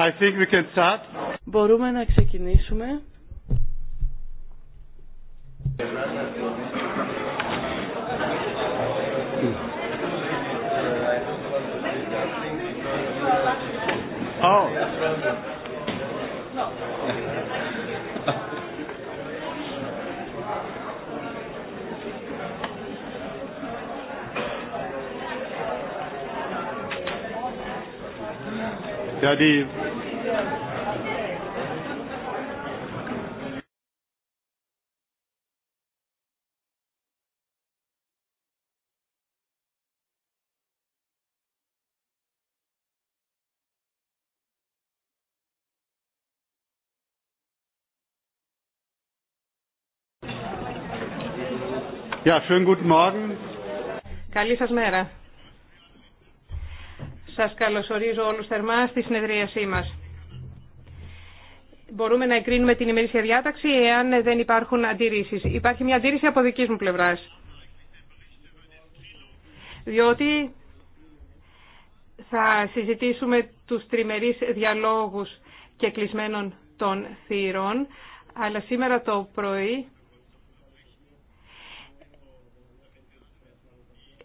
I think we can start. Μπορούμε να ξεκινήσουμε. Oh. Yeah, Ja, schönen guten Καλή σας μέρα. Σας καλωσορίζω όλους θερμά στη συνεδρίασή μας. Μπορούμε να εκρίνουμε την ημερήσια διάταξη εάν δεν υπάρχουν αντιρρήσεις. Υπάρχει μια αντίρρηση από δική μου πλευράς. Διότι θα συζητήσουμε τους τριμερείς διαλόγους και κλεισμένων των θύρων, αλλά σήμερα το πρωί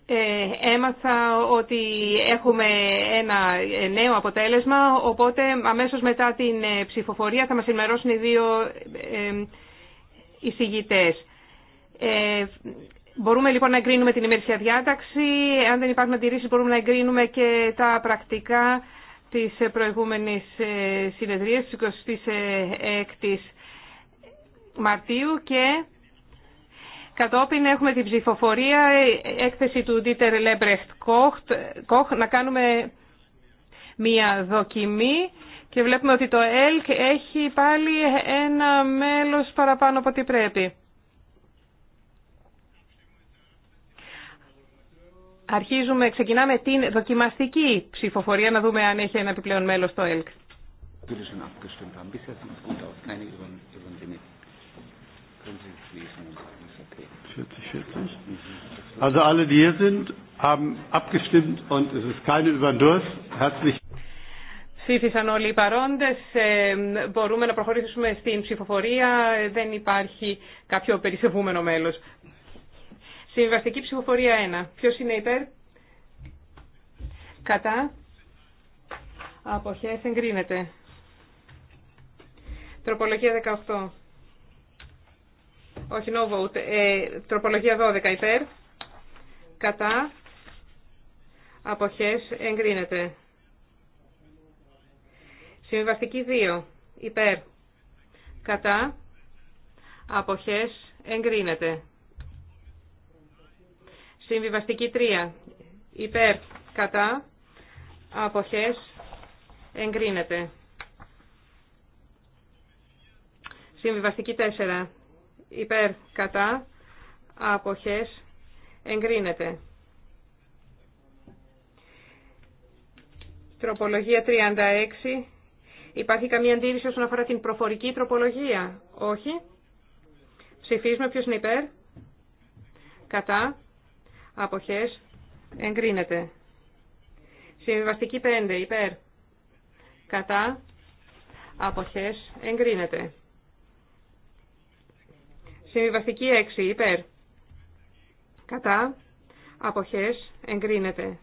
Ε, έμαθα ότι έχουμε ένα ε, νέο αποτέλεσμα, οπότε αμέσως μετά την ε, ψηφοφορία θα μας ενημερώσουν οι δύο εισηγητές. Μπορούμε λοιπόν να εγκρίνουμε την ημερήσια διάταξη. Αν δεν υπάρχουν αντιρρήσεις μπορούμε να εγκρίνουμε και τα πρακτικά της προηγούμενης συνεδρίας, της 26 Μαρτίου και Κατόπιν έχουμε την ψηφοφορία, έκθεση του Dieter Lebrecht Koch, να κάνουμε μία δοκιμή και βλέπουμε ότι το ΕΛΚ έχει πάλι ένα μέλος παραπάνω από ό,τι πρέπει. Αρχίζουμε, ξεκινάμε την δοκιμαστική ψηφοφορία να δούμε αν έχει ένα επιπλέον μέλος το ΕΛΚ. 40, 40. Also alle, die hier sind, haben abgestimmt und es ist keine über den Durst. Herzlich. Ψήφισαν όλοι οι παρόντες. Ε, μπορούμε να προχωρήσουμε στην ψηφοφορία. Δεν υπάρχει κάποιο περισσευούμενο μέλος. Συμβαστική ψηφοφορία 1. Ποιος είναι υπέρ? Κατά. Αποχές εγκρίνεται. Τροπολογία 18 όχι no vote, ε, τροπολογία 12 υπέρ, κατά, αποχές εγκρίνεται. Συμβαστική 2 υπέρ, κατά, αποχές εγκρίνεται. Συμβιβαστική 3 υπέρ, κατά, αποχές εγκρίνεται. Συμβιβαστική 4 υπέρ κατά αποχές εγκρίνεται. Τροπολογία 36. Υπάρχει καμία αντίρρηση όσον αφορά την προφορική τροπολογία. Όχι. Ψηφίζουμε ποιος είναι υπέρ. Κατά. Αποχές. Εγκρίνεται. Συμβιβαστική 5. Υπέρ. Κατά. Αποχές. Εγκρίνεται. Συμβιβαστική 6 υπέρ. Κατά. Αποχές εγκρίνεται.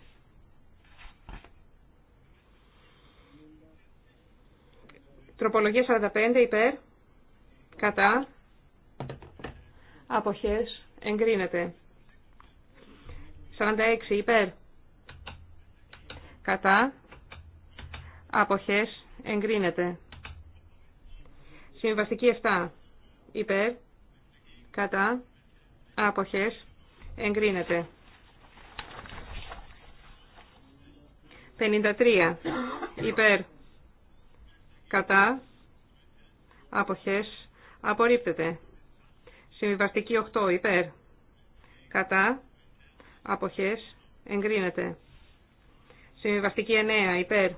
Τροπολογία 45 υπέρ. Κατά. Αποχές εγκρίνεται. 46 υπέρ. Κατά. Αποχές εγκρίνεται. Συμβαστική 7 υπέρ κατά άποχες εγκρίνεται. 53 υπέρ κατά άποχες απορρίπτεται. Συμβιβαστική 8 υπέρ κατά άποχες εγκρίνεται. Συμβιβαστική 9 υπέρ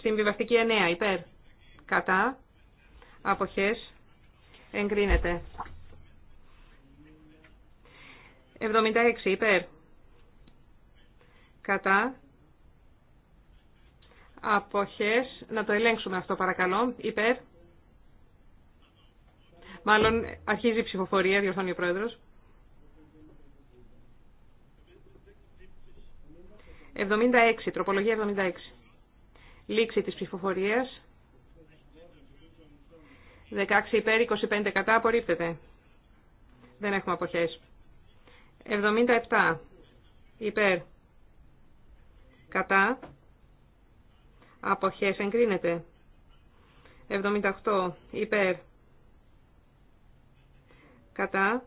Συμβιβαστική 9 υπέρ κατά αποχές εγκρίνεται. 76 υπέρ κατά αποχές, να το ελέγξουμε αυτό παρακαλώ, υπέρ. Μάλλον αρχίζει η ψηφοφορία, διορθώνει ο Πρόεδρος. 76, τροπολογία 76. Λήξη της ψηφοφορίας. 16 υπέρ, 25 κατά, απορρίπτεται. Δεν έχουμε αποχές. 77 υπέρ, κατά, αποχές, εγκρίνεται. 78 υπέρ, κατά,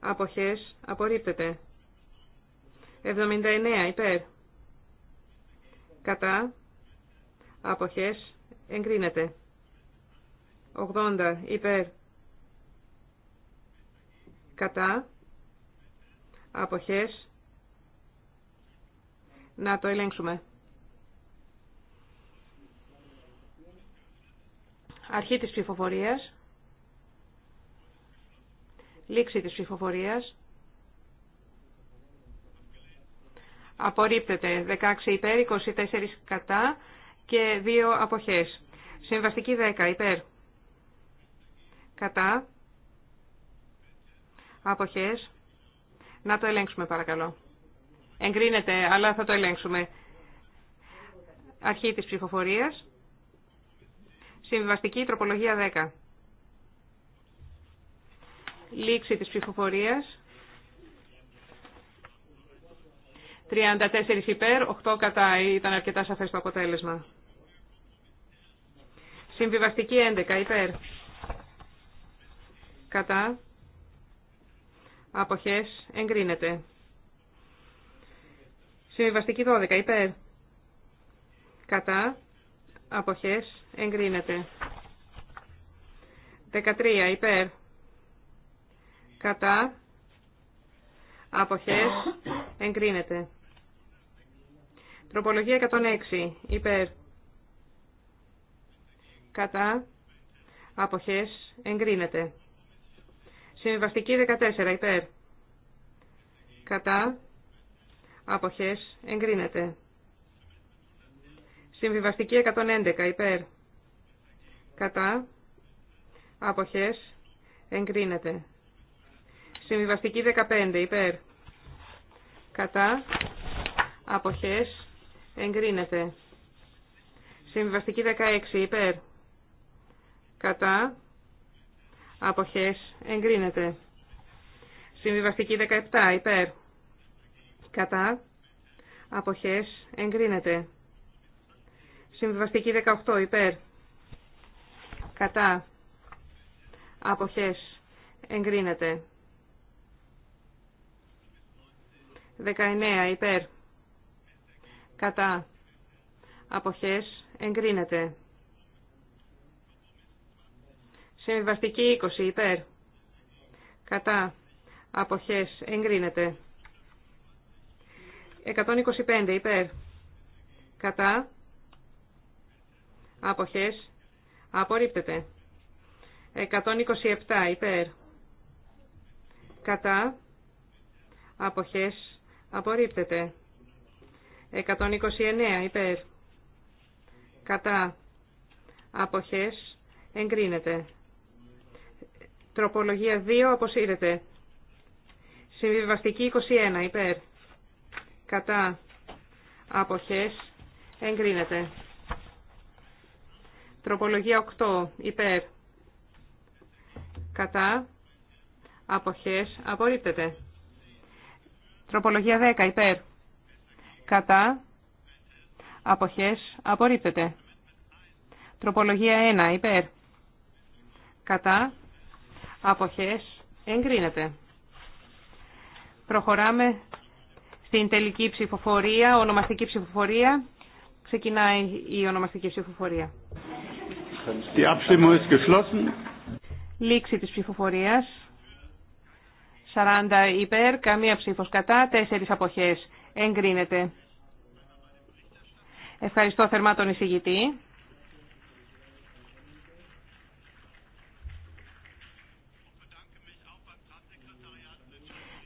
αποχές, απορρίπτεται. 79 υπέρ, κατά, αποχές, εγκρίνεται. 80 υπέρ κατά αποχές να το ελέγξουμε. Αρχή της ψηφοφορίας. Λήξη της ψηφοφορίας. Απορρίπτεται 16 υπέρ, 24 κατά και 2 αποχές. Συμβαστική 10 υπέρ κατά, αποχές, να το ελέγξουμε παρακαλώ. Εγκρίνεται, αλλά θα το ελέγξουμε. Αρχή της ψηφοφορίας. Συμβιβαστική τροπολογία 10. Λήξη της ψηφοφορίας. 34 υπέρ, 8 κατά. Ήταν αρκετά σαφές το αποτέλεσμα. Συμβιβαστική 11 υπέρ κατά, αποχές, εγκρίνεται. Συμβιβαστική 12, υπέρ, κατά, αποχές, εγκρίνεται. 13, υπέρ, κατά, αποχές, εγκρίνεται. Τροπολογία 106, υπέρ, κατά, αποχές, εγκρίνεται. Συμβαστική 14 υπέρ. Κατά. Αποχές εγκρίνεται. Συμβιβαστική 111 υπέρ. Κατά. Αποχές εγκρίνεται. Συμβιβαστική 15 υπέρ. Κατά. Αποχές εγκρίνεται. Συμβιβαστική 16 υπέρ. Κατά αποχές εγκρίνεται. Συμβιβαστική 17 υπέρ κατά αποχές εγκρίνεται. Συμβιβαστική 18 υπέρ κατά αποχές εγκρίνεται. 19 υπέρ κατά αποχές εγκρίνεται. Συμβαστική 20 υπέρ. Κατά. Αποχές. Εγκρίνεται. 125 υπέρ. Κατά. Αποχές. Απορρίπτεται. 127 υπέρ. Κατά. Αποχές. Απορρίπτεται. 129 υπέρ. Κατά. Αποχές. Εγκρίνεται. Τροπολογία 2 αποσύρεται. Συμβιβαστική 21 υπέρ. Κατά αποχές εγκρίνεται. Τροπολογία 8 υπέρ. Κατά αποχές απορρίπτεται. Τροπολογία 10 υπέρ. Κατά αποχές απορρίπτεται. Τροπολογία 1 υπέρ. Κατά αποχές εγκρίνεται. Προχωράμε στην τελική ψηφοφορία, ονομαστική ψηφοφορία. Ξεκινάει η ονομαστική ψηφοφορία. Abstimmung Λήξη της ψηφοφορίας. 40 υπέρ, καμία ψήφος κατά, 4 αποχές. Εγκρίνεται. Ευχαριστώ θερμά τον εισηγητή.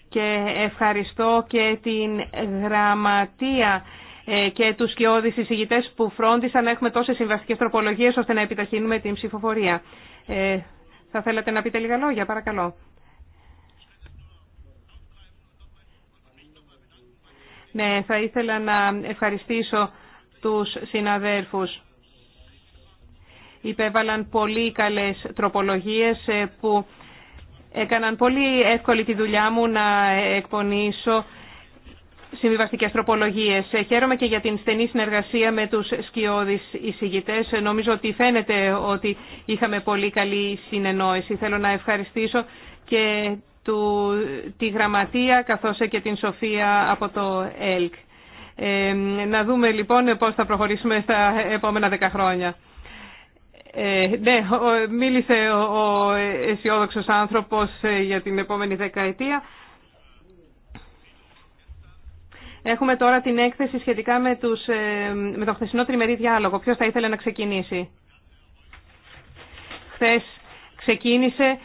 και ευχαριστώ και την γραμματεία ε, και τους κοιόδης εισηγητές που φρόντισαν να έχουμε τόσες συμβαστικές τροπολογίες ώστε να επιταχύνουμε την ψηφοφορία. Ε, θα θέλατε να πείτε λίγα λόγια, παρακαλώ. Ναι, θα ήθελα να ευχαριστήσω τους συναδέρφους. Υπέβαλαν πολύ καλές τροπολογίες ε, που Έκαναν πολύ εύκολη τη δουλειά μου να εκπονήσω συμβιβαστικέ τροπολογίε. Χαίρομαι και για την στενή συνεργασία με του σκιώδει εισηγητέ. Νομίζω ότι φαίνεται ότι είχαμε πολύ καλή συνεννόηση. Θέλω να ευχαριστήσω και του, τη Γραμματεία καθώς και την Σοφία από το ΕΛΚ. Ε, να δούμε λοιπόν πώς θα προχωρήσουμε στα επόμενα δέκα χρόνια. Ε, ναι, μίλησε ο αισιόδοξο άνθρωπος ε, για την επόμενη δεκαετία. Έχουμε τώρα την έκθεση σχετικά με, τους, ε, με το χθεσινό τριμερή διάλογο. Ποιος θα ήθελε να ξεκινήσει. Χθες ξεκίνησε,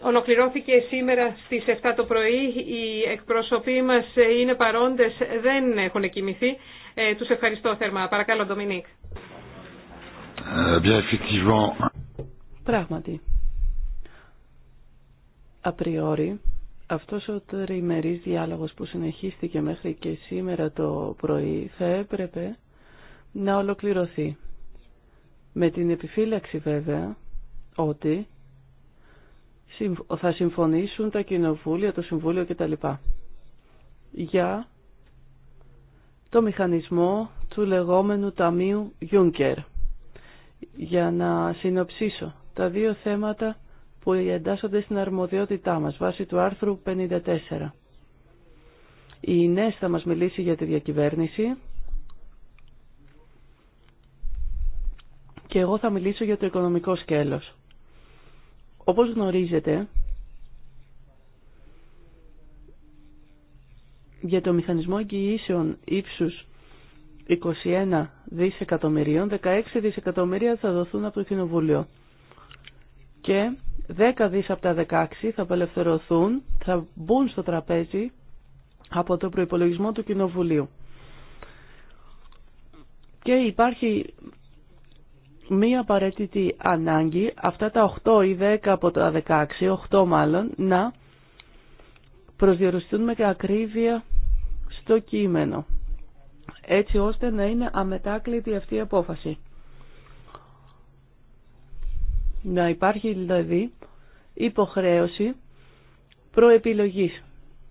ολοκληρώθηκε σήμερα στις 7 το πρωί. Οι εκπρόσωποι μας ε, είναι παρόντες, δεν έχουν κοιμηθεί. τους ευχαριστώ θερμά. Παρακαλώ, Ντομινίκ. Euh, bien, Πράγματι. Απριόρι, αυτός ο τριμερής διάλογος που συνεχίστηκε μέχρι και σήμερα το πρωί θα έπρεπε να ολοκληρωθεί. Με την επιφύλαξη βέβαια ότι θα συμφωνήσουν τα κοινοβούλια, το Συμβούλιο κτλ. Για το μηχανισμό του λεγόμενου Ταμείου Juncker για να συνοψίσω τα δύο θέματα που εντάσσονται στην αρμοδιότητά μας βάσει του άρθρου 54. Η Ινές θα μας μιλήσει για τη διακυβέρνηση και εγώ θα μιλήσω για το οικονομικό σκέλος. Όπως γνωρίζετε, για το μηχανισμό εγγυήσεων ύψους 21 δισεκατομμυρίων, 16 δισεκατομμύρια θα δοθούν από το Κοινοβούλιο. Και 10 δις από τα 16 θα απελευθερωθούν, θα μπουν στο τραπέζι από το προϋπολογισμό του Κοινοβουλίου. Και υπάρχει μία απαραίτητη ανάγκη, αυτά τα 8 ή 10 από τα 16, 8 μάλλον, να προσδιοριστούν με ακρίβεια στο κείμενο έτσι ώστε να είναι αμετάκλητη αυτή η απόφαση. Να υπάρχει δηλαδή υποχρέωση προεπιλογής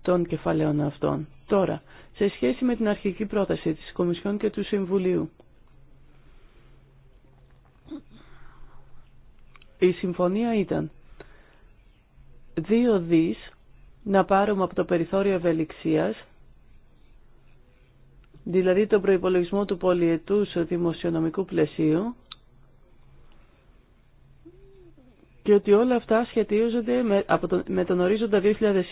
των κεφαλαίων αυτών. Τώρα, σε σχέση με την αρχική πρόταση της Κομισιόν και του Συμβουλίου, η συμφωνία ήταν δύο δις να πάρουμε από το περιθώριο ευελιξίας δηλαδή τον προϋπολογισμό του πολιετούς δημοσιονομικού πλαισίου και ότι όλα αυτά σχετίζονται με, τον, τον ορίζοντα 2020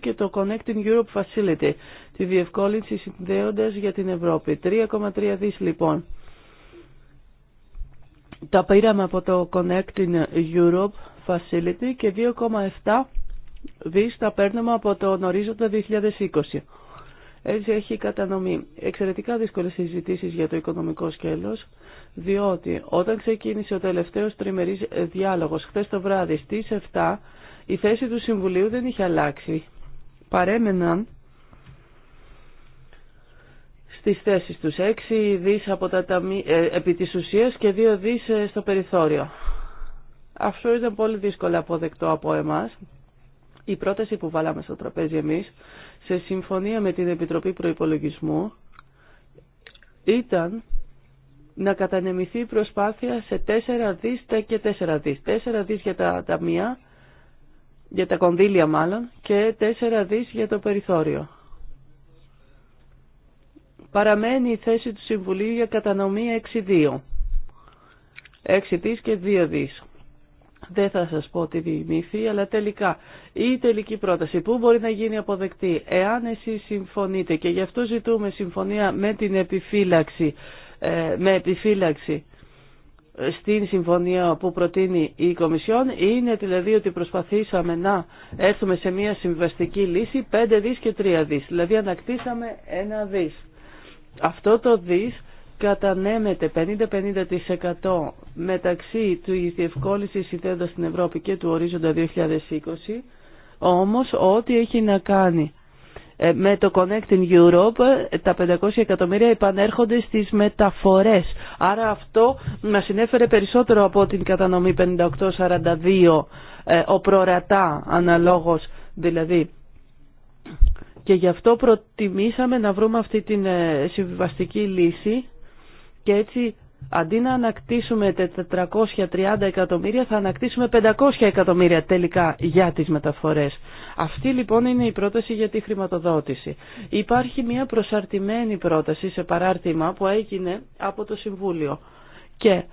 και το Connecting Europe Facility, τη διευκόλυνση συνδέοντας για την Ευρώπη. 3,3 δις λοιπόν. Τα πήραμε από το Connecting Europe Facility και 2,7 δις τα παίρνουμε από τον ορίζοντα 2020. Έτσι έχει η κατανομή. Εξαιρετικά δύσκολες συζητήσει για το οικονομικό σκέλος, διότι όταν ξεκίνησε ο τελευταίος τριμερής διάλογος χθες το βράδυ στις 7, η θέση του Συμβουλίου δεν είχε αλλάξει. Παρέμεναν στι θέσεις τους. 6 δι από τα ταμεία επί τη ουσία και 2 δι ε, στο περιθώριο. Αυτό ήταν πολύ δύσκολο αποδεκτό από εμά. Η πρόταση που βάλαμε στο τραπέζι εμεί σε συμφωνία με την Επιτροπή Προϋπολογισμού ήταν να κατανεμηθεί η προσπάθεια σε 4 δις και 4 δις. 4 δις για τα ταμεία, για τα κονδύλια μάλλον, και 4 δις για το περιθώριο. Παραμένει η θέση του Συμβουλίου για κατανομή 6-2. 6 δις και 2 δις δεν θα σας πω ότι διημήθη, αλλά τελικά η τελική πρόταση που μπορεί να γίνει αποδεκτή εάν εσείς συμφωνείτε και γι' αυτό ζητούμε συμφωνία με την επιφύλαξη, ε, με επιφύλαξη ε, στην συμφωνία που προτείνει η Κομισιόν είναι δηλαδή ότι προσπαθήσαμε να έρθουμε σε μια συμβαστική λύση 5 δις και 3 δις. Δηλαδή ανακτήσαμε ένα δις. Αυτό το δις κατανέμεται 50-50% μεταξύ του διευκόλυνση συνθέτοντας στην Ευρώπη και του ορίζοντα 2020, όμως ό,τι έχει να κάνει ε, με το Connecting Europe ε, τα 500 εκατομμύρια επανέρχονται στις μεταφορές. Άρα αυτό μας συνέφερε περισσότερο από την κατανομή 58-42 ε, ο προρατά αναλόγως δηλαδή. Και γι' αυτό προτιμήσαμε να βρούμε αυτή την συμβιβαστική λύση και έτσι αντί να ανακτήσουμε 430 εκατομμύρια θα ανακτήσουμε 500 εκατομμύρια τελικά για τις μεταφορές. Αυτή λοιπόν είναι η πρόταση για τη χρηματοδότηση. Υπάρχει μια προσαρτημένη πρόταση σε παράρτημα που έγινε από το Συμβούλιο. Και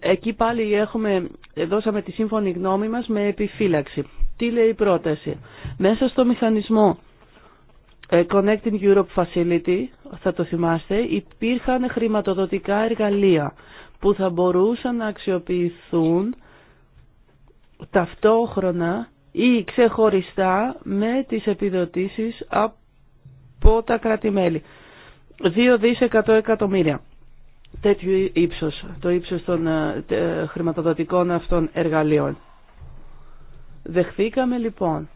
εκεί πάλι έχουμε, δώσαμε τη σύμφωνη γνώμη μας με επιφύλαξη. Τι λέει η πρόταση. Μέσα στο μηχανισμό ε, Connecting Europe Facility, θα το θυμάστε, υπήρχαν χρηματοδοτικά εργαλεία που θα μπορούσαν να αξιοποιηθούν ταυτόχρονα ή ξεχωριστά με τις επιδοτήσεις από τα κράτη-μέλη. 2 δισεκατό εκατομμύρια τέτοιου ύψος, το ύψος των ε, χρηματοδοτικών αυτών εργαλείων. Δεχθήκαμε λοιπόν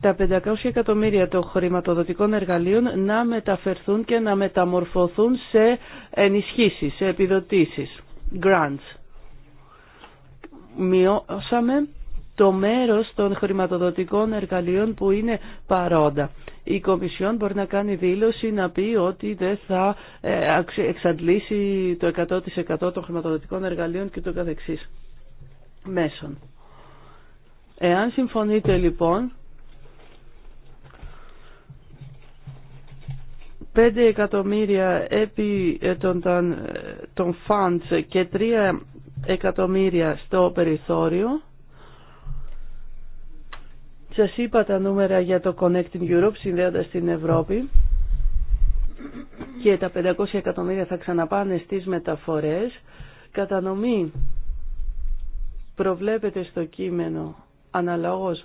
τα 500 εκατομμύρια των χρηματοδοτικών εργαλείων να μεταφερθούν και να μεταμορφωθούν σε ενισχύσεις, σε επιδοτήσεις, grants. Μειώσαμε το μέρος των χρηματοδοτικών εργαλείων που είναι παρόντα. Η Κομισιόν μπορεί να κάνει δήλωση να πει ότι δεν θα ε, εξαντλήσει το 100% των χρηματοδοτικών εργαλείων και το καθεξής μέσων. Εάν συμφωνείτε λοιπόν 5 εκατομμύρια επί ε, των, ε, των funds και 3 εκατομμύρια στο περιθώριο. σα είπα τα νούμερα για το Connecting Europe, συνδέοντας την Ευρώπη και τα 500 εκατομμύρια θα ξαναπάνε στις μεταφορές. Κατανομή προβλέπεται στο κείμενο αναλόγως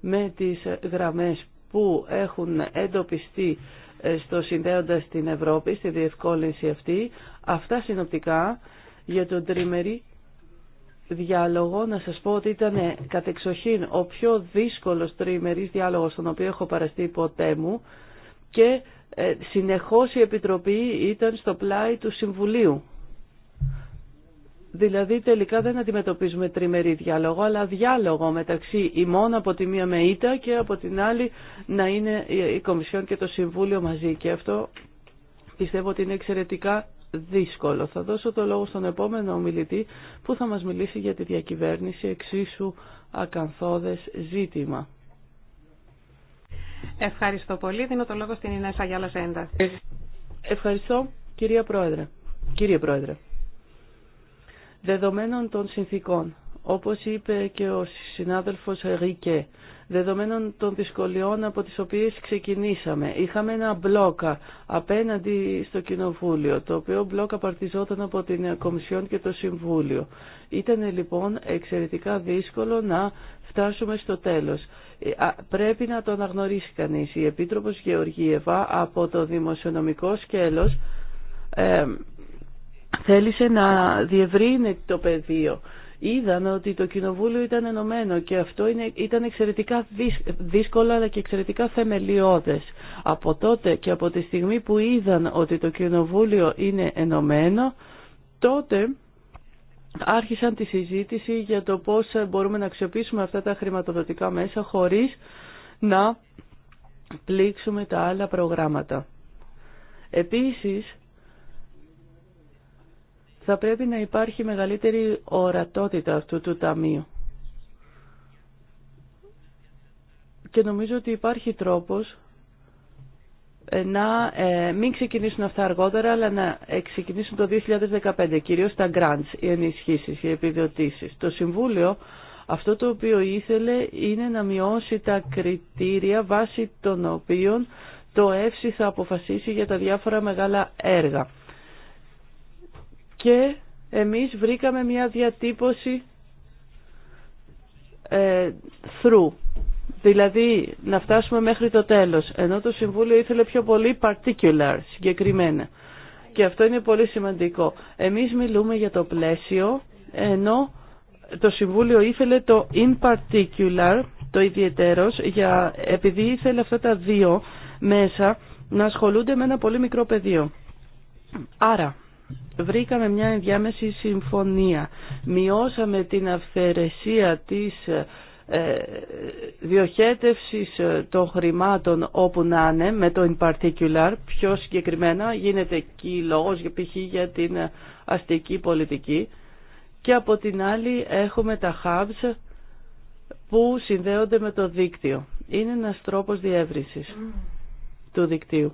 με τις γραμμές που έχουν εντοπιστεί στο συνδέοντα την Ευρώπη, στη διευκόλυνση αυτή. Αυτά συνοπτικά για τον τριμερή διάλογο. Να σας πω ότι ήταν ε, κατεξοχήν ο πιο δύσκολος τριμερής διάλογος στον οποίο έχω παραστεί ποτέ μου και ε, συνεχώς η Επιτροπή ήταν στο πλάι του Συμβουλίου Δηλαδή τελικά δεν αντιμετωπίζουμε τριμερή διάλογο, αλλά διάλογο μεταξύ ημών από τη μία με ήττα και από την άλλη να είναι η Κομισιόν και το Συμβούλιο μαζί. Και αυτό πιστεύω ότι είναι εξαιρετικά δύσκολο. Θα δώσω το λόγο στον επόμενο ομιλητή που θα μας μιλήσει για τη διακυβέρνηση εξίσου ακαθόδες ζήτημα. Ευχαριστώ πολύ. Δίνω το λόγο στην Ινέσα Γιάλα Σέντα. Ευχαριστώ κυρία Πρόεδρε. Κύριε Πρόεδρε δεδομένων των συνθήκων. Όπως είπε και ο συνάδελφος Ρίκε, δεδομένων των δυσκολιών από τις οποίες ξεκινήσαμε. Είχαμε ένα μπλόκα απέναντι στο Κοινοβούλιο, το οποίο μπλόκα παρτιζόταν από την Κομισιόν και το Συμβούλιο. Ήταν λοιπόν εξαιρετικά δύσκολο να φτάσουμε στο τέλος. Ε, πρέπει να το αναγνωρίσει κανείς. Η Επίτροπος Γεωργίευα από το δημοσιονομικό σκέλος ε, θέλησε να διευρύνει το πεδίο. Είδαν ότι το Κοινοβούλιο ήταν ενωμένο και αυτό είναι, ήταν εξαιρετικά δύσκολο αλλά και εξαιρετικά θεμελιώδες. Από τότε και από τη στιγμή που είδαν ότι το Κοινοβούλιο είναι ενωμένο, τότε άρχισαν τη συζήτηση για το πώς μπορούμε να αξιοποιήσουμε αυτά τα χρηματοδοτικά μέσα χωρίς να πλήξουμε τα άλλα προγράμματα. Επίσης, θα πρέπει να υπάρχει μεγαλύτερη ορατότητα αυτού του ταμείου. Και νομίζω ότι υπάρχει τρόπος ε, να ε, μην ξεκινήσουν αυτά αργότερα, αλλά να ξεκινήσουν το 2015, κυρίως τα grants, οι ενισχύσεις, οι επιδοτήσεις. Το Συμβούλιο αυτό το οποίο ήθελε είναι να μειώσει τα κριτήρια βάσει των οποίων το ΕΦΣΙ θα αποφασίσει για τα διάφορα μεγάλα έργα και εμείς βρήκαμε μια διατύπωση ε, through, δηλαδή να φτάσουμε μέχρι το τέλος, ενώ το Συμβούλιο ήθελε πιο πολύ particular, συγκεκριμένα. Και αυτό είναι πολύ σημαντικό. Εμείς μιλούμε για το πλαίσιο, ενώ το Συμβούλιο ήθελε το in particular, το ιδιαιτέρως, για, επειδή ήθελε αυτά τα δύο μέσα να ασχολούνται με ένα πολύ μικρό πεδίο. Άρα, βρήκαμε μια ενδιάμεση συμφωνία. Μειώσαμε την αυθαιρεσία της ε, διοχέτευσης ε, των χρημάτων όπου να είναι με το in particular πιο συγκεκριμένα γίνεται εκεί λόγος π.χ. για την αστική πολιτική και από την άλλη έχουμε τα hubs που συνδέονται με το δίκτυο. Είναι ένας τρόπος διεύρυνσης mm. του δικτύου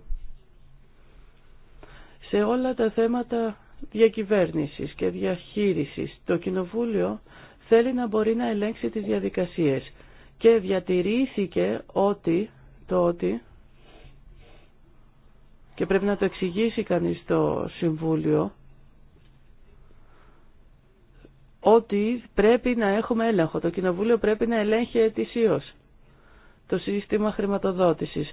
σε όλα τα θέματα διακυβέρνησης και διαχείρισης. Το Κοινοβούλιο θέλει να μπορεί να ελέγξει τις διαδικασίες και διατηρήθηκε ότι το ότι και πρέπει να το εξηγήσει κανείς το Συμβούλιο ότι πρέπει να έχουμε έλεγχο. Το Κοινοβούλιο πρέπει να ελέγχει ετησίως το σύστημα χρηματοδότησης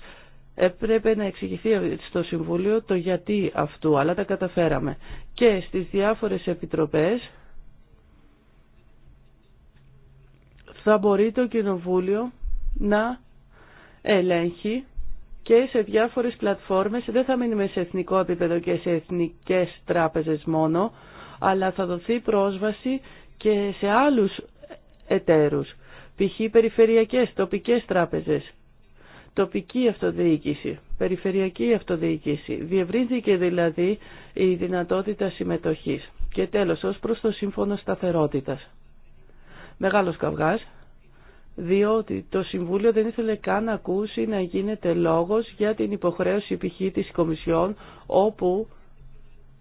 έπρεπε να εξηγηθεί στο Συμβούλιο το γιατί αυτού, αλλά τα καταφέραμε. Και στις διάφορες επιτροπές θα μπορεί το Κοινοβούλιο να ελέγχει και σε διάφορες πλατφόρμες, δεν θα μείνουμε σε εθνικό επίπεδο και σε εθνικές τράπεζες μόνο, αλλά θα δοθεί πρόσβαση και σε άλλους εταίρους, π.χ. περιφερειακές, τοπικές τράπεζες τοπική αυτοδιοίκηση, περιφερειακή αυτοδιοίκηση. Διευρύνθηκε δηλαδή η δυνατότητα συμμετοχής. Και τέλος, ως προς το Σύμφωνο Σταθερότητας. Μεγάλος καυγάς, διότι το Συμβούλιο δεν ήθελε καν να ακούσει να γίνεται λόγος για την υποχρέωση π.χ. της Κομισιόν, όπου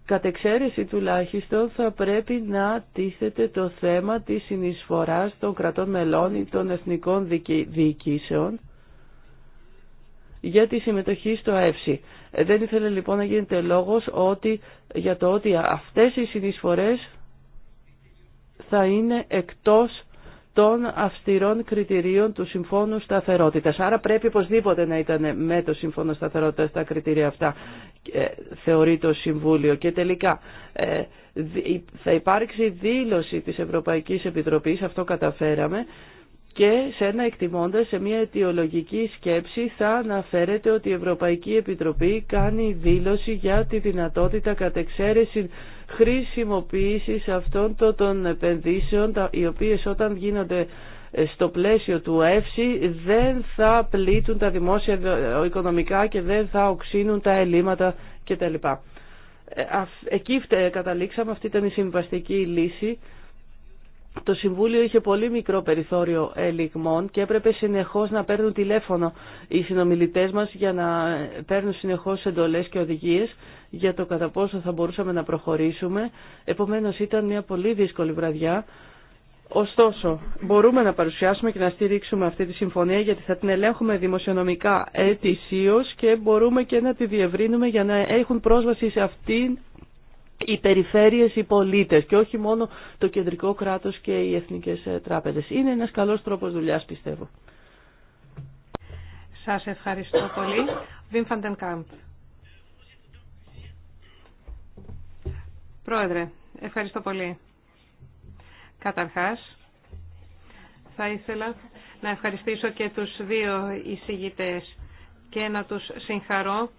κατ' εξαίρεση τουλάχιστον θα πρέπει να τίθεται το θέμα της συνεισφοράς των κρατών μελών ή των εθνικών διοικήσεων για τη συμμετοχή στο ΕΦΣΥ. Ε, δεν ήθελε λοιπόν να γίνεται λόγος ότι, για το ότι αυτές οι συνεισφορές θα είναι εκτός των αυστηρών κριτηρίων του Συμφώνου Σταθερότητας. Άρα πρέπει οπωσδήποτε να ήταν με το Συμφώνο Σταθερότητας τα κριτήρια αυτά, ε, θεωρεί το Συμβούλιο. Και τελικά ε, θα υπάρξει δήλωση της Ευρωπαϊκής Επιτροπής, αυτό καταφέραμε, και σε ένα εκτιμώντα, σε μια αιτιολογική σκέψη θα αναφέρεται ότι η Ευρωπαϊκή Επιτροπή κάνει δήλωση για τη δυνατότητα εξαίρεση χρησιμοποίησης αυτών των επενδύσεων οι οποίες όταν γίνονται ε, στο πλαίσιο του ΕΦΣΥ δεν θα πλήττουν τα δημόσια οικονομικά και δεν θα οξύνουν τα ελλείμματα κτλ. Ε, εκεί ε, καταλήξαμε, αυτή ήταν η συμβαστική λύση το Συμβούλιο είχε πολύ μικρό περιθώριο ελιγμών και έπρεπε συνεχώς να παίρνουν τηλέφωνο οι συνομιλητές μας για να παίρνουν συνεχώς εντολές και οδηγίες για το κατά πόσο θα μπορούσαμε να προχωρήσουμε. Επομένως ήταν μια πολύ δύσκολη βραδιά. Ωστόσο, μπορούμε να παρουσιάσουμε και να στηρίξουμε αυτή τη συμφωνία γιατί θα την ελέγχουμε δημοσιονομικά ετησίως και μπορούμε και να τη διευρύνουμε για να έχουν πρόσβαση σε αυτήν οι περιφέρειες, οι πολίτες και όχι μόνο το κεντρικό κράτος και οι εθνικές ε, τράπεζες. Είναι ένας καλός τρόπος δουλειάς πιστεύω. Σας ευχαριστώ πολύ. Βιμ Πρόεδρε, ευχαριστώ πολύ. Καταρχάς, θα ήθελα να ευχαριστήσω και τους δύο εισηγητές και να τους συγχαρώ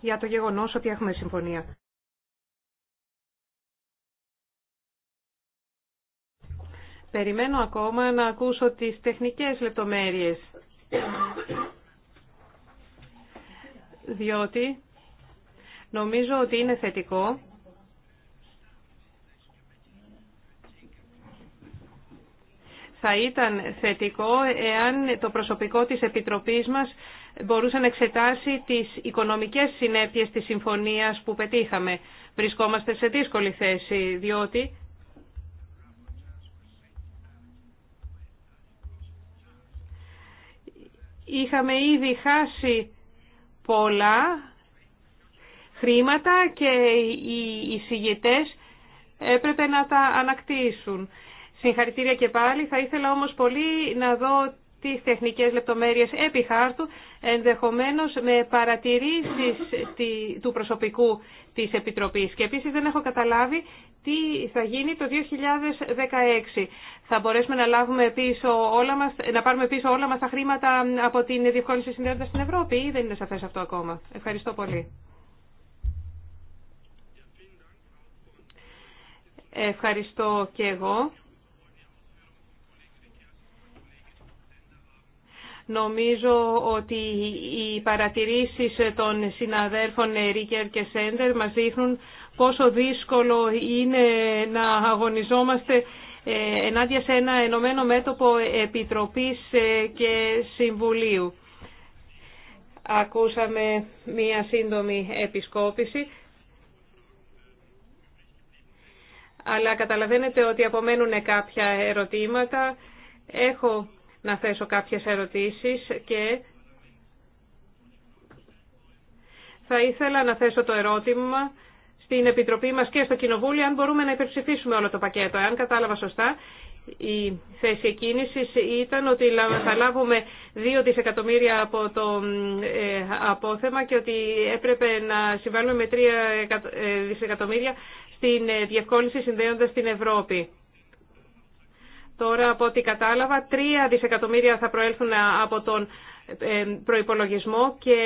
για το γεγονός ότι έχουμε συμφωνία. Περιμένω ακόμα να ακούσω τις τεχνικές λεπτομέρειες. Διότι νομίζω ότι είναι θετικό θα ήταν θετικό εάν το προσωπικό της Επιτροπής μας μπορούσε να εξετάσει τις οικονομικές συνέπειες της συμφωνίας που πετύχαμε. Βρισκόμαστε σε δύσκολη θέση, διότι είχαμε ήδη χάσει πολλά χρήματα και οι εισηγητές έπρεπε να τα ανακτήσουν. Συγχαρητήρια και πάλι. Θα ήθελα όμως πολύ να δω τις τεχνικές λεπτομέρειες επί χάρτου, ενδεχομένως με παρατηρήσεις του προσωπικού της Επιτροπής. Και επίσης δεν έχω καταλάβει τι θα γίνει το 2016. Θα μπορέσουμε να, λάβουμε πίσω όλα μας, να πάρουμε πίσω όλα μας τα χρήματα από την διευκόλυνση συνδέοντας στην Ευρώπη ή δεν είναι σαφές αυτό ακόμα. Ευχαριστώ πολύ. Ευχαριστώ και εγώ. Νομίζω ότι οι παρατηρήσεις των συναδέρφων Ρίκερ και Σέντερ μας δείχνουν πόσο δύσκολο είναι να αγωνιζόμαστε ε, ενάντια σε ένα ενωμένο μέτωπο Επιτροπής ε, και Συμβουλίου. Ακούσαμε μία σύντομη επισκόπηση. Αλλά καταλαβαίνετε ότι απομένουν κάποια ερωτήματα. Έχω να θέσω κάποιες ερωτήσεις και θα ήθελα να θέσω το ερώτημα στην Επιτροπή μας και στο Κοινοβούλιο αν μπορούμε να υπερψηφίσουμε όλο το πακέτο. Αν κατάλαβα σωστά, η θέση εκκίνησης ήταν ότι θα λάβουμε 2 δισεκατομμύρια από το ε, απόθεμα και ότι έπρεπε να συμβάλλουμε με 3 ε, δισεκατομμύρια στην ε, διευκόλυνση συνδέοντας την Ευρώπη. Τώρα από ό,τι κατάλαβα, 3 δισεκατομμύρια θα προέλθουν από τον ε, προϋπολογισμό και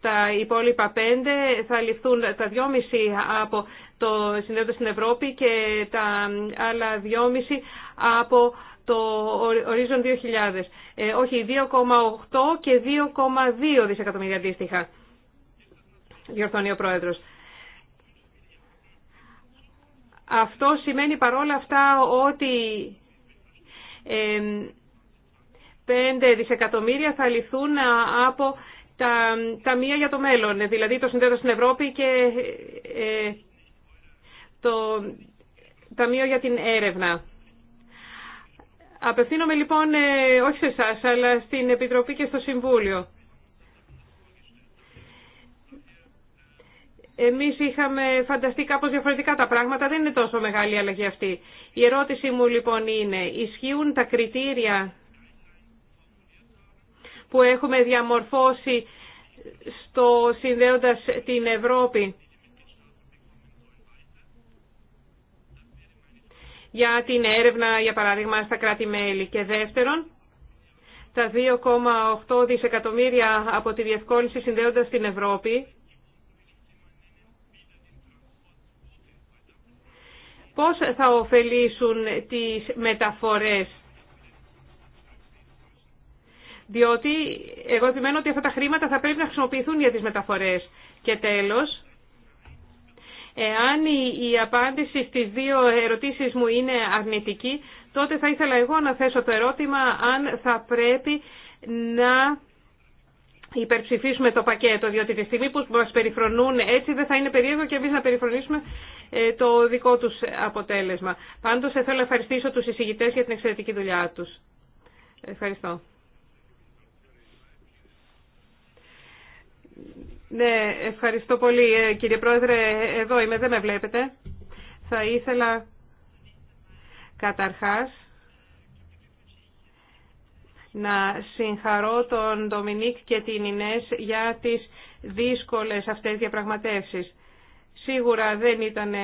τα υπόλοιπα 5 θα ληφθούν τα 2,5 από το Συνέδριο στην Ευρώπη και τα άλλα 2,5 από το Horizon 2000. Ε, όχι, 2,8 και 2,2 δισεκατομμύρια αντίστοιχα, διορθώνει ο Πρόεδρος. Αυτό σημαίνει παρόλα αυτά ότι 5 δισεκατομμύρια θα λυθούν από τα ταμεία για το μέλλον, δηλαδή το συνδέοντα στην Ευρώπη και ε, το Ταμείο για την Έρευνα. Απευθύνομαι λοιπόν ε, όχι σε εσά, αλλά στην Επιτροπή και στο Συμβούλιο. Εμείς είχαμε φανταστεί κάπω διαφορετικά τα πράγματα, δεν είναι τόσο μεγάλη η αλλαγή αυτή. Η ερώτηση μου λοιπόν είναι, ισχύουν τα κριτήρια που έχουμε διαμορφώσει στο συνδέοντας την Ευρώπη για την έρευνα, για παράδειγμα, στα κράτη-μέλη. Και δεύτερον, τα 2,8 δισεκατομμύρια από τη διευκόλυνση συνδέοντας την Ευρώπη πώς θα ωφελήσουν τις μεταφορές. Διότι εγώ επιμένω ότι αυτά τα χρήματα θα πρέπει να χρησιμοποιηθούν για τις μεταφορές. Και τέλος, εάν η απάντηση στις δύο ερωτήσεις μου είναι αρνητική, τότε θα ήθελα εγώ να θέσω το ερώτημα αν θα πρέπει να υπερψηφίσουμε το πακέτο, διότι τη στιγμή που μας περιφρονούν έτσι δεν θα είναι περίεργο και εμείς να περιφρονήσουμε ε, το δικό τους αποτέλεσμα. Πάντως θέλω να ευχαριστήσω τους εισηγητές για την εξαιρετική δουλειά τους. Ευχαριστώ. Ναι, ευχαριστώ πολύ ε, κύριε Πρόεδρε. Εδώ είμαι, δεν με βλέπετε. Θα ήθελα καταρχάς να συγχαρώ τον Ντομινίκ και την Ινές για τις δύσκολες αυτές διαπραγματεύσεις. Σίγουρα δεν ήταν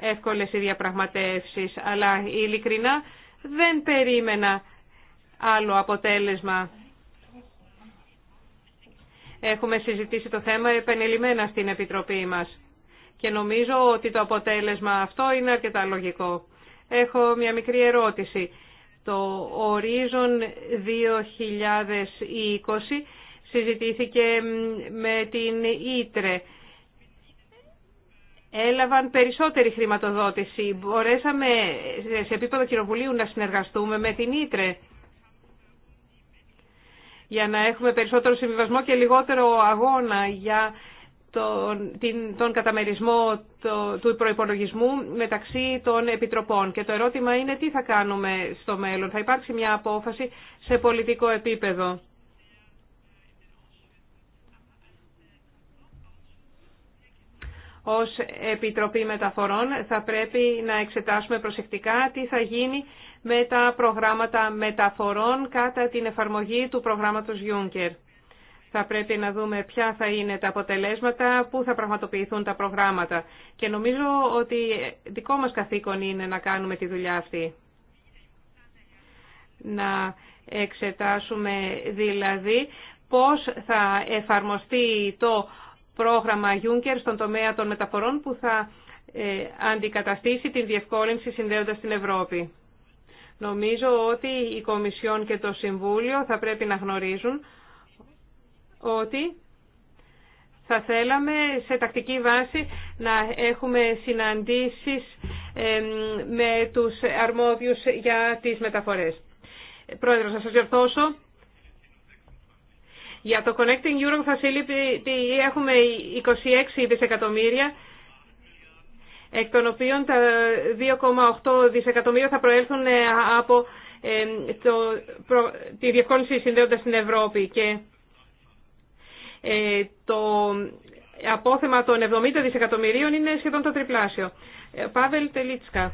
εύκολες οι διαπραγματεύσεις, αλλά ειλικρινά δεν περίμενα άλλο αποτέλεσμα. Έχουμε συζητήσει το θέμα επενελειμμένα στην Επιτροπή μας και νομίζω ότι το αποτέλεσμα αυτό είναι αρκετά λογικό. Έχω μια μικρή ερώτηση. Το ορίζον 2020 συζητήθηκε με την Ήτρε. Έλαβαν περισσότερη χρηματοδότηση. Μπορέσαμε σε επίπεδο κοινοβουλίου να συνεργαστούμε με την Ήτρε για να έχουμε περισσότερο συμβιβασμό και λιγότερο αγώνα για τον, τον καταμερισμό του προϋπολογισμού μεταξύ των επιτροπών. Και το ερώτημα είναι τι θα κάνουμε στο μέλλον. Θα υπάρξει μια απόφαση σε πολιτικό επίπεδο. Ως Επιτροπή Μεταφορών θα πρέπει να εξετάσουμε προσεκτικά τι θα γίνει με τα προγράμματα μεταφορών κατά την εφαρμογή του προγράμματος Juncker θα πρέπει να δούμε ποια θα είναι τα αποτελέσματα, πού θα πραγματοποιηθούν τα προγράμματα. Και νομίζω ότι δικό μας καθήκον είναι να κάνουμε τη δουλειά αυτή. Να εξετάσουμε δηλαδή πώς θα εφαρμοστεί το πρόγραμμα Juncker στον τομέα των μεταφορών που θα ε, αντικαταστήσει την διευκόλυνση συνδέοντας την Ευρώπη. Νομίζω ότι η Κομισιόν και το Συμβούλιο θα πρέπει να γνωρίζουν ότι θα θέλαμε σε τακτική βάση να έχουμε συναντήσεις με τους αρμόδιους για τις μεταφορές. Πρόεδρος, να σας διορθώσω. Για το Connecting Europe θα ότι έχουμε 26 δισεκατομμύρια, εκ των οποίων τα 2,8 δισεκατομμύρια θα προέλθουν ε, από το, τη διευκόλυνση συνδέοντας στην Ευρώπη και ε, το απόθεμα των 70 δισεκατομμυρίων είναι σχεδόν το τριπλάσιο. Ε, Πάβελ Τελίτσκα.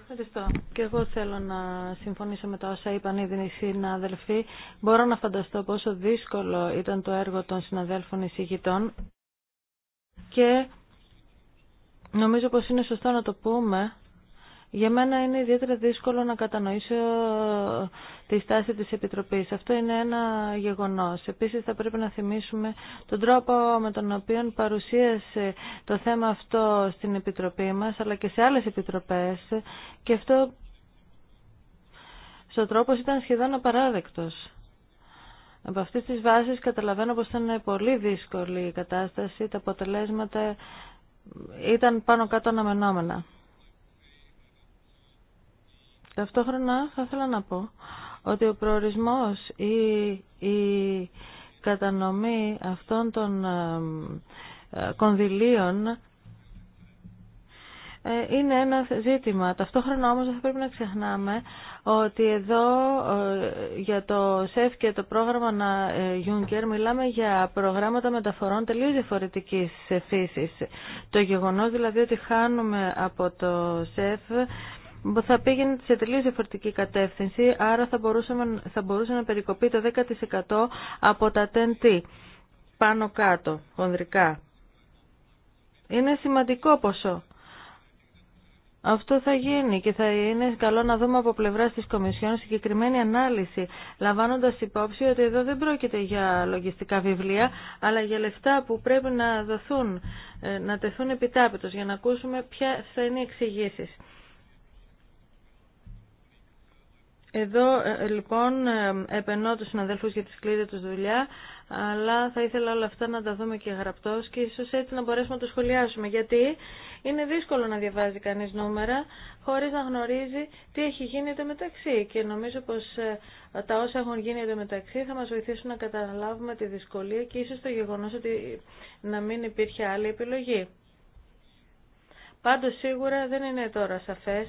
Ευχαριστώ. Και εγώ θέλω να συμφωνήσω με τα όσα είπαν οι συνάδελφοι. Μπορώ να φανταστώ πόσο δύσκολο ήταν το έργο των συναδέλφων εισηγητών και νομίζω πως είναι σωστό να το πούμε για μένα είναι ιδιαίτερα δύσκολο να κατανοήσω ε, τη στάση της Επιτροπής. Αυτό είναι ένα γεγονός. Επίσης θα πρέπει να θυμίσουμε τον τρόπο με τον οποίο παρουσίασε το θέμα αυτό στην Επιτροπή μας, αλλά και σε άλλες Επιτροπές και αυτό στον τρόπο ήταν σχεδόν απαράδεκτος. Από αυτή τις βάσεις καταλαβαίνω πως ήταν πολύ δύσκολη η κατάσταση, τα αποτελέσματα ήταν πάνω κάτω αναμενόμενα. Ταυτόχρονα θα ήθελα να πω ότι ο προορισμός ή η κατανομή αυτών των ε, ε, κονδυλίων ε, είναι ένα ζήτημα. Ταυτόχρονα όμως θα πρέπει να ξεχνάμε ότι εδώ για το ΣΕΦ και το πρόγραμμα να, Juncker μιλάμε για προγράμματα μεταφορών τελείως διαφορετικής φύσης. Το γεγονός δηλαδή ότι χάνουμε από το ΣΕΦ θα πήγαινε σε τελείως διαφορετική κατεύθυνση, άρα θα, μπορούσαμε, θα μπορούσε να περικοπεί το 10% από τα TNT, πάνω κάτω, χονδρικά. Είναι σημαντικό ποσό. Αυτό θα γίνει και θα είναι καλό να δούμε από πλευρά τη Κομισιόν συγκεκριμένη ανάλυση, λαμβάνοντα υπόψη ότι εδώ δεν πρόκειται για λογιστικά βιβλία, αλλά για λεφτά που πρέπει να ε, να τεθούν επιτάπητο, για να ακούσουμε ποια θα είναι οι εξηγήσει. Εδώ ε, λοιπόν ε, επενώ τους συναδέλφους για τη σκλήρια τους δουλειά, αλλά θα ήθελα όλα αυτά να τα δούμε και γραπτός και ίσως έτσι να μπορέσουμε να το σχολιάσουμε, γιατί είναι δύσκολο να διαβάζει κανείς νούμερα χωρίς να γνωρίζει τι έχει γίνει το μεταξύ και νομίζω πως ε, τα όσα έχουν γίνει το μεταξύ θα μας βοηθήσουν να καταλάβουμε τη δυσκολία και ίσως το γεγονός ότι να μην υπήρχε άλλη επιλογή. Πάντως σίγουρα δεν είναι τώρα σαφές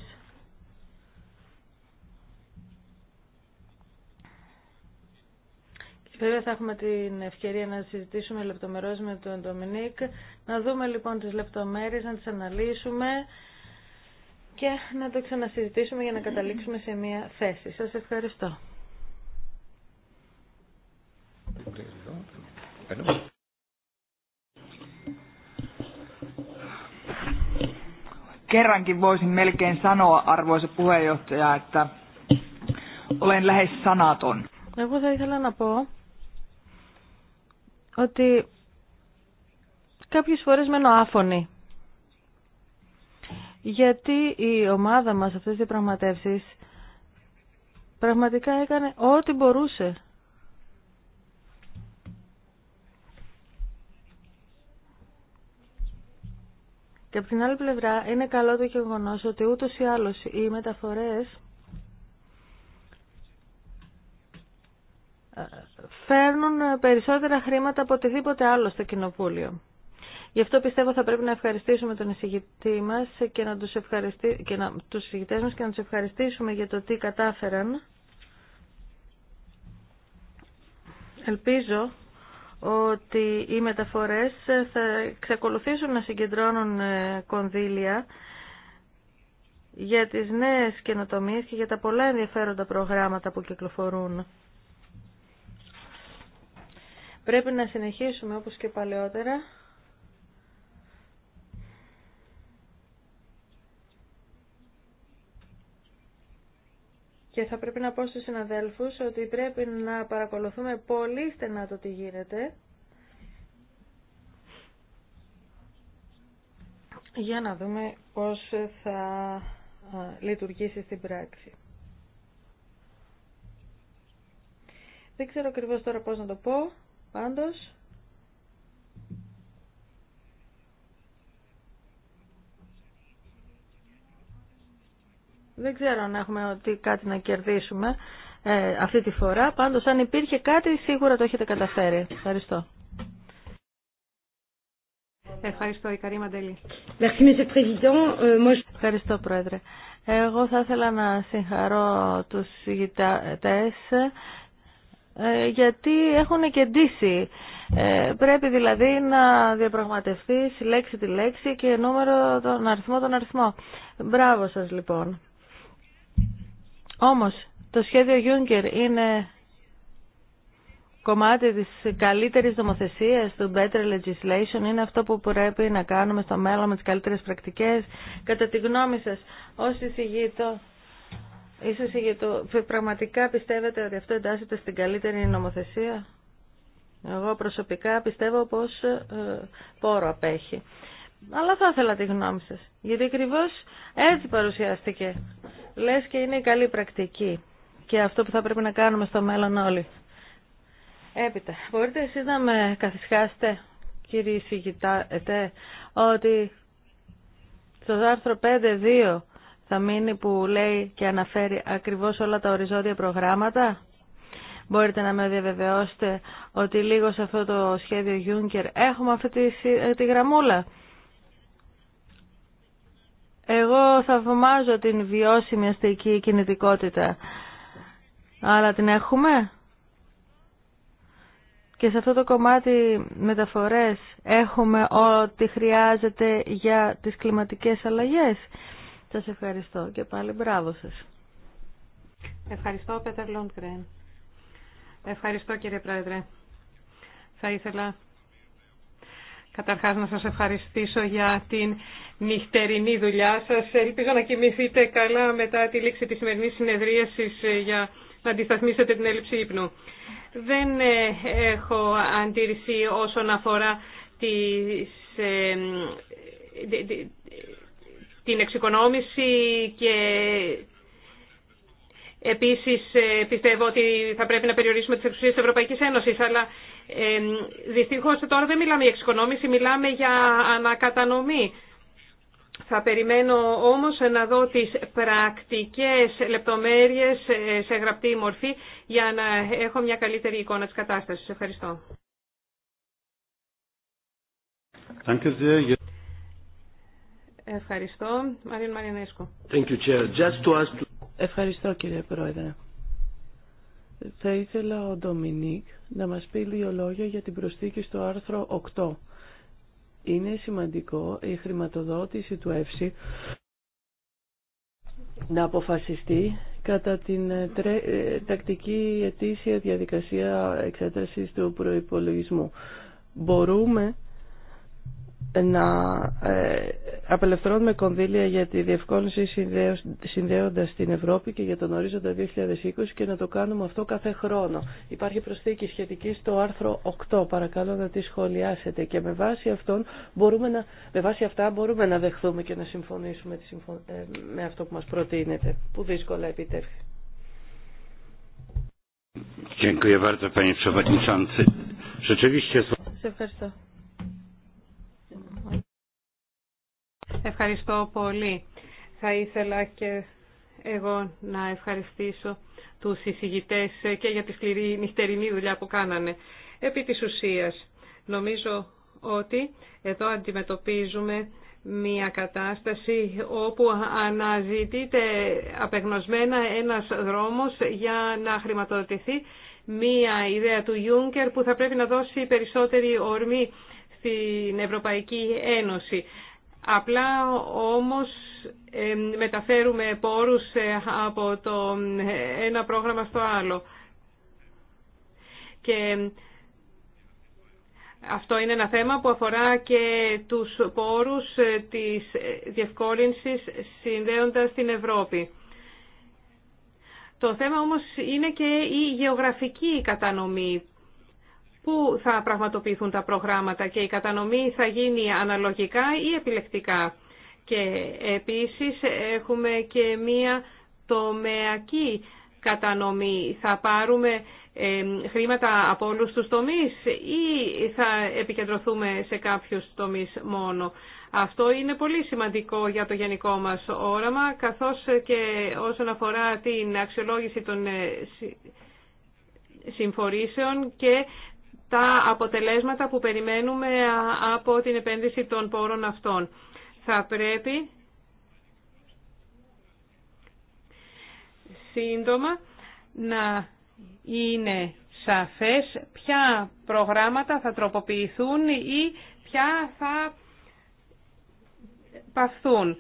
Βέβαια θα έχουμε την ευκαιρία να συζητήσουμε λεπτομερώς με τον Ντομινίκ. Να δούμε λοιπόν τις λεπτομέρειες, να τις αναλύσουμε και να το ξανασυζητήσουμε για να καταλήξουμε σε μια θέση. Σας ευχαριστώ. Kerrankin voisin melkein sanoa, arvoisa puheenjohtaja, että olen lähes sanaton. Εγώ θα ήθελα να πω ότι κάποιες φορές μένω άφωνη. Γιατί η ομάδα μας αυτές τις διαπραγματεύσει πραγματικά έκανε ό,τι μπορούσε. Και από την άλλη πλευρά είναι καλό το γεγονό ότι ούτως ή άλλως οι μεταφορές φέρνουν περισσότερα χρήματα από οτιδήποτε άλλο στο Κοινοβούλιο. Γι' αυτό πιστεύω θα πρέπει να ευχαριστήσουμε τον εισηγητή μας και να τους, ευχαριστή και να, τους εισηγητές μας και να τους ευχαριστήσουμε για το τι κατάφεραν. Ελπίζω ότι οι μεταφορές θα εξακολουθήσουν να συγκεντρώνουν ε, κονδύλια για τις νέες καινοτομίες και για τα πολλά ενδιαφέροντα προγράμματα που κυκλοφορούν. Πρέπει να συνεχίσουμε όπως και παλαιότερα Και θα πρέπει να πω στους συναδέλφους ότι πρέπει να παρακολουθούμε πολύ στενά το τι γίνεται για να δούμε πώς θα λειτουργήσει στην πράξη. Δεν ξέρω ακριβώ τώρα πώς να το πω. Πάντως, δεν ξέρω αν έχουμε ότι κάτι να κερδίσουμε ε, αυτή τη φορά. Πάντως, αν υπήρχε κάτι, σίγουρα το έχετε καταφέρει. Ευχαριστώ. Ευχαριστώ, η Καρή Μαντελή. Euh, Ευχαριστώ, Πρόεδρε. Εγώ θα ήθελα να συγχαρώ τους ηγητές ε, γιατί έχουν κεντήσει. Ε, πρέπει δηλαδή να διαπραγματευτεί λέξη τη λέξη και νούμερο τον αριθμό τον αριθμό. Μπράβο σας λοιπόν. Όμως το σχέδιο Juncker είναι κομμάτι της καλύτερης νομοθεσίας του Better Legislation είναι αυτό που πρέπει να κάνουμε στο μέλλον με τις καλύτερες πρακτικές. Κατά τη γνώμη σας, ως εισηγήτω, Ίσως για το... Πραγματικά πιστεύετε ότι αυτό εντάσσεται στην καλύτερη νομοθεσία. Εγώ προσωπικά πιστεύω πως ε, πόρο απέχει. Αλλά θα ήθελα τη γνώμη σας. Γιατί ακριβώ έτσι παρουσιάστηκε. Λες και είναι η καλή πρακτική. Και αυτό που θα πρέπει να κάνουμε στο μέλλον όλοι. Έπειτα, μπορείτε εσείς να με καθισχάσετε, κύριε ε, ότι στο άρθρο 5.2 θα μείνει που λέει και αναφέρει ακριβώς όλα τα οριζόντια προγράμματα. Μπορείτε να με διαβεβαιώσετε ότι λίγο σε αυτό το σχέδιο Juncker έχουμε αυτή τη, ε, τη γραμμούλα. Εγώ θαυμάζω την βιώσιμη αστική κινητικότητα. Αλλά την έχουμε. Και σε αυτό το κομμάτι μεταφορές έχουμε ό,τι χρειάζεται για τις κλιματικές αλλαγές. Σας ευχαριστώ και πάλι μπράβο σας. Ευχαριστώ, Πέτερ Λόντγκρεν. Ευχαριστώ, κύριε Πρόεδρε. Θα ήθελα καταρχάς να σας ευχαριστήσω για την νυχτερινή δουλειά σας. Ελπίζω να κοιμηθείτε καλά μετά τη λήξη της σημερινής συνεδρίασης ε, για να αντισταθμίσετε την έλλειψη ύπνου. Δεν ε, έχω αντίρρηση όσον αφορά τις ε, την εξοικονόμηση και επίσης ε, πιστεύω ότι θα πρέπει να περιορίσουμε τις εξουσίες της Ευρωπαϊκής Ένωσης, αλλά ε, δυστυχώς τώρα δεν μιλάμε για εξοικονόμηση, μιλάμε για ανακατανομή. Θα περιμένω όμως να δω τις πρακτικές λεπτομέρειες ε, σε γραπτή μορφή για να έχω μια καλύτερη εικόνα της κατάστασης. Ευχαριστώ. Ευχαριστώ. Μαρίν ask, Ευχαριστώ κύριε Πρόεδρε. Θα ήθελα ο Ντομινίκ να μας πει δύο λόγια για την προσθήκη στο άρθρο 8. Είναι σημαντικό η χρηματοδότηση του ΕΦΣΥ να αποφασιστεί κατά την ε, ε, τακτική ετήσια διαδικασία εξέτασης του προϋπολογισμού. Μπορούμε να ε, απελευθερώνουμε κονδύλια για τη διευκόλυνση συνδέοντας την Ευρώπη και για τον ορίζοντα 2020 και να το κάνουμε αυτό κάθε χρόνο. Υπάρχει προσθήκη σχετική στο άρθρο 8, παρακαλώ να τη σχολιάσετε και με βάση, αυτόν μπορούμε να, με βάση αυτά μπορούμε να δεχθούμε και να συμφωνήσουμε ε, με αυτό που μας προτείνεται, που δύσκολα επιτεύχει. Dziękuję bardzo, przewodniczący. Rzeczywiście... Ευχαριστώ πολύ. Θα ήθελα και εγώ να ευχαριστήσω τους συζητητές και για τη σκληρή νυχτερινή δουλειά που κάνανε. Επί της ουσίας, νομίζω ότι εδώ αντιμετωπίζουμε μια κατάσταση όπου αναζητείται απεγνωσμένα ένας δρόμος για να χρηματοδοτηθεί μια ιδέα του Ιούνκερ που θα πρέπει να δώσει περισσότερη ορμή στην Ευρωπαϊκή Ένωση. Απλά όμως μεταφέρουμε πόρους ε, από το ένα πρόγραμμα στο άλλο. Και αυτό είναι ένα θέμα που αφορά και τους πόρους ε, της διευκόλυνσης συνδέοντας την Ευρώπη. Το θέμα όμως είναι και η γεωγραφική κατανομή πού θα πραγματοποιηθούν τα προγράμματα και η κατανομή θα γίνει αναλογικά ή επιλεκτικά. Και επίσης έχουμε και μία τομεακή κατανομή. Θα πάρουμε χρήματα από όλους τους τομείς ή θα επικεντρωθούμε σε κάποιους τομείς μόνο. Αυτό είναι πολύ σημαντικό για το γενικό μας όραμα, καθώς και όσον αφορά την αξιολόγηση των ε, συμφορήσεων και τα αποτελέσματα που περιμένουμε από την επένδυση των πόρων αυτών. Θα πρέπει σύντομα να είναι σαφές ποια προγράμματα θα τροποποιηθούν ή ποια θα παθούν.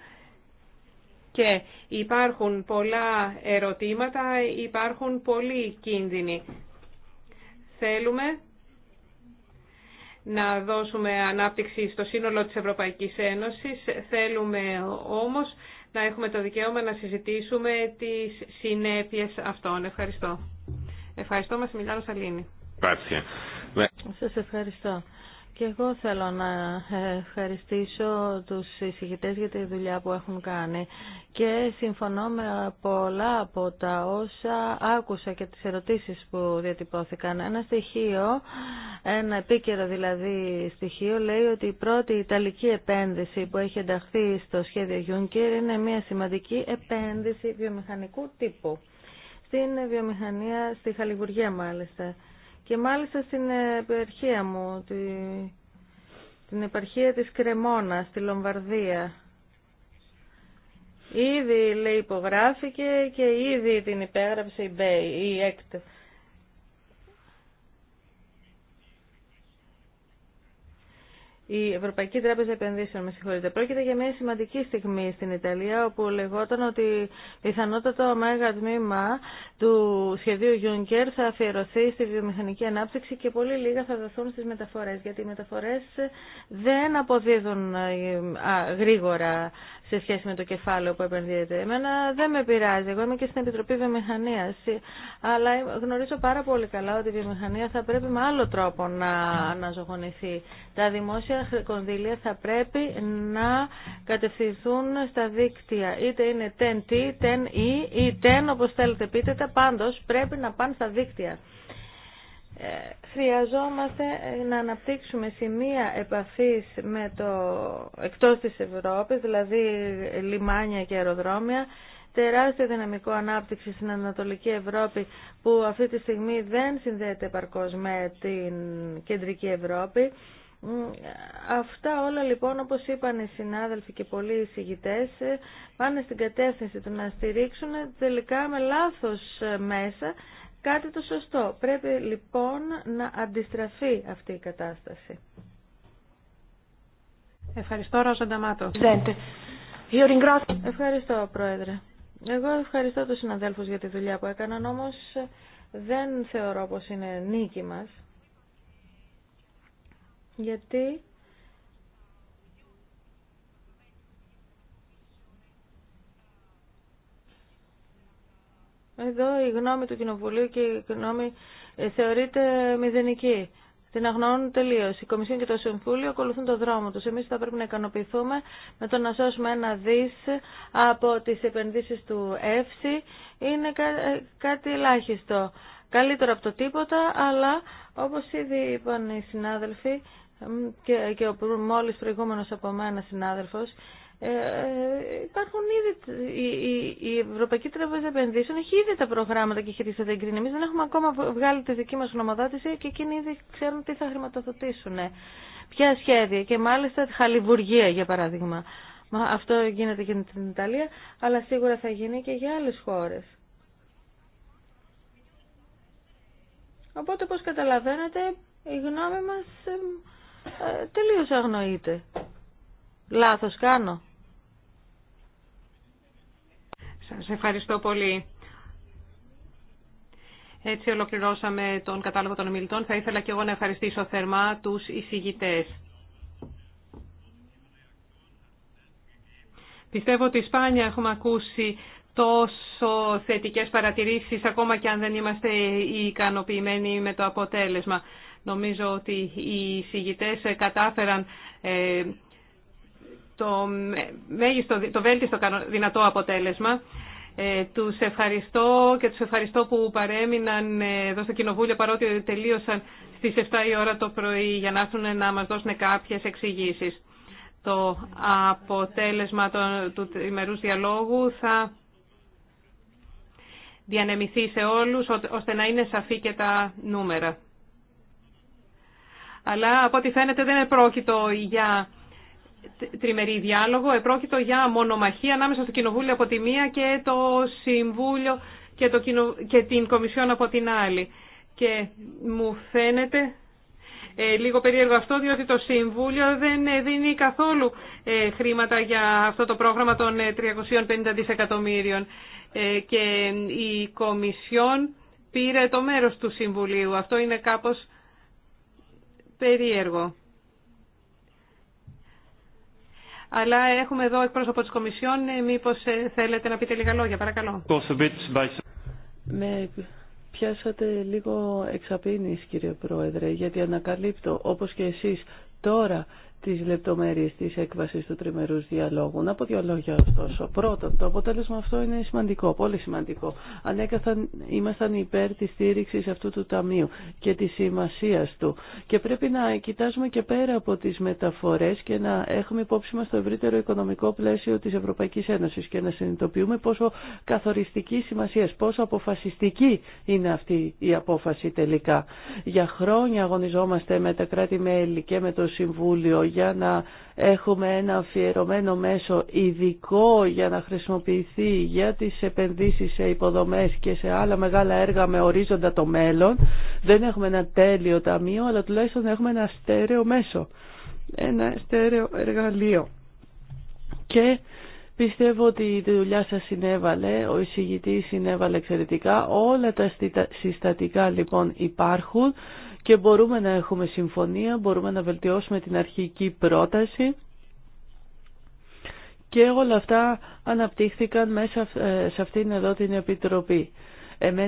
Και υπάρχουν πολλά ερωτήματα, υπάρχουν πολλοί κίνδυνοι. Θέλουμε να δώσουμε ανάπτυξη στο σύνολο της Ευρωπαϊκής Ένωσης. Θέλουμε όμως να έχουμε το δικαίωμα να συζητήσουμε τις συνέπειες αυτών. Ευχαριστώ. Ευχαριστώ μας Μιλάνο Σαλίνη. Σας ευχαριστώ. Και εγώ θέλω να ευχαριστήσω τους εισηγητές για τη δουλειά που έχουν κάνει και συμφωνώ με πολλά από τα όσα άκουσα και τις ερωτήσεις που διατυπώθηκαν. Ένα στοιχείο, ένα επίκαιρο δηλαδή στοιχείο, λέει ότι η πρώτη Ιταλική επένδυση που έχει ενταχθεί στο σχέδιο Juncker είναι μια σημαντική επένδυση βιομηχανικού τύπου. Στην βιομηχανία, στη Χαλιβουργία μάλιστα και μάλιστα στην επαρχία μου, την επαρχία της Κρεμόνα, στη Λομβαρδία. Ήδη λέει υπογράφηκε και ήδη την υπέγραψε η, Μπέη, η ΕΚΤ. Η Ευρωπαϊκή Τράπεζα Επενδύσεων, με συγχωρείτε. Πρόκειται για μια σημαντική στιγμή στην Ιταλία, όπου λεγόταν ότι πιθανότατο μέγα τμήμα του σχεδίου Juncker θα αφιερωθεί στη βιομηχανική ανάπτυξη και πολύ λίγα θα δοθούν στις μεταφορές, γιατί οι μεταφορές δεν αποδίδουν ε, γρήγορα σε σχέση με το κεφάλαιο που επενδύεται. Εμένα δεν με πειράζει. Εγώ είμαι και στην Επιτροπή Βιομηχανία. Αλλά γνωρίζω πάρα πολύ καλά ότι η βιομηχανία θα πρέπει με άλλο τρόπο να αναζωογονηθεί. Τα δημόσια κονδύλια θα πρέπει να κατευθυνθούν στα δίκτυα. Είτε είναι TEN-T, TEN-E ή TEN, όπω θέλετε πείτε τα, πάντω πρέπει να πάνε στα δίκτυα χρειαζόμαστε να αναπτύξουμε σημεία επαφής με το εκτός της Ευρώπης, δηλαδή λιμάνια και αεροδρόμια, τεράστιο δυναμικό ανάπτυξη στην Ανατολική Ευρώπη που αυτή τη στιγμή δεν συνδέεται επαρκώς με την Κεντρική Ευρώπη. Αυτά όλα λοιπόν όπως είπαν οι συνάδελφοι και πολλοί εισηγητές πάνε στην κατεύθυνση του να στηρίξουν τελικά με λάθος μέσα κάτι το σωστό. Πρέπει λοιπόν να αντιστραφεί αυτή η κατάσταση. Ευχαριστώ Ρώσο Νταμάτο. Ευχαριστώ Πρόεδρε. Εγώ ευχαριστώ τους συναδέλφους για τη δουλειά που έκαναν, όμως δεν θεωρώ πως είναι νίκη μας. Γιατί Εδώ η γνώμη του Κοινοβουλίου και η γνώμη ε, θεωρείται μηδενική. Την αγνοούν τελείω. Η Κομισιόν και το Συμβούλιο ακολουθούν το δρόμο του. Εμεί θα πρέπει να ικανοποιηθούμε με το να σώσουμε ένα δι από τι επενδύσει του ΕΦΣΥ. Είναι ε, κάτι ελάχιστο. Καλύτερο από το τίποτα, αλλά όπω ήδη είπαν οι συνάδελφοι και, και ο μόλι προηγούμενο από μένα συνάδελφο, ε, ε, υπάρχουν ήδη, η, η, η Ευρωπαϊκή Τραπεζα Επενδύσεων έχει ήδη τα προγράμματα και χειρίζεται εγκρίνη. Εμεί δεν έχουμε ακόμα βγάλει τη δική μα ονομοδότηση και εκείνοι ήδη ξέρουν τι θα χρηματοδοτήσουν. Ε, ποια σχέδια και μάλιστα τη χαλιβουργία για παράδειγμα. Μα αυτό γίνεται και στην Ιταλία, αλλά σίγουρα θα γίνει και για άλλες χώρες. Οπότε, όπω καταλαβαίνετε, η γνώμη μας ε, ε, τελείως αγνοείται. Λάθος κάνω. Σας ευχαριστώ πολύ. Έτσι ολοκληρώσαμε τον κατάλογο των ομιλητών. Θα ήθελα και εγώ να ευχαριστήσω θερμά τους εισηγητές. Πιστεύω ότι σπάνια έχουμε ακούσει τόσο θετικές παρατηρήσεις, ακόμα και αν δεν είμαστε ικανοποιημένοι με το αποτέλεσμα. Νομίζω ότι οι εισηγητές κατάφεραν ε, το, μέγιστο, το βέλτιστο δυνατό αποτέλεσμα. Ε, τους ευχαριστώ και τους ευχαριστώ που παρέμειναν ε, εδώ στο Κοινοβούλιο παρότι τελείωσαν στις 7 η ώρα το πρωί για να έρθουν να μας δώσουν κάποιες εξηγήσεις. Το αποτέλεσμα του, του ημερούς διαλόγου θα διανεμηθεί σε όλους ώστε να είναι σαφή και τα νούμερα. Αλλά από ό,τι φαίνεται δεν είναι πρόκειτο για τριμερή διάλογο. Επρόκειτο για μονομαχία ανάμεσα στο Κοινοβούλιο από τη μία και το Συμβούλιο και, το και την Κομισιόν από την άλλη. Και μου φαίνεται ε, λίγο περίεργο αυτό, διότι το Συμβούλιο δεν ε, δίνει καθόλου ε, χρήματα για αυτό το πρόγραμμα των 350 ε, δισεκατομμύριων. και η Κομισιόν πήρε το μέρος του Συμβουλίου. Αυτό είναι κάπως περίεργο. αλλά έχουμε εδώ εκπρόσωπο τη Κομισιόν. Ε, Μήπω ε, θέλετε να πείτε λίγα λόγια, παρακαλώ. Με πιάσατε λίγο εξαπίνης, κύριε Πρόεδρε, γιατί ανακαλύπτω, όπως και εσείς, τώρα τις λεπτομέρειε της έκβασης του τριμερούς διαλόγου. Να πω δύο λόγια ωστόσο. Πρώτον, το αποτέλεσμα αυτό είναι σημαντικό, πολύ σημαντικό. Ανέκαθαν ήμασταν υπέρ της στήριξης αυτού του ταμείου και της σημασία του. Και πρέπει να κοιτάζουμε και πέρα από τις μεταφορές και να έχουμε υπόψη μας το ευρύτερο οικονομικό πλαίσιο της Ευρωπαϊκής Ένωσης και να συνειδητοποιούμε πόσο καθοριστική σημασία, πόσο αποφασιστική είναι αυτή η απόφαση τελικά. Για χρόνια αγωνιζόμαστε με τα κράτη-μέλη και με το Συμβούλιο για να έχουμε ένα αφιερωμένο μέσο ειδικό για να χρησιμοποιηθεί για τις επενδύσεις σε υποδομές και σε άλλα μεγάλα έργα με ορίζοντα το μέλλον. Δεν έχουμε ένα τέλειο ταμείο, αλλά τουλάχιστον έχουμε ένα στέρεο μέσο, ένα στέρεο εργαλείο. Και Πιστεύω ότι η δουλειά σας συνέβαλε, ο εισηγητής συνέβαλε εξαιρετικά. Όλα τα συστατικά λοιπόν υπάρχουν και μπορούμε να έχουμε συμφωνία, μπορούμε να βελτιώσουμε την αρχική πρόταση και όλα αυτά αναπτύχθηκαν μέσα ε, σε αυτήν εδώ την Επιτροπή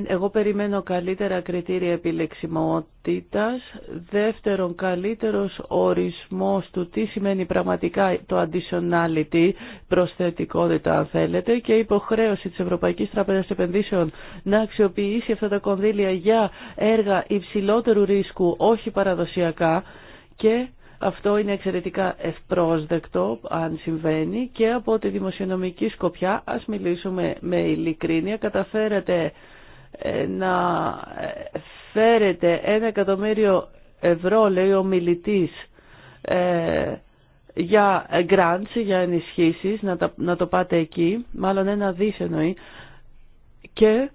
εγώ περιμένω καλύτερα κριτήρια επιλεξιμότητας. Δεύτερον, καλύτερος ορισμός του τι σημαίνει πραγματικά το additionality, προσθετικότητα αν θέλετε, και υποχρέωση της Ευρωπαϊκής Τραπέζας Επενδύσεων να αξιοποιήσει αυτά τα κονδύλια για έργα υψηλότερου ρίσκου, όχι παραδοσιακά, και αυτό είναι εξαιρετικά ευπρόσδεκτο αν συμβαίνει και από τη δημοσιονομική σκοπιά ας μιλήσουμε με ειλικρίνεια. Ε, να φέρετε ένα εκατομμύριο ευρώ, λέει ο μιλητής, ε, για grants, για ενισχύσεις, να, να το πάτε εκεί, μάλλον ένα δις εννοεί. Και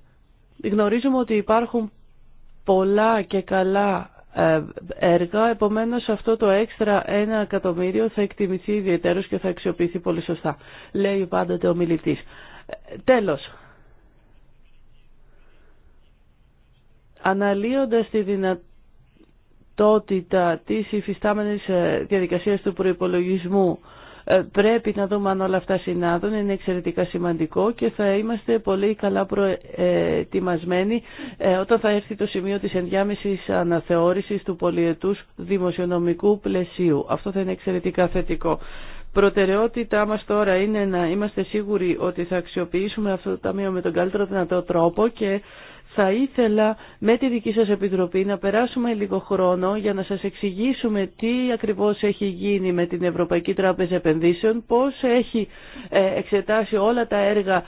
γνωρίζουμε ότι υπάρχουν πολλά και καλά ε, έργα, επομένως αυτό το έξτρα ένα εκατομμύριο θα εκτιμηθεί ιδιαίτερος και θα αξιοποιηθεί πολύ σωστά, λέει πάντοτε ο μιλητής. Τέλος, αναλύοντας τη δυνατότητα της υφιστάμενης ε, διαδικασίας του προϋπολογισμού ε, πρέπει να δούμε αν όλα αυτά συνάδουν, είναι εξαιρετικά σημαντικό και θα είμαστε πολύ καλά προετοιμασμένοι ε, όταν θα έρθει το σημείο της ενδιάμεσης αναθεώρησης του πολιετούς δημοσιονομικού πλαισίου. Αυτό θα είναι εξαιρετικά θετικό. Προτεραιότητά μας τώρα είναι να είμαστε σίγουροι ότι θα αξιοποιήσουμε αυτό το ταμείο με τον καλύτερο δυνατό τρόπο και θα ήθελα με τη δική σας επιτροπή να περάσουμε λίγο χρόνο για να σας εξηγήσουμε τι ακριβώς έχει γίνει με την Ευρωπαϊκή Τράπεζα Επενδύσεων, πώς έχει ε, εξετάσει όλα τα έργα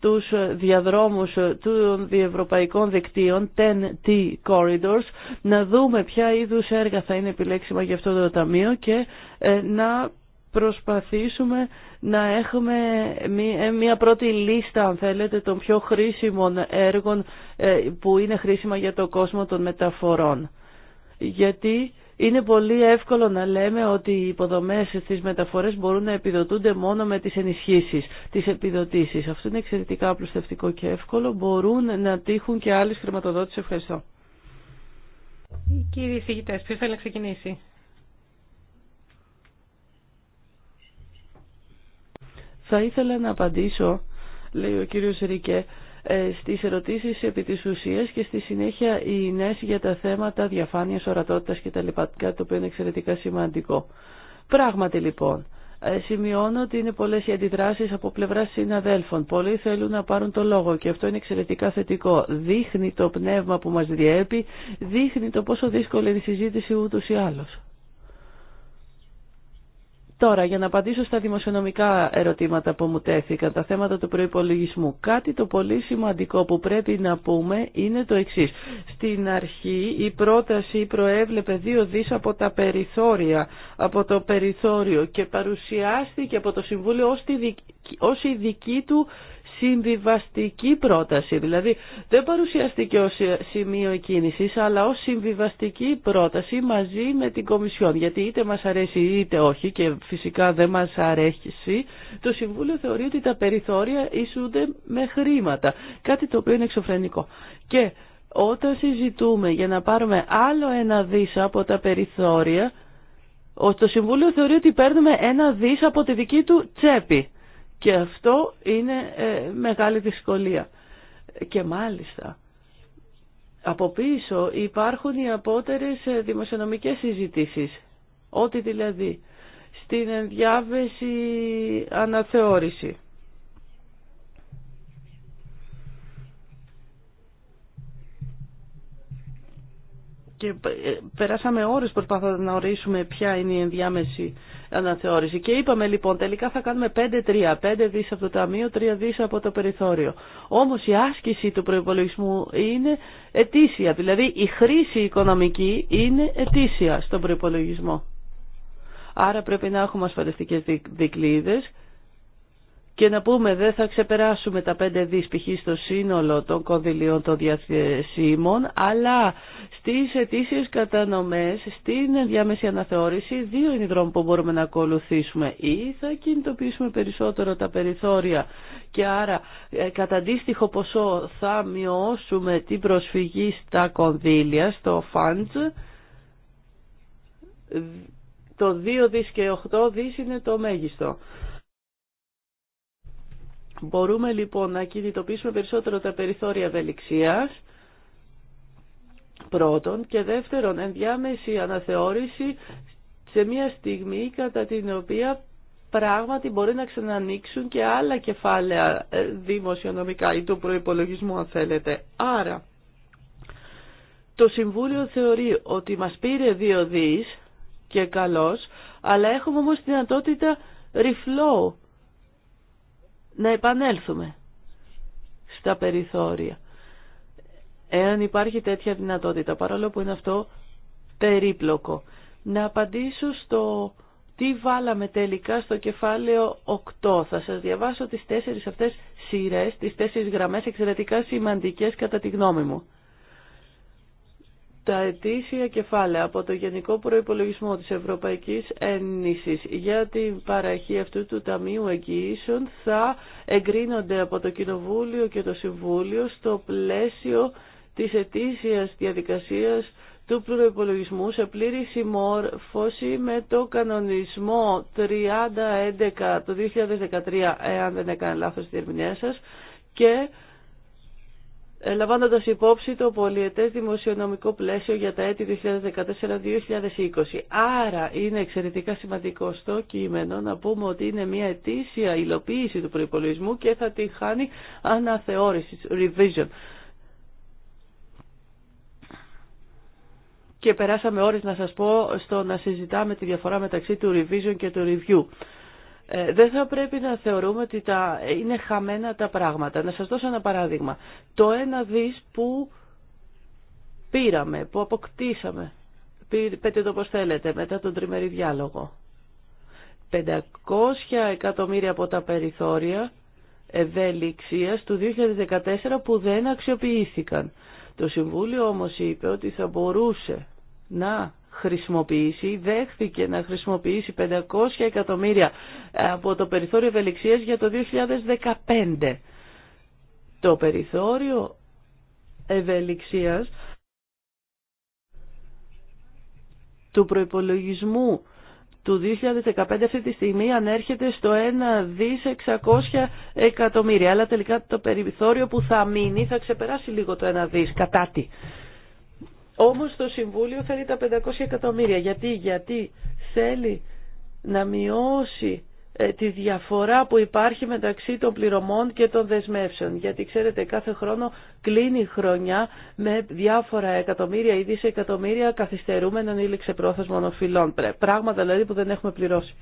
τους διαδρόμους των διευρωπαϊκών δικτύων 10T Corridors να δούμε ποια είδους έργα θα είναι επιλέξιμα για αυτό το ταμείο και ε, να προσπαθήσουμε να έχουμε μία πρώτη λίστα, αν θέλετε, των πιο χρήσιμων έργων ε, που είναι χρήσιμα για το κόσμο των μεταφορών. Γιατί είναι πολύ εύκολο να λέμε ότι οι υποδομές στις μεταφορές μπορούν να επιδοτούνται μόνο με τις ενισχύσεις, τις επιδοτήσεις. Αυτό είναι εξαιρετικά απλουστευτικό και εύκολο. Μπορούν να τύχουν και άλλες χρηματοδότησες. Ευχαριστώ. Κύριοι συγητές, ποιος θέλει να ξεκινήσει. Θα ήθελα να απαντήσω, λέει ο κύριος Ρικέ, ε, στις ερωτήσεις επί της ουσίας και στη συνέχεια οι νέες για τα θέματα διαφάνειας, ορατότητας και τα λοιπά, κάτι το οποίο είναι εξαιρετικά σημαντικό. Πράγματι λοιπόν, ε, σημειώνω ότι είναι πολλές οι αντιδράσεις από πλευρά συναδέλφων. Πολλοί θέλουν να πάρουν το λόγο και αυτό είναι εξαιρετικά θετικό. Δείχνει το πνεύμα που μας διέπει, δείχνει το πόσο δύσκολη είναι η συζήτηση ούτως ή άλλως. Τώρα, για να απαντήσω στα δημοσιονομικά ερωτήματα που μου τέθηκαν, τα θέματα του προϋπολογισμού, κάτι το πολύ σημαντικό που πρέπει να πούμε είναι το εξή. Στην αρχή η πρόταση προέβλεπε δύο δις από τα περιθώρια, από το περιθώριο και παρουσιάστηκε από το Συμβούλιο ως, ως η δική του συμβιβαστική πρόταση. Δηλαδή δεν παρουσιαστήκε ως σημείο κίνησης αλλά ως συμβιβαστική πρόταση μαζί με την Κομισιόν. Γιατί είτε μας αρέσει είτε όχι και φυσικά δεν μας αρέσει το Συμβούλιο θεωρεί ότι τα περιθώρια ίσουνται με χρήματα. Κάτι το οποίο είναι εξωφρενικό. Και όταν συζητούμε για να πάρουμε άλλο ένα δις από τα περιθώρια το Συμβούλιο θεωρεί ότι παίρνουμε ένα δις από τη δική του τσέπη. Και αυτό είναι ε, μεγάλη δυσκολία. Και μάλιστα, από πίσω υπάρχουν οι απότερες ε, δημοσιονομικές συζητήσεις. Ό,τι δηλαδή στην ενδιάμεση αναθεώρηση. Και ε, περάσαμε ώρες προσπαθώντας να ορίσουμε ποια είναι η ενδιάμεση αναθεώρηση. Και είπαμε λοιπόν τελικά θα κάνουμε 5-3, 5 δις από το ταμείο, 3 δις από το περιθώριο. Όμως η άσκηση του προϋπολογισμού είναι ετήσια, δηλαδή η χρήση οικονομική είναι ετήσια στον προϋπολογισμό. Άρα πρέπει να έχουμε ασφαλιστικές δικλείδες και να πούμε δεν θα ξεπεράσουμε τα 5 δις π.χ. στο σύνολο των κονδυλίων των διαθεσίμων αλλά στις αιτήσει κατανομές, στην διάμεση αναθεώρηση δύο είναι οι δρόμοι που μπορούμε να ακολουθήσουμε ή θα κινητοποιήσουμε περισσότερο τα περιθώρια και άρα ε, κατά αντίστοιχο ποσό θα μειώσουμε την προσφυγή στα κονδύλια, στο funds το 2 δις και 8 δις είναι το μέγιστο. Μπορούμε λοιπόν να κινητοποιήσουμε περισσότερο τα περιθώρια ευελιξίας, πρώτον, και δεύτερον, ενδιάμεση αναθεώρηση σε μια στιγμή κατά την οποία πράγματι μπορεί να ξανανοίξουν και άλλα κεφάλαια ε, δημοσιονομικά ή του προϋπολογισμού αν θέλετε. Άρα, το Συμβούλιο θεωρεί ότι μας πήρε δύο δις και καλός, αλλά έχουμε όμως δυνατότητα reflow να επανέλθουμε στα περιθώρια. Εάν υπάρχει τέτοια δυνατότητα, παρόλο που είναι αυτό περίπλοκο. Να απαντήσω στο τι βάλαμε τελικά στο κεφάλαιο 8. Θα σας διαβάσω τις τέσσερις αυτές σειρές, τις τέσσερις γραμμές εξαιρετικά σημαντικές κατά τη γνώμη μου τα ετήσια κεφάλαια από το Γενικό Προϋπολογισμό της Ευρωπαϊκής Ένωσης για την παραχή αυτού του Ταμείου Εγγυήσεων θα εγκρίνονται από το Κοινοβούλιο και το Συμβούλιο στο πλαίσιο της ετήσιας διαδικασίας του προϋπολογισμού σε πλήρη συμμόρφωση με το κανονισμό 3011 το 2013, εάν δεν έκανε λάθος τη διερμηνία σας, και ε, λαμβάνοντας υπόψη το πολιετές δημοσιονομικό πλαίσιο για τα έτη 2014-2020. Άρα είναι εξαιρετικά σημαντικό στο κείμενο να πούμε ότι είναι μια ετήσια υλοποίηση του προϋπολογισμού και θα τη χάνει αναθεώρηση, revision. Και περάσαμε ώρες να σας πω στο να συζητάμε τη διαφορά μεταξύ του revision και του review. Ε, δεν θα πρέπει να θεωρούμε ότι τα, είναι χαμένα τα πράγματα. Να σας δώσω ένα παράδειγμα. Το ένα δις που πήραμε, που αποκτήσαμε, πέτε το όπως θέλετε, μετά τον τριμερή διάλογο. 500 εκατομμύρια από τα περιθώρια ευελιξίας του 2014 που δεν αξιοποιήθηκαν. Το Συμβούλιο όμως είπε ότι θα μπορούσε να χρησιμοποιήσει, δέχθηκε να χρησιμοποιήσει 500 εκατομμύρια από το περιθώριο ευελιξίας για το 2015. Το περιθώριο ευελιξίας του προϋπολογισμού του 2015 αυτή τη στιγμή ανέρχεται στο 1 δις 600 εκατομμύρια. Αλλά τελικά το περιθώριο που θα μείνει θα ξεπεράσει λίγο το 1 δις κατά τη. Όμως το Συμβούλιο θέλει τα 500 εκατομμύρια. Γιατί, γιατί θέλει να μειώσει ε, τη διαφορά που υπάρχει μεταξύ των πληρωμών και των δεσμεύσεων. Γιατί ξέρετε κάθε χρόνο κλείνει χρονιά με διάφορα εκατομμύρια ή δισεκατομμύρια καθυστερούμενων ή ληξεπρόθεσμων οφειλών. Πράγματα δηλαδή που δεν έχουμε πληρώσει.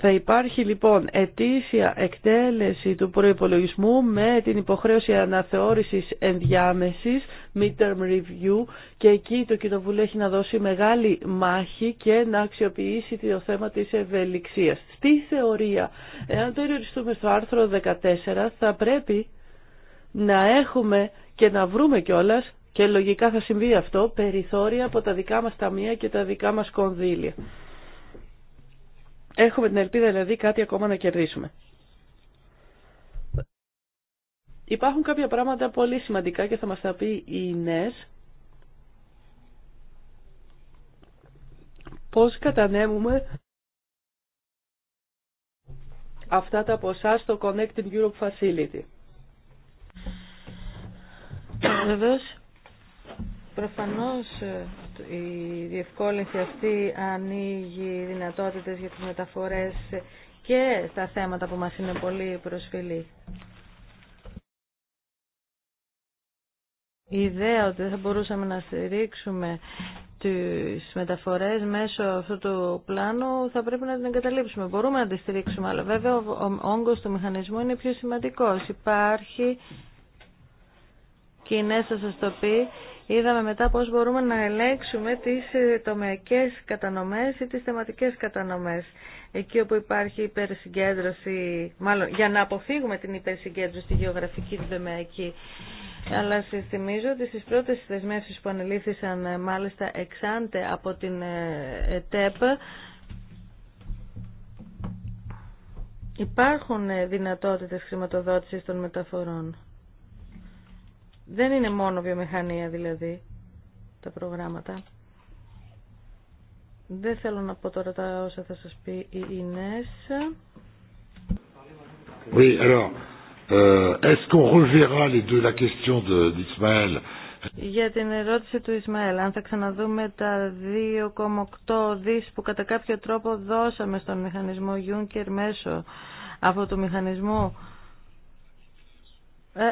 Θα υπάρχει λοιπόν ετήσια εκτέλεση του προϋπολογισμού με την υποχρέωση αναθεώρησης ενδιάμεσης midterm review και εκεί το Κοινοβούλιο έχει να δώσει μεγάλη μάχη και να αξιοποιήσει το θέμα της ευελιξίας. Στη θεωρία, εάν το περιοριστούμε στο άρθρο 14, θα πρέπει να έχουμε και να βρούμε κιόλας και λογικά θα συμβεί αυτό, περιθώρια από τα δικά μας ταμεία και τα δικά μας κονδύλια. Έχουμε την ελπίδα δηλαδή κάτι ακόμα να κερδίσουμε. Υπάρχουν κάποια πράγματα πολύ σημαντικά και θα μας τα πει η ΝΕΣ. Πώς κατανέμουμε αυτά τα ποσά στο Connecting Europe Facility. Βεβαίω, προφανώς ε, η διευκόλυνση αυτή ανοίγει δυνατότητες για τις μεταφορές και τα θέματα που μας είναι πολύ προσφυλή. Η ιδέα ότι θα μπορούσαμε να στηρίξουμε τις μεταφορές μέσω αυτού του πλάνου θα πρέπει να την εγκαταλείψουμε. Μπορούμε να τη στηρίξουμε, αλλά βέβαια ο όγκος του μηχανισμού είναι πιο σημαντικός. Υπάρχει, και η Νέσα σας το πει, είδαμε μετά πώς μπορούμε να ελέγξουμε τις ε, τομεακές κατανομές ή τις θεματικές κατανομές. Εκεί όπου υπάρχει υπερσυγκέντρωση, μάλλον για να αποφύγουμε την υπερσυγκέντρωση τη γεωγραφική, τη αλλά σα θυμίζω ότι στις πρώτες δεσμεύσει που ανελήφθησαν ε, μάλιστα εξάντε από την ε, ΕΤΕΠ υπάρχουν ε, δυνατότητες χρηματοδότηση των μεταφορών. Δεν είναι μόνο βιομηχανία δηλαδή τα προγράμματα. Δεν θέλω να πω τώρα τα όσα θα σας πει η Ινές. Euh, Για την ερώτηση του Ισμαέλ. αν θα ξαναδούμε τα 2,8 δις που κατά κάποιο τρόπο δώσαμε στον μηχανισμό Juncker μέσω αυτού του μηχανισμού, ε,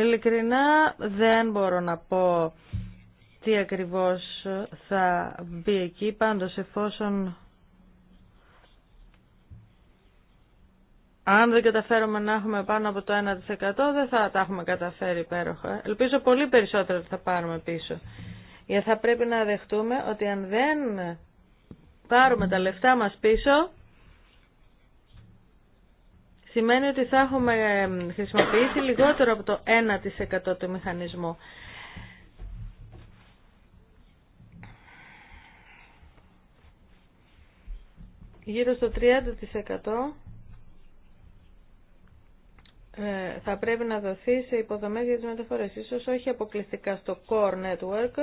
ειλικρινά δεν μπορώ να πω τι ακριβώς θα μπει εκεί, πάντως εφόσον Αν δεν καταφέρουμε να έχουμε πάνω από το 1% δεν θα τα έχουμε καταφέρει υπέροχα. Ελπίζω πολύ περισσότερο θα πάρουμε πίσω. Γιατί θα πρέπει να δεχτούμε ότι αν δεν πάρουμε τα λεφτά μας πίσω σημαίνει ότι θα έχουμε χρησιμοποιήσει λιγότερο από το 1% του μηχανισμού. Γύρω στο 30% ε, θα πρέπει να δοθεί σε υποδομές για τις μεταφορές. Ίσως όχι αποκλειστικά στο core network,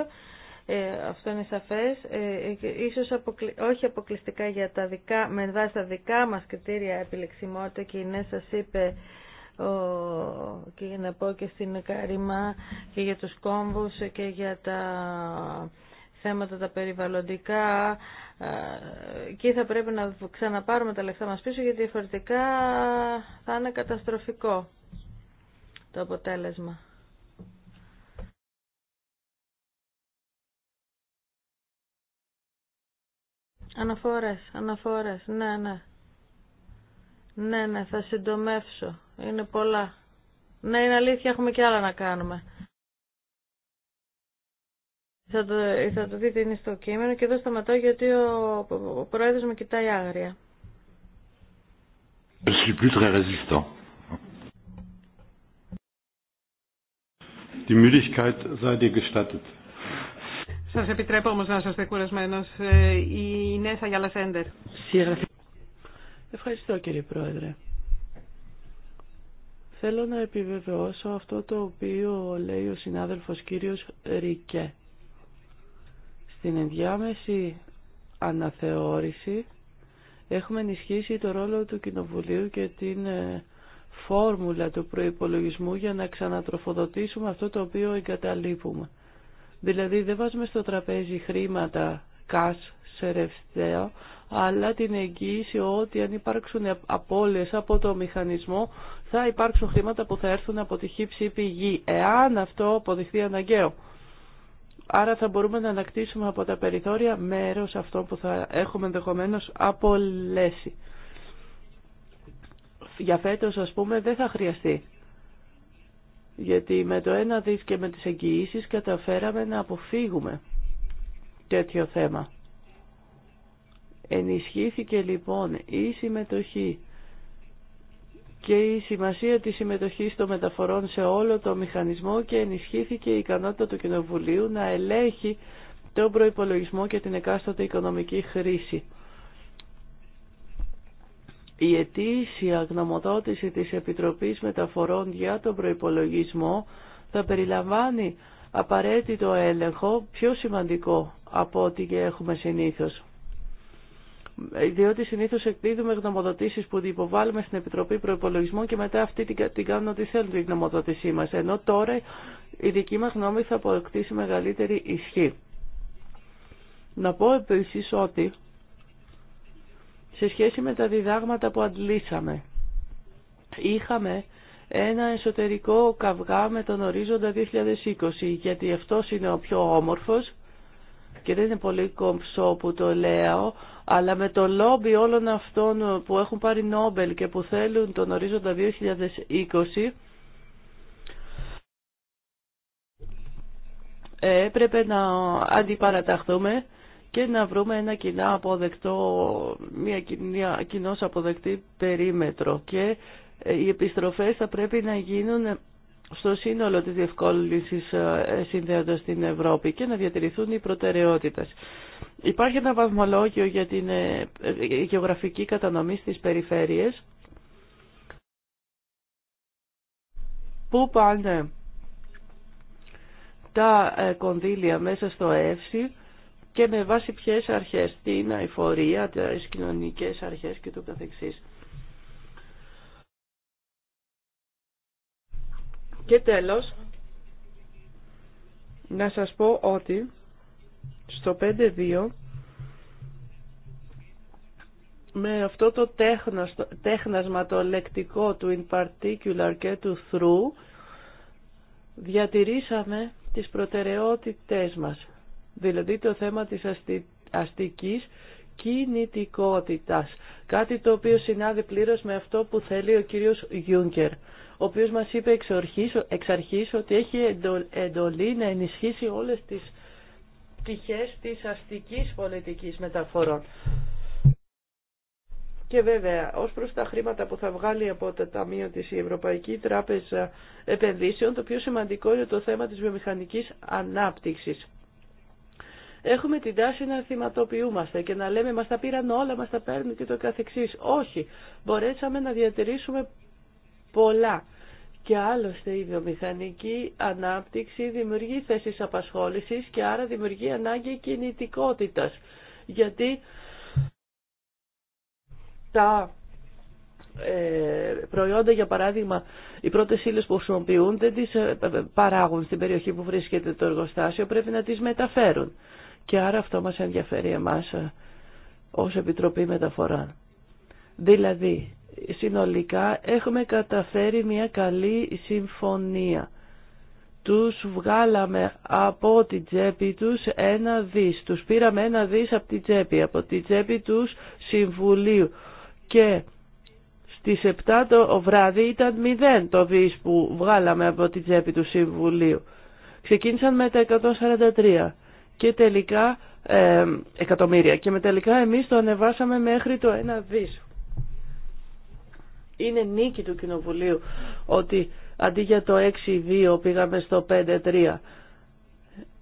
ε, αυτό είναι σαφές, ε, ίσως αποκλει... όχι αποκλειστικά για τα δικά, με βάση τα δικά μας κριτήρια επιλεξιμότητα και η Νέα σας είπε και για να πω και στην Καρίμα και για τους κόμβους και για τα θέματα τα περιβαλλοντικά ε, και θα πρέπει να ξαναπάρουμε τα λεφτά μας πίσω γιατί διαφορετικά θα είναι καταστροφικό το αποτέλεσμα. Αναφορές, αναφορές, ναι, ναι. Ναι, ναι, θα συντομεύσω. Είναι πολλά. Ναι, είναι αλήθεια, έχουμε και άλλα να κάνουμε. Θα το, θα το δείτε, είναι στο κείμενο και εδώ σταματάω γιατί ο, ο πρόεδρος με κοιτάει άγρια. Je Σας επιτρέπω όμως να είστε κουρασμένος. Ε, η Νέσα Ευχαριστώ κύριε Πρόεδρε. Θέλω να επιβεβαιώσω αυτό το οποίο λέει ο συνάδελφος κύριος Ρικέ. Στην ενδιάμεση αναθεώρηση έχουμε ενισχύσει το ρόλο του Κοινοβουλίου και την ε, φόρμουλα του προϋπολογισμού για να ξανατροφοδοτήσουμε αυτό το οποίο εγκαταλείπουμε. Δηλαδή δεν βάζουμε στο τραπέζι χρήματα cash σε ρευστέο, αλλά την εγγύηση ότι αν υπάρξουν απώλειες από το μηχανισμό θα υπάρξουν χρήματα που θα έρθουν από τη χύψη πηγή, εάν αυτό αποδειχθεί αναγκαίο. Άρα θα μπορούμε να ανακτήσουμε από τα περιθώρια μέρος αυτό που θα έχουμε ενδεχομένω απολέσει. Για φέτος ας πούμε δεν θα χρειαστεί. Γιατί με το ένα δις και με τις εγγύήσει καταφέραμε να αποφύγουμε τέτοιο θέμα. Ενισχύθηκε λοιπόν η συμμετοχή και η σημασία της συμμετοχής των μεταφορών σε όλο το μηχανισμό και ενισχύθηκε η ικανότητα του Κοινοβουλίου να ελέγχει τον προϋπολογισμό και την εκάστοτε οικονομική χρήση. Η αιτήσια γνωμοδότηση της Επιτροπής Μεταφορών για τον προϋπολογισμό θα περιλαμβάνει απαραίτητο έλεγχο πιο σημαντικό από ό,τι έχουμε συνήθως διότι συνήθω εκδίδουμε γνωμοδοτήσει που υποβάλλουμε στην Επιτροπή Προπολογισμών και μετά αυτή την κάνουν ό,τι θέλουν την γνωμοδότησή μας, ενώ τώρα η δική μας γνώμη θα αποκτήσει μεγαλύτερη ισχύ. Να πω επίση ότι σε σχέση με τα διδάγματα που αντλήσαμε, είχαμε ένα εσωτερικό καυγά με τον ορίζοντα 2020, γιατί αυτό είναι ο πιο όμορφος και δεν είναι πολύ κομψό που το λέω, αλλά με το λόμπι όλων αυτών που έχουν πάρει Νόμπελ και που θέλουν τον ορίζοντα 2020, ε, έπρεπε να αντιπαραταχθούμε και να βρούμε ένα κοινά αποδεκτό, μια κοινός αποδεκτή περίμετρο και ε, οι επιστροφές θα πρέπει να γίνουν στο σύνολο της διευκόλυνσης ε, συνδέοντας την Ευρώπη και να διατηρηθούν οι προτεραιότητες. Υπάρχει ένα βαθμολόγιο για την ε, ε, γεωγραφική κατανομή στις περιφέρειες. Πού πάνε τα κονδύλια μέσα στο έφσι και με βάση ποιες αρχές, την αηφορία, τις κοινωνικές αρχές και το καθεξής. Και τέλος, να σας πω ότι στο 5-2 με αυτό το τέχνασμα, το λεκτικό του in particular και του through διατηρήσαμε τις προτεραιότητές μας. Δηλαδή το θέμα της αστι... αστικής κινητικότητας. Κάτι το οποίο συνάδει πλήρως με αυτό που θέλει ο κύριος Γιούνκερ ο οποίος μας είπε εξ, ορχής, ότι έχει εντολή να ενισχύσει όλες τις πτυχές της αστικής πολιτικής μεταφορών. Και βέβαια, ως προς τα χρήματα που θα βγάλει από το Ταμείο της η Ευρωπαϊκή Τράπεζα Επενδύσεων, το πιο σημαντικό είναι το θέμα της βιομηχανικής ανάπτυξης. Έχουμε την τάση να θυματοποιούμαστε και να λέμε μας τα πήραν όλα, μας τα παίρνουν και το καθεξής. Όχι, μπορέσαμε να διατηρήσουμε πολλά. Και άλλωστε η βιομηχανική ανάπτυξη δημιουργεί θέσεις απασχόλησης και άρα δημιουργεί ανάγκη κινητικότητας. Γιατί τα ε, προϊόντα, για παράδειγμα, οι πρώτε ύλε που χρησιμοποιούν δεν τι ε, παράγουν στην περιοχή που βρίσκεται το εργοστάσιο, πρέπει να τι μεταφέρουν. Και άρα αυτό μα ενδιαφέρει εμά ε, ω Επιτροπή Μεταφορά. Δηλαδή, συνολικά έχουμε καταφέρει μια καλή συμφωνία. Τους βγάλαμε από την τσέπη τους ένα δις. Τους πήραμε ένα δις από την τσέπη, από την τσέπη τους Συμβουλίου. Και στις 7 το βράδυ ήταν 0 το δις που βγάλαμε από την τσέπη του Συμβουλίου. Ξεκίνησαν με τα 143 και τελικά ε, εκατομμύρια και με τελικά εμείς το ανεβάσαμε μέχρι το ένα δις είναι νίκη του Κοινοβουλίου ότι αντί για το 6-2 πήγαμε στο 5-3.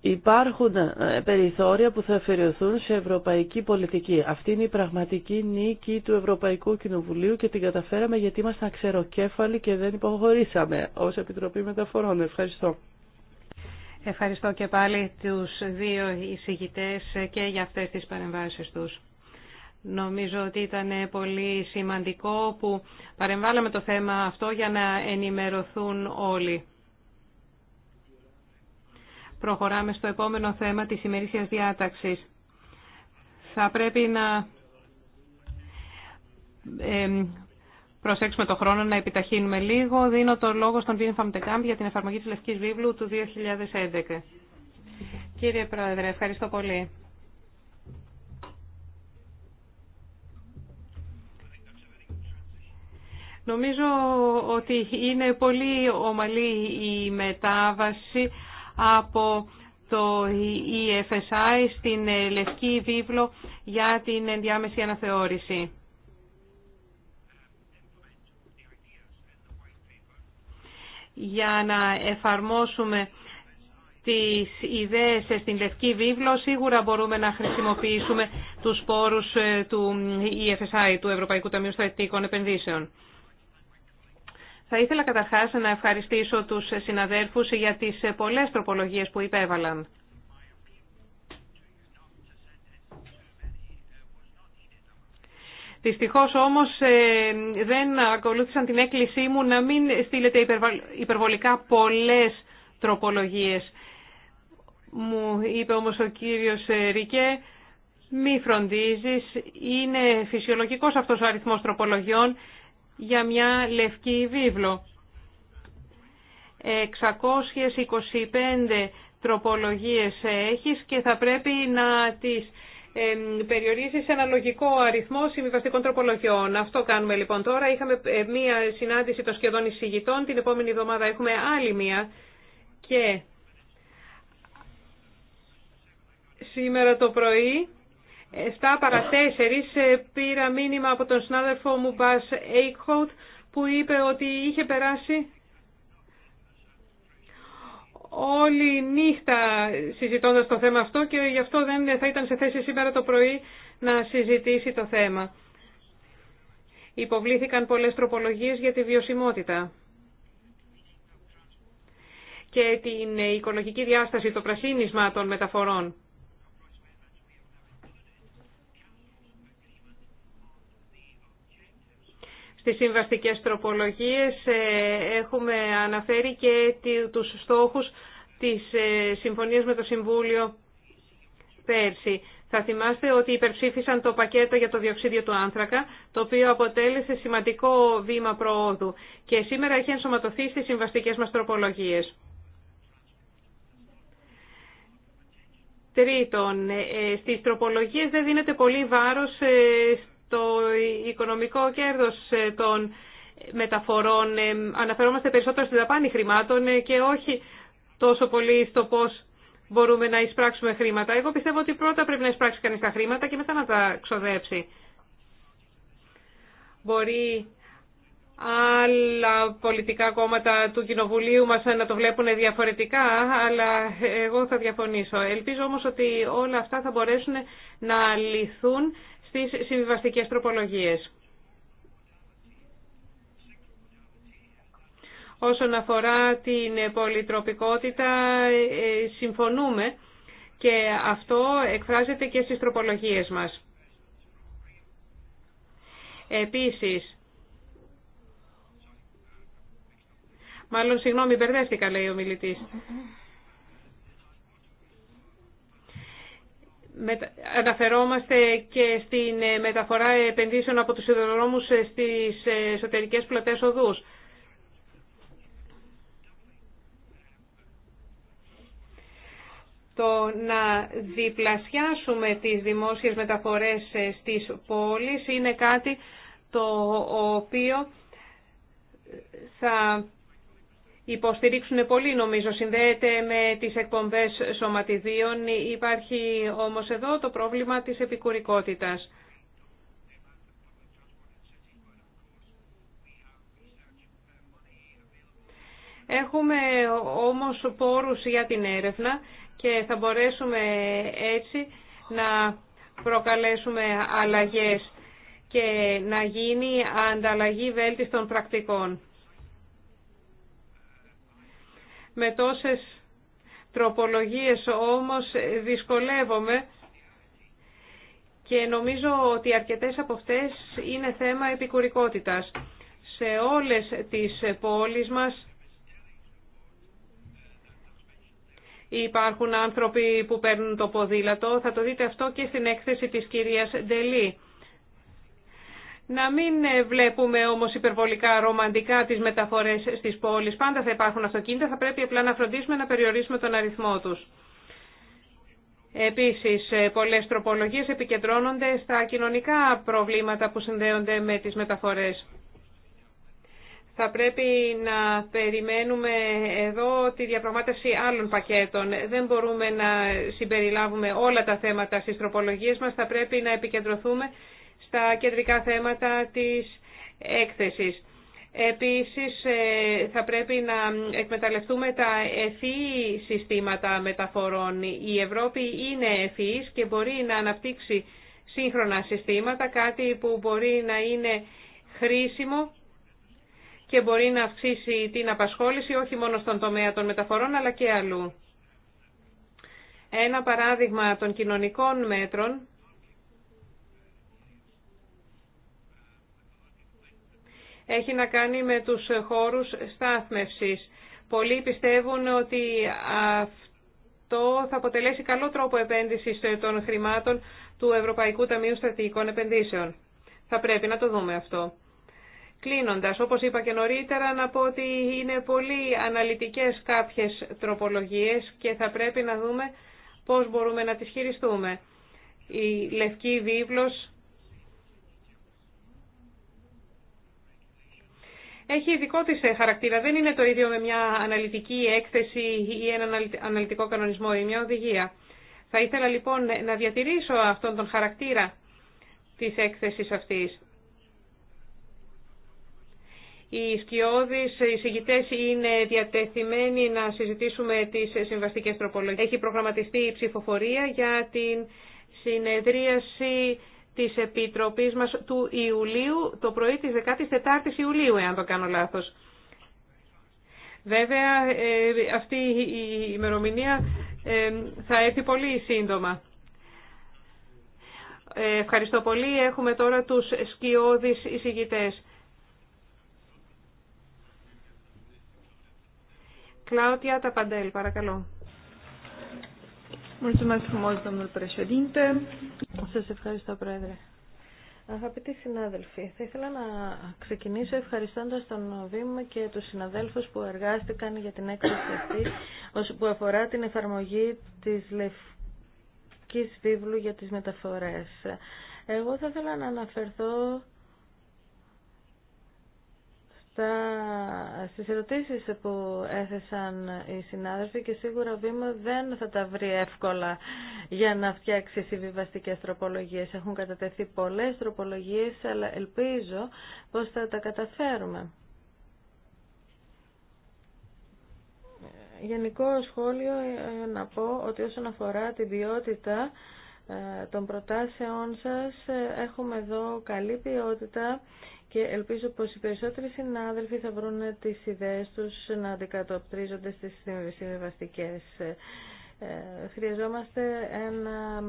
Υπάρχουν ε, περιθώρια που θα αφαιρεθούν σε ευρωπαϊκή πολιτική. Αυτή είναι η πραγματική νίκη του Ευρωπαϊκού Κοινοβουλίου και την καταφέραμε γιατί ήμασταν ξεροκέφαλοι και δεν υποχωρήσαμε ως Επιτροπή Μεταφορών. Ευχαριστώ. Ευχαριστώ και πάλι τους δύο εισηγητές και για αυτές τις παρεμβάσεις τους. Νομίζω ότι ήταν πολύ σημαντικό που παρεμβάλαμε το θέμα αυτό για να ενημερωθούν όλοι. Προχωράμε στο επόμενο θέμα της ημερήσιας διάταξης. Θα πρέπει να προσέξουμε το χρόνο, να επιταχύνουμε λίγο. Δίνω το λόγο στον Βίν Φαμτεκάμπ για την εφαρμογή της Λευκής Βίβλου του 2011. Κύριε Πρόεδρε, ευχαριστώ πολύ. Νομίζω ότι είναι πολύ ομαλή η μετάβαση από το EFSI στην Λευκή Βίβλο για την ενδιάμεση αναθεώρηση. Για να εφαρμόσουμε τις ιδέες στην Λευκή Βίβλο, σίγουρα μπορούμε να χρησιμοποιήσουμε τους πόρους του EFSI, του Ευρωπαϊκού Ταμείου Στρατηγικών Επενδύσεων. Θα ήθελα καταρχάς να ευχαριστήσω τους συναδέρφους για τις πολλές τροπολογίες που υπέβαλαν. Δυστυχώ, όμως ε, δεν ακολούθησαν την έκκλησή μου να μην στείλετε υπερβολικά πολλές τροπολογίες. Μου είπε όμως ο κύριος Ρικέ, μη φροντίζεις, είναι φυσιολογικός αυτός ο αριθμός τροπολογιών για μια λευκή βίβλο. 625 τροπολογίες έχεις και θα πρέπει να τις σε ένα λογικό αριθμό συμβιβαστικών τροπολογιών. Αυτό κάνουμε λοιπόν τώρα. Είχαμε ε, μία συνάντηση των σχεδόν εισηγητών. Την επόμενη εβδομάδα έχουμε άλλη μία. Και σήμερα το πρωί 7 παρα 4 πήρα μήνυμα από τον συνάδελφό μου Μπάς Έικχοτ που είπε ότι είχε περάσει όλη νύχτα συζητώντας το θέμα αυτό και γι' αυτό δεν θα ήταν σε θέση σήμερα το πρωί να συζητήσει το θέμα. Υποβλήθηκαν πολλές τροπολογίες για τη βιωσιμότητα και την οικολογική διάσταση, το πρασίνισμα των μεταφορών. Στις συμβαστικές τροπολογίες ε, έχουμε αναφέρει και τους στόχους της ε, συμφωνίας με το Συμβούλιο πέρσι. Θα θυμάστε ότι υπερψήφισαν το πακέτο για το διοξίδιο του άνθρακα, το οποίο αποτέλεσε σημαντικό βήμα προόδου και σήμερα έχει ενσωματωθεί στις συμβαστικές μας τροπολογίες. Τρίτον, ε, στις τροπολογίες δεν δίνεται πολύ βάρος το οικονομικό κέρδος ε, των μεταφορών. Ε, αναφερόμαστε περισσότερο στην δαπάνη χρημάτων ε, και όχι τόσο πολύ στο πώς μπορούμε να εισπράξουμε χρήματα. Εγώ πιστεύω ότι πρώτα πρέπει να εισπράξει κανείς τα χρήματα και μετά να τα ξοδέψει. Μπορεί άλλα πολιτικά κόμματα του Κοινοβουλίου μας να το βλέπουν διαφορετικά, αλλά εγώ θα διαφωνήσω. Ελπίζω όμως ότι όλα αυτά θα μπορέσουν να λυθούν στις συμβιβαστικές τροπολογίες. Όσον αφορά την πολυτροπικότητα, ε, συμφωνούμε και αυτό εκφράζεται και στις τροπολογίες μας. Επίσης, μάλλον συγγνώμη, μπερδεύτηκα λέει ο μιλητής. Αναφερόμαστε και στην ε, μεταφορά επενδύσεων από τους σιδηροδρόμους ε, στις ε, εσωτερικές πλωτές οδούς. Το να διπλασιάσουμε τις δημόσιες μεταφορές στις πόλεις είναι κάτι το οποίο θα υποστηρίξουν πολύ νομίζω. Συνδέεται με τις εκπομπές σωματιδίων. Υπάρχει όμως εδώ το πρόβλημα της επικουρικότητας. Έχουμε όμως πόρους για την έρευνα και θα μπορέσουμε έτσι να προκαλέσουμε αλλαγές και να γίνει ανταλλαγή βέλτιστων πρακτικών. με τόσες τροπολογίες όμως δυσκολεύομαι και νομίζω ότι αρκετές από αυτές είναι θέμα επικουρικότητας. Σε όλες τις πόλεις μας υπάρχουν άνθρωποι που παίρνουν το ποδήλατο. Θα το δείτε αυτό και στην έκθεση της κυρίας Ντελή. Να μην ε, βλέπουμε όμως υπερβολικά ρομαντικά τις μεταφορές στις πόλεις. Πάντα θα υπάρχουν αυτοκίνητα, θα πρέπει απλά να φροντίσουμε να περιορίσουμε τον αριθμό τους. Επίσης, ε, πολλές τροπολογίες επικεντρώνονται στα κοινωνικά προβλήματα που συνδέονται με τις μεταφορές. Θα πρέπει να περιμένουμε εδώ τη διαπραγμάτευση άλλων πακέτων. Δεν μπορούμε να συμπεριλάβουμε όλα τα θέματα στις τροπολογίες μας. Θα πρέπει να επικεντρωθούμε στα κεντρικά θέματα της έκθεσης. Επίσης, ε, θα πρέπει να εκμεταλλευτούμε τα ευφυή συστήματα μεταφορών. Η Ευρώπη είναι ευφυής και μπορεί να αναπτύξει σύγχρονα συστήματα, κάτι που μπορεί να είναι χρήσιμο και μπορεί να αυξήσει την απασχόληση όχι μόνο στον τομέα των μεταφορών αλλά και αλλού. Ένα παράδειγμα των κοινωνικών μέτρων έχει να κάνει με τους χώρους στάθμευσης. Πολλοί πιστεύουν ότι αυτό θα αποτελέσει καλό τρόπο επένδυσης των χρημάτων του Ευρωπαϊκού Ταμείου Στρατηγικών Επενδύσεων. Θα πρέπει να το δούμε αυτό. Κλείνοντας, όπως είπα και νωρίτερα, να πω ότι είναι πολύ αναλυτικές κάποιες τροπολογίες και θα πρέπει να δούμε πώς μπορούμε να τις χειριστούμε. Η Λευκή Βίβλος έχει ειδικό της χαρακτήρα. Δεν είναι το ίδιο με μια αναλυτική έκθεση ή έναν αναλυτικό κανονισμό ή μια οδηγία. Θα ήθελα λοιπόν να διατηρήσω αυτόν τον χαρακτήρα της έκθεσης αυτής. Οι σκιώδεις εισηγητές είναι διατεθειμένοι να συζητήσουμε τις συμβαστικές τροπολογίες. Έχει προγραμματιστεί η ένα αναλυτικο κανονισμο η μια οδηγια θα ηθελα λοιπον να διατηρησω αυτον τον χαρακτηρα της εκθεσης αυτης οι σκιωδεις εισηγητες ειναι διατεθειμενοι να συζητησουμε τις συμβαστικες τροπολογιες εχει προγραμματιστει η ψηφοφορια για την συνεδρίαση της Επιτροπής μας του Ιουλίου, το πρωί της 14ης Ιουλίου, εάν το κάνω λάθος. Βέβαια, ε, αυτή η ημερομηνία ε, θα έρθει πολύ σύντομα. Ε, ευχαριστώ πολύ. Έχουμε τώρα τους σκιώδεις εισηγητές. Κλάουτια Ταπαντέλ, παρακαλώ. Mulțumesc frumos, domnul președinte. Σας ευχαριστώ, Πρόεδρε. Αγαπητοί συνάδελφοι, θα ήθελα να ξεκινήσω ευχαριστώντας τον Βήμα και τους συναδέλφους που εργάστηκαν για την έκθεση αυτή που αφορά την εφαρμογή της Λευκής Βίβλου για τις μεταφορές. Εγώ θα ήθελα να αναφερθώ στα, στις ερωτήσεις που έθεσαν οι συνάδελφοι και σίγουρα Βήμα δεν θα τα βρει εύκολα για να φτιάξει συμβιβαστικέ τροπολογίες. Έχουν κατατεθεί πολλές τροπολογίες, αλλά ελπίζω πως θα τα καταφέρουμε. Γενικό σχόλιο ε, να πω ότι όσον αφορά την ποιότητα ε, των προτάσεών σας ε, έχουμε εδώ καλή ποιότητα και ελπίζω πως οι περισσότεροι συνάδελφοι θα βρουν τις ιδέες τους να αντικατοπτρίζονται στις συμβιβαστικές. Ε, χρειαζόμαστε ένα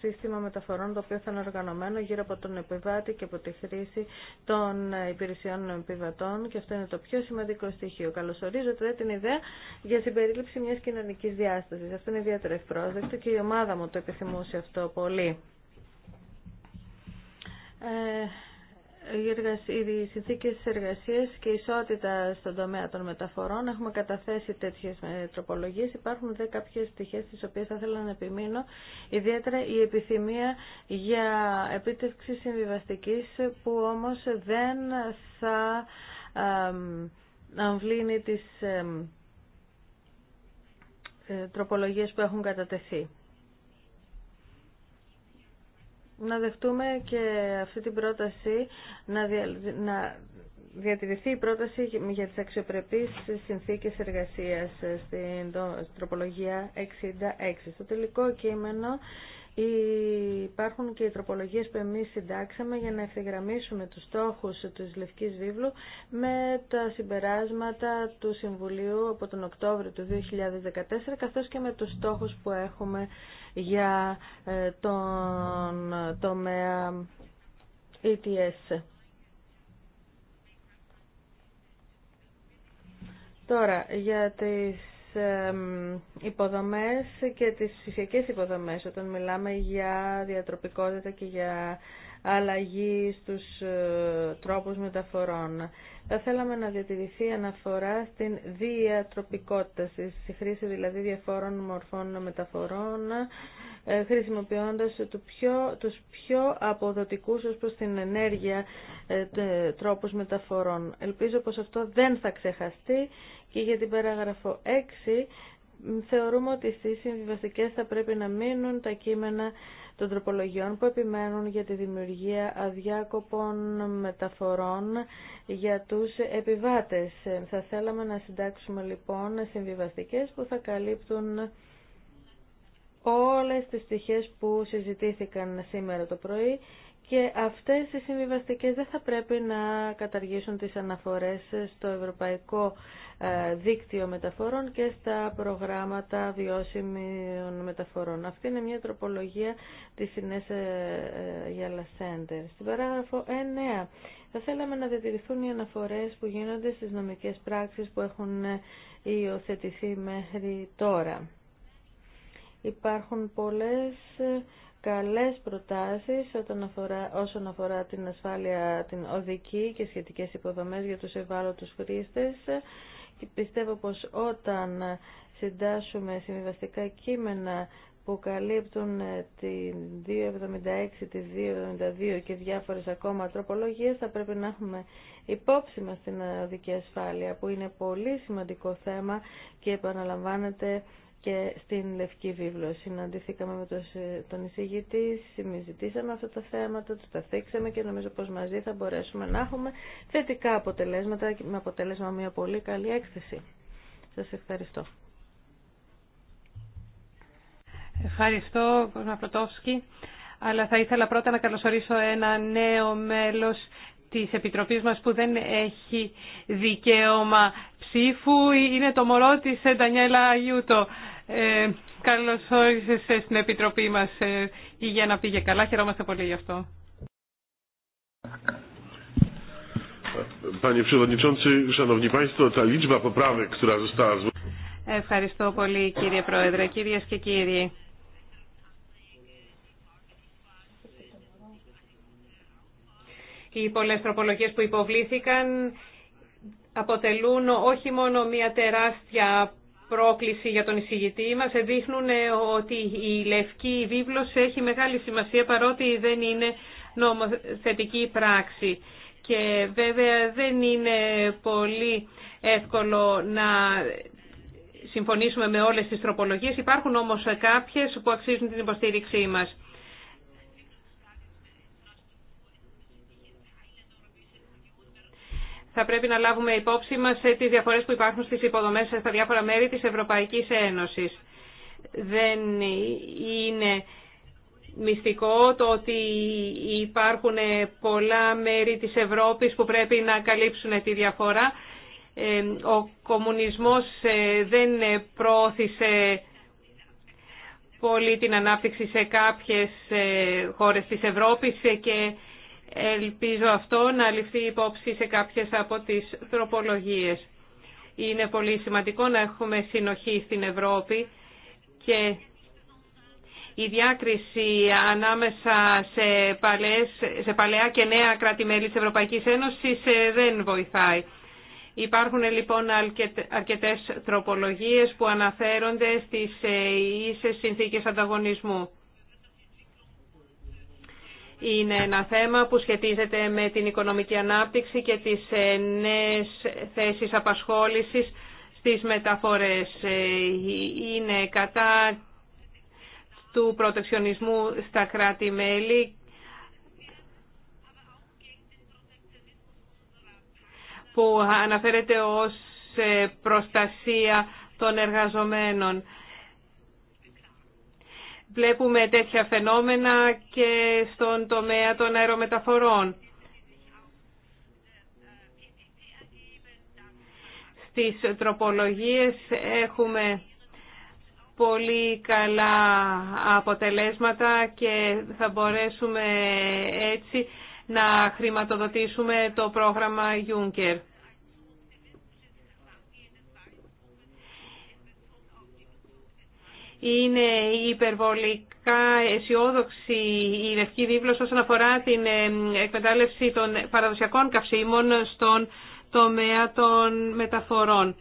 σύστημα μεταφορών το οποίο θα είναι οργανωμένο γύρω από τον επιβάτη και από τη χρήση των υπηρεσιών επιβατών και αυτό είναι το πιο σημαντικό στοιχείο. Καλωσορίζω τώρα την ιδέα για συμπερίληψη μιας κοινωνικής διάστασης. Αυτό είναι ιδιαίτερα ευπρόσδεκτο και η ομάδα μου το επιθυμούσε αυτό πολύ. Ε, οι συνθήκε εργασία και η ισότητα στον τομέα των μεταφορών. Έχουμε καταθέσει τέτοιε τροπολογίε. Υπάρχουν δε κάποιε πτυχέ τι οποίε θα ήθελα να επιμείνω. Ιδιαίτερα η επιθυμία για επίτευξη συμβιβαστική που όμω δεν θα αμβλύνει τι ε, τροπολογίε που έχουν κατατεθεί να δεχτούμε και αυτή την πρόταση να, να διατηρηθεί η πρόταση για τις αξιοπρεπείς συνθήκες εργασίας στην τροπολογία 66. Στο τελικό κείμενο Υπάρχουν και οι τροπολογίες που εμείς συντάξαμε για να ευθυγραμμίσουμε τους στόχους της Λευκής Βίβλου με τα συμπεράσματα του Συμβουλίου από τον Οκτώβριο του 2014 καθώς και με τους στόχους που έχουμε για ε, τον τομέα ETS. Ε Τώρα, για τις υποδομές και τις φυσικές υποδομές όταν μιλάμε για διατροπικότητα και για αλλαγή στους ε, τρόπους μεταφορών. Θα θέλαμε να διατηρηθεί αναφορά στην διατροπικότητα, στη χρήση δηλαδή διαφόρων μορφών μεταφορών ε, χρησιμοποιώντας το πιο, τους πιο αποδοτικούς ως προς την ενέργεια ε, τρόπους μεταφορών. Ελπίζω πως αυτό δεν θα ξεχαστεί και για την παράγραφο 6 θεωρούμε ότι στις συμβιβαστικές θα πρέπει να μείνουν τα κείμενα των τροπολογιών που επιμένουν για τη δημιουργία αδιάκοπων μεταφορών για τους επιβάτες. Ε, θα θέλαμε να συντάξουμε λοιπόν συμβιβαστικές που θα καλύπτουν όλες τις στοιχείες που συζητήθηκαν σήμερα το πρωί και αυτές οι συμβιβαστικέ δεν θα πρέπει να καταργήσουν τις αναφορές στο Ευρωπαϊκό ε, Δίκτυο Μεταφορών και στα προγράμματα βιώσιμων μεταφορών. Αυτή είναι μια τροπολογία της Ινές ε, ε, Γιάλα Σέντερ. Στην παράγραφο 9 θα θέλαμε να διατηρηθούν οι αναφορές που γίνονται στις νομικές πράξεις που έχουν υιοθετηθεί μέχρι τώρα. Υπάρχουν πολλές ε, καλές προτάσεις όταν αφορά, όσον αφορά την ασφάλεια την οδική και σχετικές υποδομές για τους ευάλωτους χρήστες. Και πιστεύω πως όταν συντάσσουμε συμβιβαστικά κείμενα που καλύπτουν ε, τη 276, τη 272 και διάφορες ακόμα τροπολογίες θα πρέπει να έχουμε υπόψη μας την οδική ασφάλεια που είναι πολύ σημαντικό θέμα και επαναλαμβάνεται και στην Λευκή Βίβλο. Συναντηθήκαμε με τον εισηγητή, συζητήσαμε αυτά τα θέματα, του τα θίξαμε και νομίζω πως μαζί θα μπορέσουμε να έχουμε θετικά αποτελέσματα με αποτέλεσμα μια πολύ καλή έκθεση. Σας ευχαριστώ. Ευχαριστώ, Κοσμα Αλλά θα ήθελα πρώτα να καλωσορίσω ένα νέο μέλος της Επιτροπής μας που δεν έχει δικαίωμα ψήφου. Είναι το μωρό της Ντανιέλα Αγιούτο. Ε, καλώς όρισε στην Επιτροπή μας. Ε, η Γιάννα πήγε καλά. Χαιρόμαστε πολύ γι' αυτό. Ευχαριστώ πολύ κύριε Πρόεδρε, κυρίες και κύριοι. Οι πολλές τροπολογίες που υποβλήθηκαν αποτελούν όχι μόνο μια τεράστια πρόκληση για τον εισηγητή μας δείχνουν ε, ότι η Λευκή Βίβλος έχει μεγάλη σημασία παρότι δεν είναι νομοθετική πράξη. Και βέβαια δεν είναι πολύ εύκολο να συμφωνήσουμε με όλες τις τροπολογίες. Υπάρχουν όμως κάποιες που αξίζουν την υποστήριξή μας. θα πρέπει να λάβουμε υπόψη μας ε, τι διαφορές που υπάρχουν στις υποδομές στα διάφορα μέρη της Ευρωπαϊκής Ένωσης. Δεν είναι μυστικό το ότι υπάρχουν ε, πολλά μέρη της Ευρώπης που πρέπει να καλύψουν τη διαφορά. Ε, ο κομμουνισμός δεν προώθησε πολύ την ανάπτυξη σε κάποιες χώρες της Ευρώπης και Ελπίζω αυτό να ληφθεί υπόψη σε κάποιες από τις τροπολογίες. Είναι πολύ σημαντικό να έχουμε συνοχή στην Ευρώπη και η διάκριση ανάμεσα σε, παλές σε παλαιά και νέα κράτη-μέλη της Ευρωπαϊκής Ένωσης ε, δεν βοηθάει. Υπάρχουν λοιπόν αρκετές τροπολογίες που αναφέρονται στις ε, ίσες συνθήκες ανταγωνισμού είναι ένα θέμα που σχετίζεται με την οικονομική ανάπτυξη και τις ε, νέες θέσεις απασχόλησης στις μεταφορές. Ε, είναι κατά του προτεξιονισμού στα κράτη-μέλη που αναφέρεται ως ε, προστασία των εργαζομένων. Βλέπουμε τέτοια φαινόμενα και στον τομέα των αερομεταφορών. Στις τροπολογίες έχουμε πολύ καλά αποτελέσματα και θα μπορέσουμε έτσι να χρηματοδοτήσουμε το πρόγραμμα Juncker. είναι υπερβολικά αισιόδοξη η Λευκή δίπλωση όσον αφορά την εκμετάλλευση των παραδοσιακών καυσίμων στον τομέα των μεταφορών.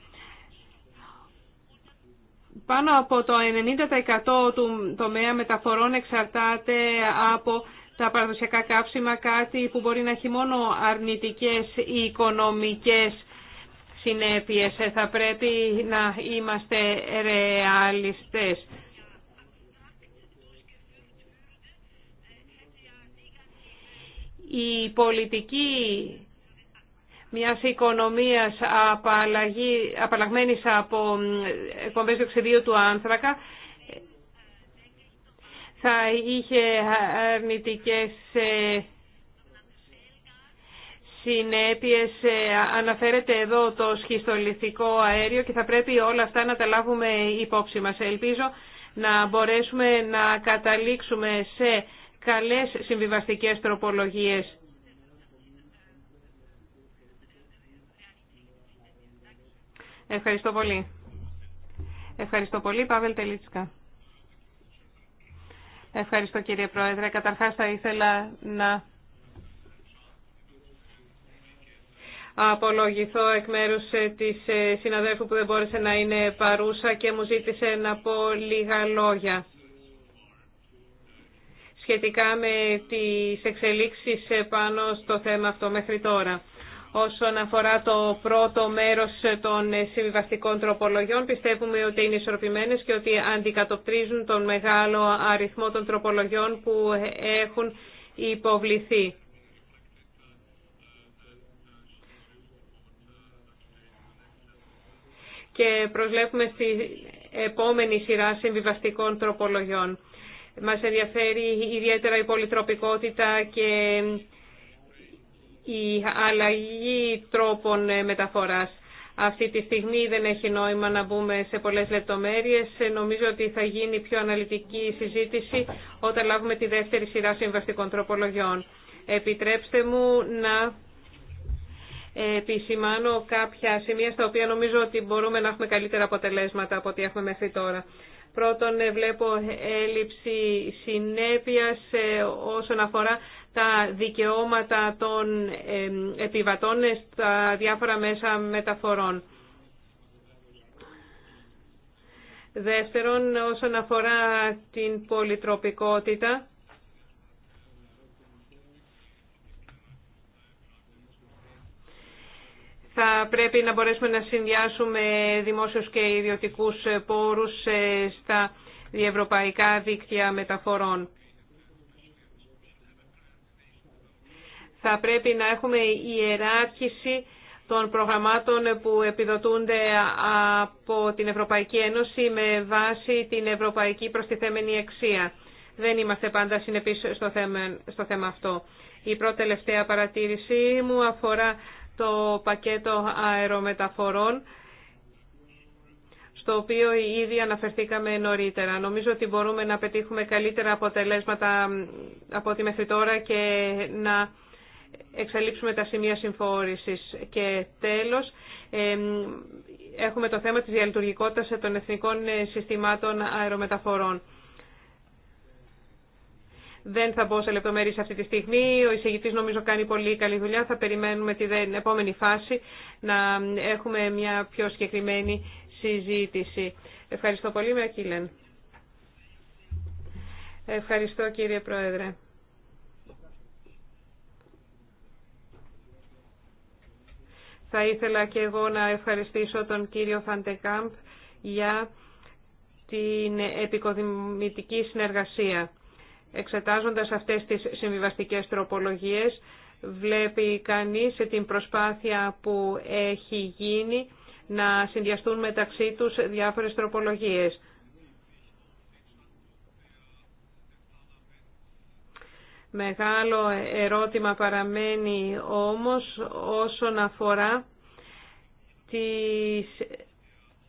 Πάνω από το 90% του τομέα μεταφορών εξαρτάται από τα παραδοσιακά καύσιμα, κάτι που μπορεί να έχει μόνο αρνητικές οικονομικές συνέπειες. Ε, θα πρέπει να είμαστε ρεαλιστές. Η πολιτική μιας οικονομίας απαλλαγμένης από εκπομπές διοξιδίου του άνθρακα θα είχε αρνητικές ε, συνέπειες ε, αναφέρεται εδώ το σχιστολιθικό αέριο και θα πρέπει όλα αυτά να τα λάβουμε υπόψη μας. Ελπίζω να μπορέσουμε να καταλήξουμε σε καλές συμβιβαστικές τροπολογίες. Ευχαριστώ πολύ. Ευχαριστώ πολύ, Παύλ Τελίτσκα. Ευχαριστώ κύριε Πρόεδρε. Καταρχάς θα ήθελα να απολογηθώ εκ μέρους ε, της ε, συναδέλφου που δεν μπόρεσε να είναι παρούσα και μου ζήτησε να πω λίγα λόγια σχετικά με τις εξελίξεις ε, πάνω στο θέμα αυτό μέχρι τώρα. Όσον αφορά το πρώτο μέρος των συμβιβαστικών τροπολογιών, πιστεύουμε ότι είναι ισορροπημένες και ότι αντικατοπτρίζουν τον μεγάλο αριθμό των τροπολογιών που έχουν υποβληθεί. και προσλέπουμε στη επόμενη σειρά συμβιβαστικών τροπολογιών. Μας ενδιαφέρει ιδιαίτερα η πολυτροπικότητα και η αλλαγή τρόπων μεταφοράς. Αυτή τη στιγμή δεν έχει νόημα να μπούμε σε πολλές λεπτομέρειες. Νομίζω ότι θα γίνει πιο αναλυτική συζήτηση όταν λάβουμε τη δεύτερη σειρά συμβαστικών τροπολογιών. Επιτρέψτε μου να επισημάνω κάποια σημεία στα οποία νομίζω ότι μπορούμε να έχουμε καλύτερα αποτελέσματα από ό,τι έχουμε μέχρι τώρα. Πρώτον, ε, βλέπω έλλειψη συνέπειας ε, όσον αφορά τα δικαιώματα των επιβατών στα διάφορα μέσα μεταφορών. Δεύτερον, όσον αφορά την πολυτροπικότητα, θα πρέπει να μπορέσουμε να συνδυάσουμε δημόσιους και ιδιωτικούς πόρους ε, στα διευρωπαϊκά δίκτυα μεταφορών. Θα πρέπει να έχουμε ιεράρχηση των προγραμμάτων που επιδοτούνται από την Ευρωπαϊκή Ένωση με βάση την ευρωπαϊκή προστιθέμενη αξία. Δεν είμαστε πάντα συνεπείς στο θέμα, στο θέμα αυτό. Η πρώτη τελευταία παρατήρησή μου αφορά το πακέτο αερομεταφορών στο οποίο ήδη αναφερθήκαμε νωρίτερα. Νομίζω ότι μπορούμε να πετύχουμε καλύτερα αποτελέσματα από ό,τι μέχρι τώρα και να εξαλείψουμε τα σημεία συμφόρησης. Και τέλος, ε, έχουμε το θέμα της διαλειτουργικότητας των εθνικών ε, συστημάτων αερομεταφορών. Δεν θα μπω σε λεπτομέρειε αυτή τη στιγμή. Ο εισηγητή νομίζω κάνει πολύ καλή δουλειά. Θα περιμένουμε την επόμενη φάση να έχουμε μια πιο συγκεκριμένη συζήτηση. Ευχαριστώ πολύ, Κίλεν. Ευχαριστώ, κύριε Πρόεδρε. Θα ήθελα και εγώ να ευχαριστήσω τον κύριο Φαντεκάμπ για την επικοδημητική συνεργασία. Εξετάζοντας αυτές τις συμβιβαστικές τροπολογίες, βλέπει κανείς την προσπάθεια που έχει γίνει να συνδυαστούν μεταξύ τους διάφορες τροπολογίες. Μεγάλο ερώτημα παραμένει όμως όσον αφορά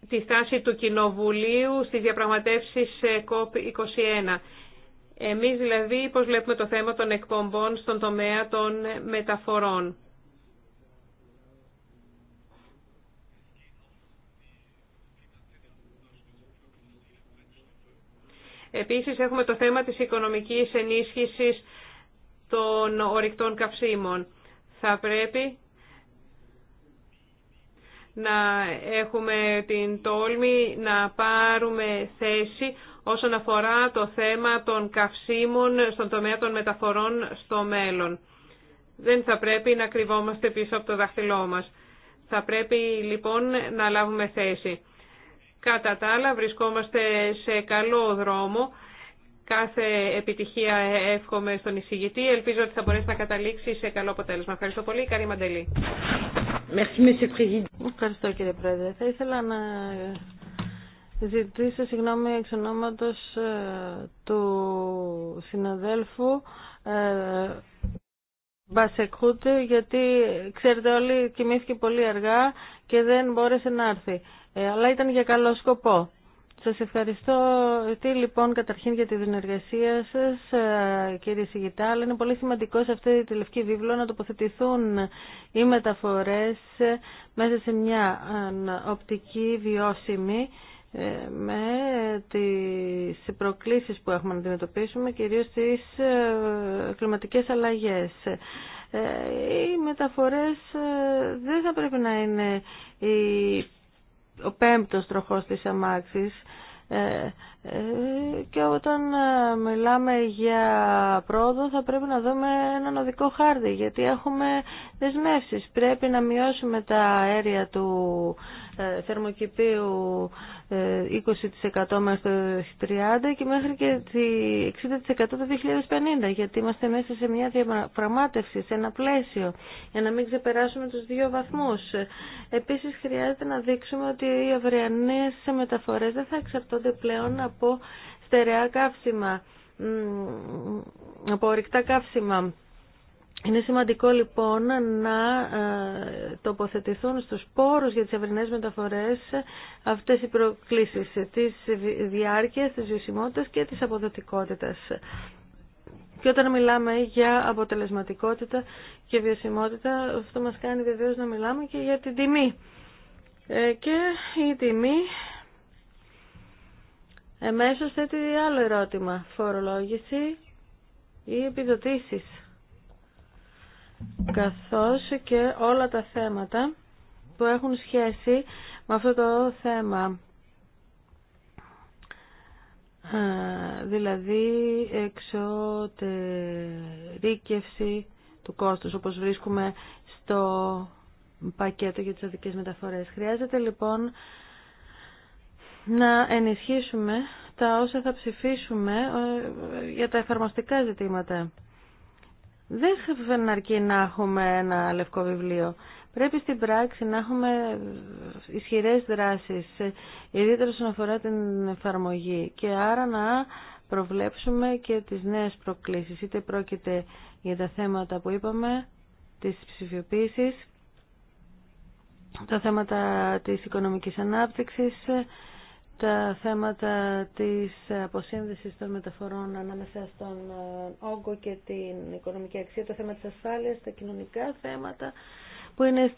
τη στάση του Κοινοβουλίου στις διαπραγματεύσεις COP21. Εμείς δηλαδή πώς βλέπουμε το θέμα των εκπομπών στον τομέα των μεταφορών. Επίσης έχουμε το θέμα της οικονομικής ενίσχυσης των ορυκτών καυσίμων. Θα πρέπει να έχουμε την τόλμη να πάρουμε θέση όσον αφορά το θέμα των καυσίμων στον τομέα των μεταφορών στο μέλλον. Δεν θα πρέπει να κρυβόμαστε πίσω από το δάχτυλό μας. Θα πρέπει λοιπόν να λάβουμε θέση. Κατά τα άλλα βρισκόμαστε σε καλό δρόμο. Κάθε επιτυχία εύχομαι στον εισηγητή. Ελπίζω ότι θα μπορέσει να καταλήξει σε καλό αποτέλεσμα. Ευχαριστώ πολύ. Καρή Μαντελή. Ευχαριστώ κύριε Πρόεδρε. Θα ήθελα να Ζητήσω συγγνώμη εξ ονόματος ε, του συναδέλφου ε, Μπασεκούτη γιατί ξέρετε όλοι κοιμήθηκε πολύ αργά και δεν μπόρεσε να έρθει. Ε, αλλά ήταν για καλό σκοπό. Σας ευχαριστώ τι, λοιπόν καταρχήν για τη συνεργασία σας κύριε Σιγητά, αλλά είναι πολύ σημαντικό σε αυτή τη λευκή βίβλο να τοποθετηθούν οι μεταφορές μέσα σε μια οπτική βιώσιμη ε, με τις προκλήσεις που έχουμε να αντιμετωπίσουμε, κυρίως τις ε, κλιματικές αλλαγές. Ε, οι μεταφορές δεν θα πρέπει να είναι ο πέμπτος τροχός της αμάξης και όταν μιλάμε για πρόοδο θα πρέπει να δούμε έναν οδικό χάρτη γιατί έχουμε δεσμεύσεις. Πρέπει να μειώσουμε τα αέρια του ε, θερμοκηπίου 20% ε, μέχρι το 30% και μέχρι και 60% το 2050 γιατί είμαστε μέσα σε μια διαπραγμάτευση, σε ένα πλαίσιο για να μην ξεπεράσουμε τους δύο βαθμούς. Επίσης χρειάζεται να δείξουμε ότι οι αυριανές μεταφορές δεν θα εξαρτώνται πλέον από στερεά καύσιμα, από ορυκτά καύσιμα είναι σημαντικό λοιπόν να ε, τοποθετηθούν στους πόρους για τις ευρυνές μεταφορές αυτές οι προκλήσεις της διάρκειας, της βιωσιμότητας και της αποδοτικότητας. Και όταν μιλάμε για αποτελεσματικότητα και βιωσιμότητα, αυτό μας κάνει βεβαίως να μιλάμε και για την τιμή. Ε, και η τιμή εμέσως θέτει άλλο ερώτημα, φορολόγηση ή επιδοτήσεις καθώς και όλα τα θέματα που έχουν σχέση με αυτό το θέμα. δηλαδή εξωτερήκευση του κόστους όπως βρίσκουμε στο πακέτο για τις οδικές μεταφορές. Χρειάζεται λοιπόν να ενισχύσουμε τα όσα θα ψηφίσουμε ε, ε, για τα εφαρμοστικά ζητήματα. Δεν αρκεί να έχουμε ένα λευκό βιβλίο. Πρέπει στην πράξη να έχουμε ισχυρές δράσεις, ιδιαίτερα όσον αφορά την εφαρμογή και άρα να προβλέψουμε και τις νέες προκλήσεις. Είτε πρόκειται για τα θέματα που είπαμε, της ψηφιοποίησης, τα θέματα της οικονομικής ανάπτυξης, τα θέματα της αποσύνδεσης των μεταφορών ανάμεσα στον ε, όγκο και την οικονομική αξία, το θέμα της ασφάλειας, τα κοινωνικά θέματα που είναι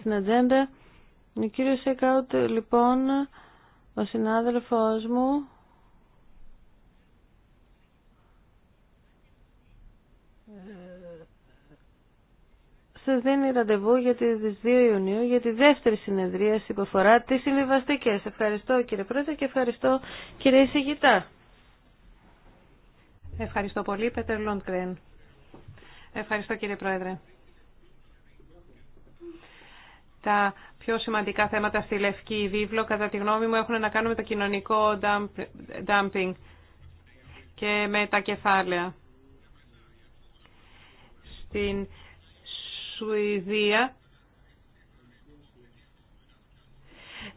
στην ατζέντα. Ο κύριος Σεκάουτ, λοιπόν, ο συνάδελφός μου, ε, σα δίνει ραντεβού για τις 2 Ιουνίου για τη δεύτερη συνεδρίαση που αφορά τι Ευχαριστώ κύριε Πρόεδρε και ευχαριστώ κύριε Ισηγητά. Ευχαριστώ πολύ Πέτερ Λόντκρεν. Ευχαριστώ κύριε Πρόεδρε. Τα πιο σημαντικά θέματα στη Λευκή Βίβλο, κατά τη γνώμη μου, έχουν να κάνουν με το κοινωνικό dumping και με τα κεφάλαια. Στην Σουηδία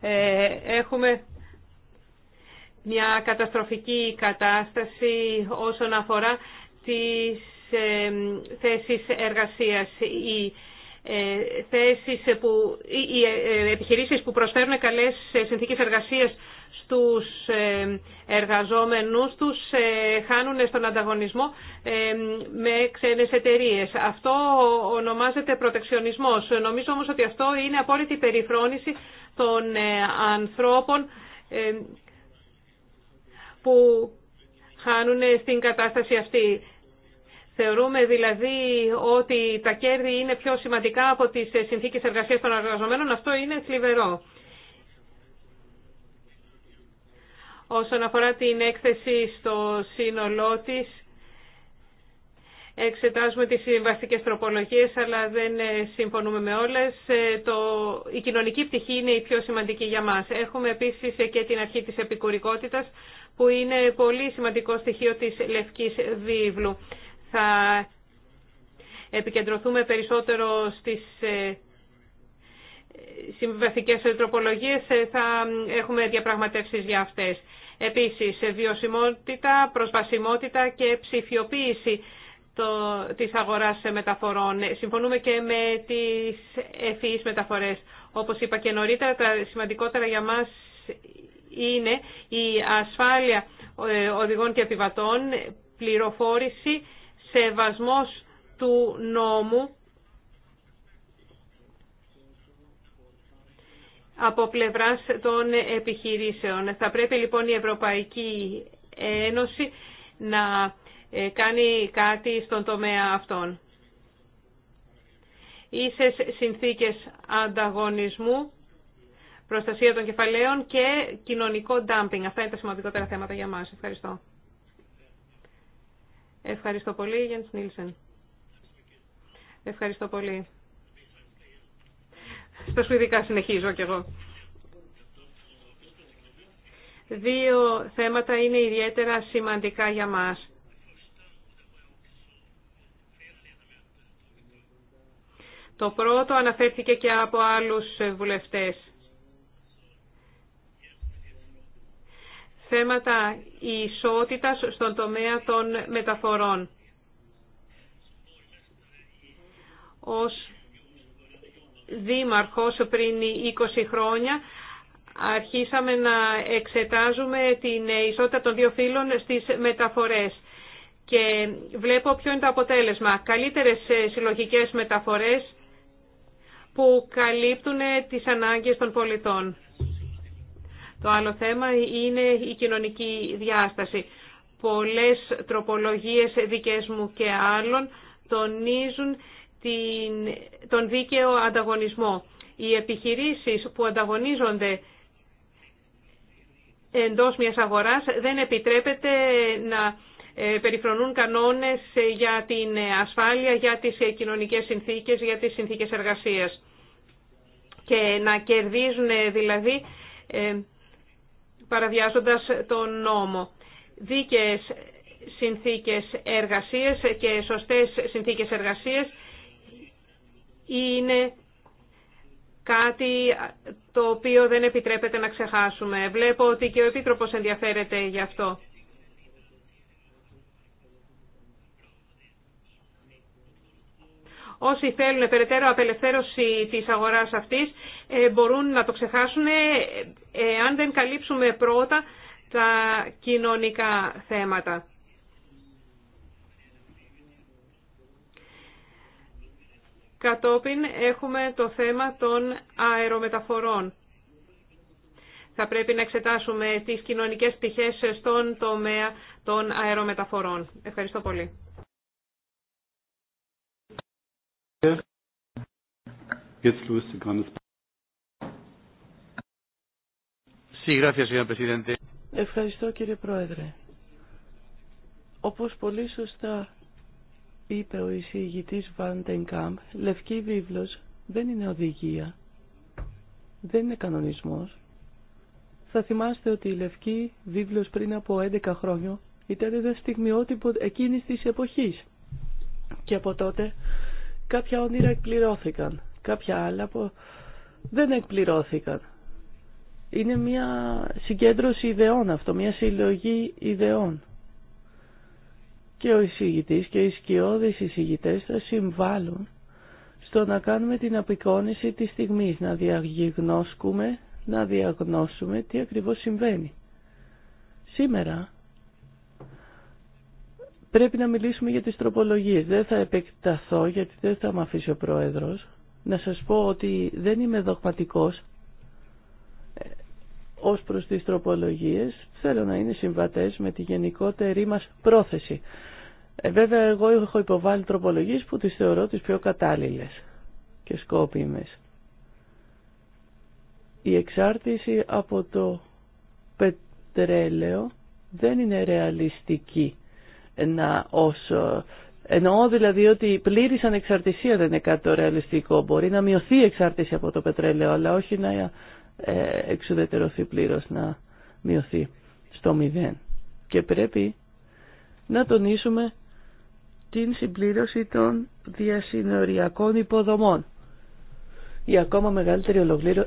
ε, έχουμε μια καταστροφική κατάσταση όσον αφορά τις ε, θέσεις εργασίας. Η ε, θέσεις που, οι ε, επιχειρήσεις που προσφέρουν καλές ε, συνθήκες εργασίας στους εργαζόμενους τους χάνουν στον ανταγωνισμό με ξένες εταιρείε. Αυτό ονομάζεται προτεξιονισμός. Νομίζω όμως ότι αυτό είναι απόλυτη περιφρόνηση των ανθρώπων που χάνουν στην κατάσταση αυτή. Θεωρούμε δηλαδή ότι τα κέρδη είναι πιο σημαντικά από τις συνθήκες εργασίας των εργαζομένων. Αυτό είναι θλιβερό. Όσον αφορά την έκθεση στο σύνολό της, εξετάζουμε τις συμβαστικέ τροπολογίες, αλλά δεν ε, συμφωνούμε με όλες. Ε, το, η κοινωνική πτυχή είναι η πιο σημαντική για μας. Έχουμε επίσης ε, και την αρχή της επικουρικότητας, που είναι πολύ σημαντικό στοιχείο της Λευκής Βίβλου θα επικεντρωθούμε περισσότερο στις ε, συμβιβαστικές τροπολογίες, ε, θα έχουμε διαπραγματεύσεις για αυτές. Επίσης, ε, βιωσιμότητα, προσβασιμότητα και ψηφιοποίηση το, της αγοράς μεταφορών. Συμφωνούμε και με τις ευφυείς μεταφορές. Όπως είπα και νωρίτερα, τα σημαντικότερα για μας είναι η ασφάλεια οδηγών και επιβατών, πληροφόρηση σεβασμός του νόμου από πλευράς των επιχειρήσεων. Θα πρέπει λοιπόν η Ευρωπαϊκή Ένωση να ε, κάνει κάτι στον τομέα αυτών. Ίσες συνθήκες ανταγωνισμού, προστασία των κεφαλαίων και κοινωνικό ντάμπινγκ. Αυτά είναι τα σημαντικότερα θέματα για μας. Ευχαριστώ. Ευχαριστώ πολύ, Γιάννη Νίλσεν. Ευχαριστώ πολύ. Στα σουηδικά συνεχίζω κι εγώ. Δύο θέματα είναι ιδιαίτερα σημαντικά για μας. Το πρώτο αναφέρθηκε και από άλλους βουλευτές. θέματα ισότητας στον τομέα των μεταφορών. Ως δήμαρχος πριν 20 χρόνια αρχίσαμε να εξετάζουμε την ισότητα των δύο φύλων στις μεταφορές. Και βλέπω ποιο είναι το αποτέλεσμα. Καλύτερες συλλογικές μεταφορές που καλύπτουν τις ανάγκες των πολιτών. Το άλλο θέμα είναι η κοινωνική διάσταση. Πολλές τροπολογίες δικές μου και άλλων τονίζουν την, τον δίκαιο ανταγωνισμό. Οι επιχειρήσεις που ανταγωνίζονται εντός μιας αγοράς δεν επιτρέπεται να ε, περιφρονούν κανόνες για την ασφάλεια, για τις κοινωνικές συνθήκες, για τις συνθήκες εργασίας. Και να κερδίζουν ε, δηλαδή ε, παραβιάζοντας τον νόμο. Δίκαιες συνθήκες εργασίες και σωστές συνθήκες εργασίες είναι κάτι το οποίο δεν επιτρέπεται να ξεχάσουμε. Βλέπω ότι και ο Επίτροπος ενδιαφέρεται γι' αυτό. Όσοι θέλουν περαιτέρω απελευθέρωση της αγοράς αυτής ε, μπορούν να το ξεχάσουν ε, ε, αν δεν καλύψουμε πρώτα τα κοινωνικά θέματα. Κατόπιν έχουμε το θέμα των αερομεταφορών. Θα πρέπει να εξετάσουμε τις κοινωνικές πτυχές στον τομέα των αερομεταφορών. Ευχαριστώ πολύ. Ευχαριστώ κύριε Πρόεδρε. Όπως πολύ σωστά είπε ο εισηγητής Βάντεν Κάμπ, λευκή βίβλος δεν είναι οδηγία, δεν είναι κανονισμός. Θα θυμάστε ότι η λευκή βίβλος πριν από 11 χρόνια ήταν ένα στιγμιότυπο εκείνης της εποχής. Και από τότε κάποια όνειρα εκπληρώθηκαν κάποια άλλα που δεν εκπληρώθηκαν. Είναι μια συγκέντρωση ιδεών αυτό, μια συλλογή ιδεών. Και ο εισηγητής και οι σκιώδεις εισηγητές θα συμβάλλουν στο να κάνουμε την απεικόνηση της στιγμής, να διαγνώσκουμε, να διαγνώσουμε τι ακριβώς συμβαίνει. Σήμερα πρέπει να μιλήσουμε για τις τροπολογίες. Δεν θα επεκταθώ γιατί δεν θα με αφήσει ο Πρόεδρος να σας πω ότι δεν είμαι δογματικός ε, ως προς τις τροπολογίες. Θέλω να είναι συμβατές με τη γενικότερη μας πρόθεση. Ε, βέβαια, εγώ έχω υποβάλει τροπολογίες που τις θεωρώ τις πιο κατάλληλες και σκόπιμες. Η εξάρτηση από το πετρέλαιο δεν είναι ρεαλιστική να ως ε, Εννοώ δηλαδή ότι η πλήρης ανεξαρτησία δεν είναι κάτι το ρεαλιστικό. Μπορεί να μειωθεί η εξάρτηση από το πετρέλαιο, αλλά όχι να ε, εξουδετερωθεί πλήρω να μειωθεί στο μηδέν. Και πρέπει να τονίσουμε την συμπλήρωση των διασυνοριακών υποδομών. Η ακόμα μεγαλύτερη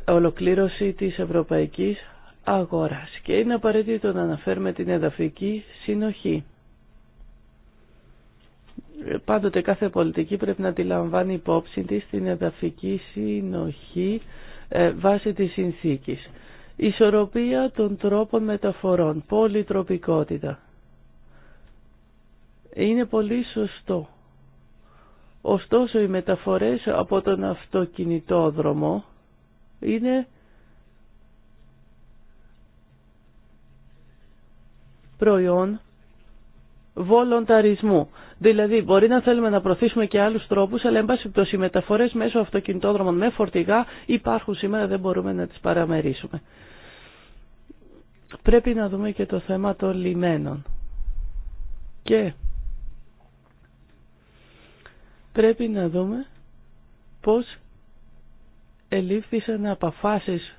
ολοκλήρωση της ευρωπαϊκής αγοράς. Και είναι απαραίτητο να αναφέρουμε την εδαφική συνοχή πάντοτε κάθε πολιτική πρέπει να τη λαμβάνει υπόψη της στην εδαφική συνοχή ε, βάσει της συνθήκης. Ισορροπία των τρόπων μεταφορών, πολυτροπικότητα. Είναι πολύ σωστό. Ωστόσο οι μεταφορές από τον αυτοκινητόδρομο είναι προϊόν βολονταρισμού. Δηλαδή, μπορεί να θέλουμε να προωθήσουμε και άλλου τρόπου, αλλά εν πάση περιπτώσει οι μεταφορέ μέσω αυτοκινητόδρομων με φορτηγά υπάρχουν σήμερα, δεν μπορούμε να τι παραμερίσουμε. Πρέπει να δούμε και το θέμα των λιμένων. Και πρέπει να δούμε πώς ελήφθησαν αποφάσεις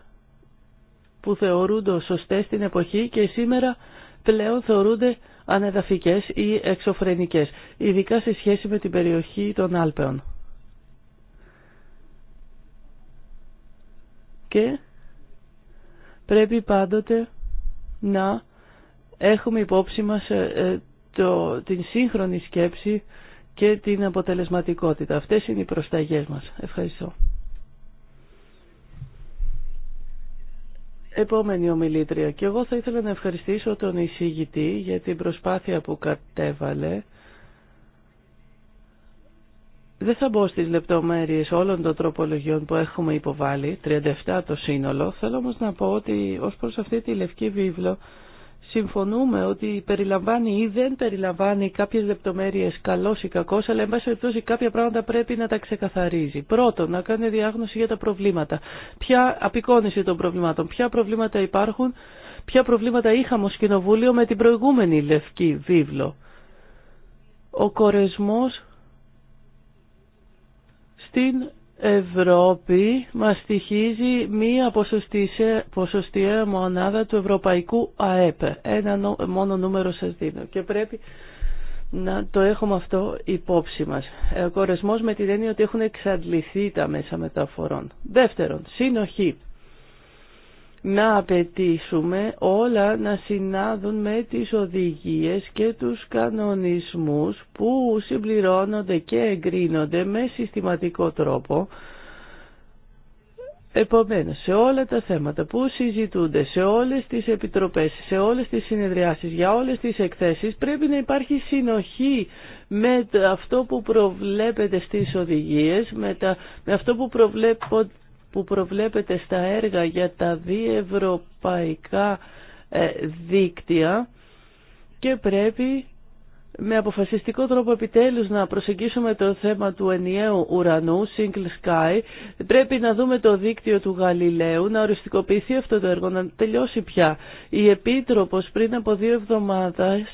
που θεωρούνται σωστές στην εποχή και σήμερα πλέον θεωρούνται ανεδαφικές ή εξωφρενικές, ειδικά σε σχέση με την περιοχή των Άλπαιων. Και πρέπει πάντοτε να έχουμε υπόψη μας ε, ε, το, την σύγχρονη σκέψη και την αποτελεσματικότητα. Αυτές είναι οι προσταγές μας. Ευχαριστώ. Επόμενη ομιλήτρια. Και εγώ θα ήθελα να ευχαριστήσω τον εισηγητή για την προσπάθεια που κατέβαλε. Δεν θα μπω στις λεπτομέρειες όλων των τροπολογιών που έχουμε υποβάλει, 37 το σύνολο. Θέλω όμως να πω ότι ως προς αυτή τη λευκή βίβλο συμφωνούμε ότι περιλαμβάνει ή δεν περιλαμβάνει κάποιες λεπτομέρειε καλός ή κακός, αλλά εν πάση περιπτώσει κάποια πράγματα πρέπει να τα ξεκαθαρίζει. Πρώτον, να κάνει διάγνωση για τα προβλήματα. Ποια απεικόνηση των προβλημάτων, ποια προβλήματα υπάρχουν, ποια προβλήματα είχαμε ω κοινοβούλιο με την προηγούμενη λευκή βίβλο. Ο κορεσμός στην Ευρώπη μα στοιχίζει μία ποσοστιαία μονάδα του Ευρωπαϊκού ΑΕΠ. Ένα μόνο νούμερο σας δίνω και πρέπει να το έχουμε αυτό υπόψη μας. Ο κορεσμός με την έννοια ότι έχουν εξαντληθεί τα μέσα μεταφορών. Δεύτερον, συνοχή να απαιτήσουμε όλα να συνάδουν με τις οδηγίες και τους κανονισμούς που συμπληρώνονται και εγκρίνονται με συστηματικό τρόπο. Επομένως, σε όλα τα θέματα που συζητούνται, σε όλες τις επιτροπές, σε όλες τις συνεδριάσεις, για όλες τις εκθέσεις, πρέπει να υπάρχει συνοχή με αυτό που προβλέπεται στις οδηγίες, με, αυτό που προβλέπονται που προβλέπεται στα έργα για τα διευρωπαϊκά ε, δίκτυα και πρέπει με αποφασιστικό τρόπο επιτέλους να προσεγγίσουμε το θέμα του ενιαίου ουρανού, Single Sky. Πρέπει να δούμε το δίκτυο του Γαλιλαίου, να οριστικοποιηθεί αυτό το έργο, να τελειώσει πια. Η Επίτροπος πριν από δύο εβδομάδες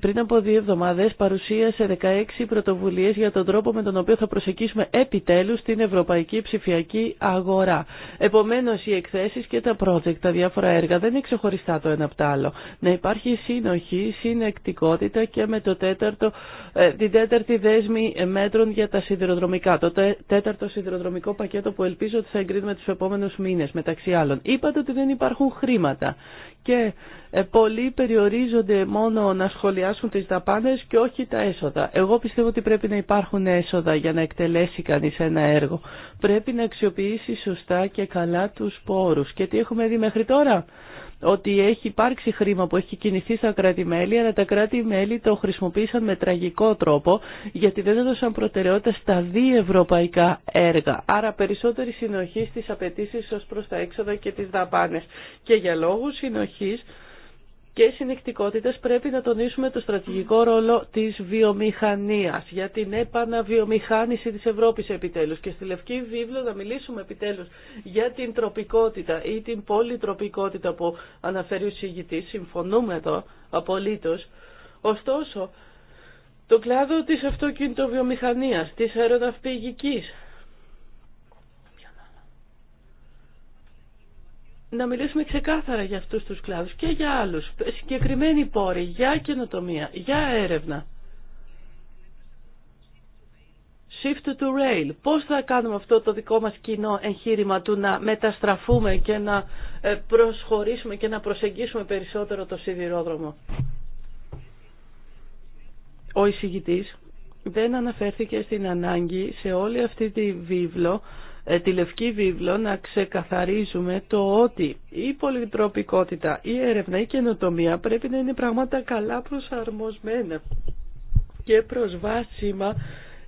πριν από δύο εβδομάδες παρουσίασε 16 πρωτοβουλίες για τον τρόπο με τον οποίο θα προσεκίσουμε επιτέλους την ευρωπαϊκή ψηφιακή αγορά. Επομένως οι εκθέσεις και τα project, τα διάφορα έργα δεν είναι ξεχωριστά το ένα από το άλλο. Να υπάρχει συνοχή, συνεκτικότητα και με το τέταρτο, ε, την τέταρτη δέσμη μέτρων για τα σιδηροδρομικά. Το τέταρτο σιδηροδρομικό πακέτο που ελπίζω ότι θα εγκρίνουμε τους επόμενους μήνες μεταξύ άλλων. Είπατε ότι δεν υπάρχουν χρήματα και ε, πολλοί περιορίζονται μόνο να σχολιάσουν τις δαπάνες και όχι τα έσοδα. Εγώ πιστεύω ότι πρέπει να υπάρχουν έσοδα για να εκτελέσει κανείς ένα έργο. Πρέπει να αξιοποιήσει σωστά και καλά τους πόρους. Και τι έχουμε δει μέχρι τώρα ότι έχει υπάρξει χρήμα που έχει κινηθεί στα κράτη-μέλη, αλλά τα κράτη-μέλη το χρησιμοποίησαν με τραγικό τρόπο, γιατί δεν έδωσαν προτεραιότητα στα ευρωπαϊκά έργα. Άρα περισσότερη συνοχή στις απαιτήσει ως προς τα έξοδα και τις δαπάνες. Και για λόγους συνοχής, και συνεκτικότητες πρέπει να τονίσουμε το στρατηγικό ρόλο της βιομηχανίας για την επαναβιομηχάνηση της Ευρώπης επιτέλους και στη Λευκή Βίβλο να μιλήσουμε επιτέλους για την τροπικότητα ή την πολυτροπικότητα που αναφέρει ο συγητής, συμφωνούμε εδώ απολύτως. Ωστόσο, το κλάδο της αυτοκινητοβιομηχανίας, της αεροναυπηγικής, να μιλήσουμε ξεκάθαρα για αυτούς τους κλάδους και για άλλους. Συγκεκριμένοι πόροι για καινοτομία, για έρευνα. Shift to rail. Πώς θα κάνουμε αυτό το δικό μας κοινό εγχείρημα του να μεταστραφούμε και να ε, προσχωρήσουμε και να προσεγγίσουμε περισσότερο το σιδηρόδρομο. Ο εισηγητής δεν αναφέρθηκε στην ανάγκη σε όλη αυτή τη βίβλο ε, τη Λευκή Βίβλο να ξεκαθαρίζουμε το ότι η πολυτροπικότητα, η έρευνα, η καινοτομία πρέπει να είναι πράγματα καλά προσαρμοσμένα και προσβάσιμα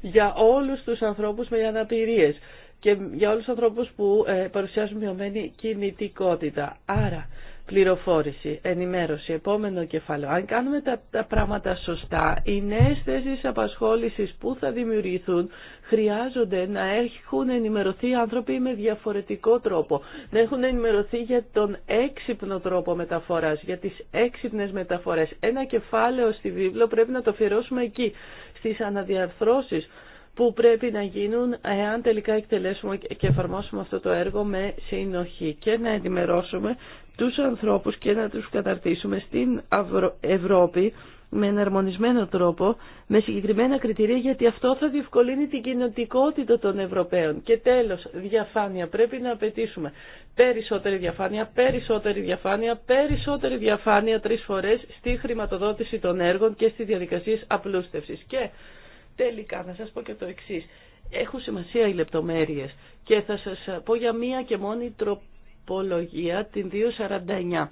για όλους τους ανθρώπους με αναπηρίες και για όλους τους ανθρώπους που ε, παρουσιάζουν μειωμένη κινητικότητα. Άρα πληροφόρηση, ενημέρωση, επόμενο κεφάλαιο. Αν κάνουμε τα, πράγματα σωστά, οι νέε θέσει απασχόληση που θα δημιουργηθούν χρειάζονται να έχουν ενημερωθεί άνθρωποι με διαφορετικό τρόπο. Να έχουν ενημερωθεί για τον έξυπνο τρόπο μεταφορά, για τι έξυπνε μεταφορέ. Ένα κεφάλαιο στη βίβλο πρέπει να το αφιερώσουμε εκεί, στι αναδιαρθρώσει που πρέπει να γίνουν εάν τελικά εκτελέσουμε και εφαρμόσουμε αυτό το έργο με συνοχή και να ενημερώσουμε τους ανθρώπους και να τους καταρτήσουμε στην Ευρώπη με εναρμονισμένο τρόπο, με συγκεκριμένα κριτήρια, γιατί αυτό θα διευκολύνει την κοινωτικότητα των Ευρωπαίων. Και τέλος, διαφάνεια. Πρέπει να απαιτήσουμε περισσότερη διαφάνεια, περισσότερη διαφάνεια, περισσότερη διαφάνεια τρεις φορές στη χρηματοδότηση των έργων και στις διαδικασίες απλούστευσης. Και τελικά να σας πω και το εξή. Έχουν σημασία οι λεπτομέρειες και θα σας πω για μία και μόνη τροπή τροπολογία, την 249.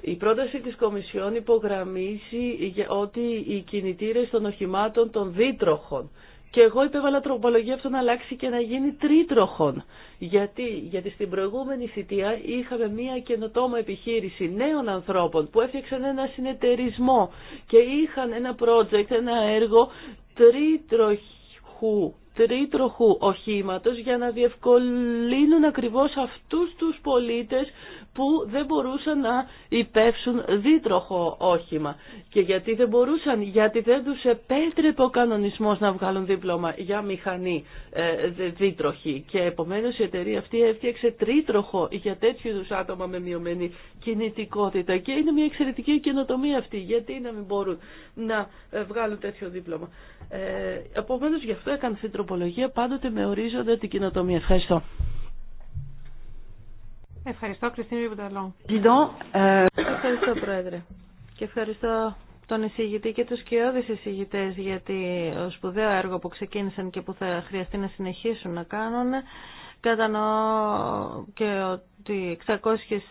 Η πρόταση της Κομισιόν υπογραμμίζει ότι οι κινητήρες των οχημάτων των δίτροχων και εγώ υπέβαλα τροπολογία αυτό να αλλάξει και να γίνει τρίτροχων. Γιατί, γιατί στην προηγούμενη θητεία είχαμε μια καινοτόμα επιχείρηση νέων ανθρώπων που έφτιαξαν ένα συνεταιρισμό και είχαν ένα project, ένα έργο τρίτροχου τρίτροχου οχήματος για να διευκολύνουν ακριβώς αυτούς τους πολίτες που δεν μπορούσαν να υπεύσουν δίτροχο όχημα. Και γιατί δεν μπορούσαν, γιατί δεν τους επέτρεπε ο κανονισμός να βγάλουν δίπλωμα για μηχανή ε, δίτροχη. Και επομένως η εταιρεία αυτή έφτιαξε τρίτροχο για τέτοιου είδους άτομα με μειωμένη κινητικότητα. Και είναι μια εξαιρετική καινοτομία αυτή, γιατί να μην μπορούν να ε, βγάλουν τέτοιο δίπλωμα. Ε, επομένως γι' αυτό έκανε αυτή την τροπολογία πάντοτε με ορίζοντα την καινοτομία. Ευχαριστώ. Ευχαριστώ, Κριστίνη Βουταλό. Ε, ευχαριστώ, Πρόεδρε. Και ευχαριστώ τον εισηγητή και τους κοιόδης εισηγητές για το σπουδαίο έργο που ξεκίνησαν και που θα χρειαστεί να συνεχίσουν να κάνουν. Κατανοώ και ότι 600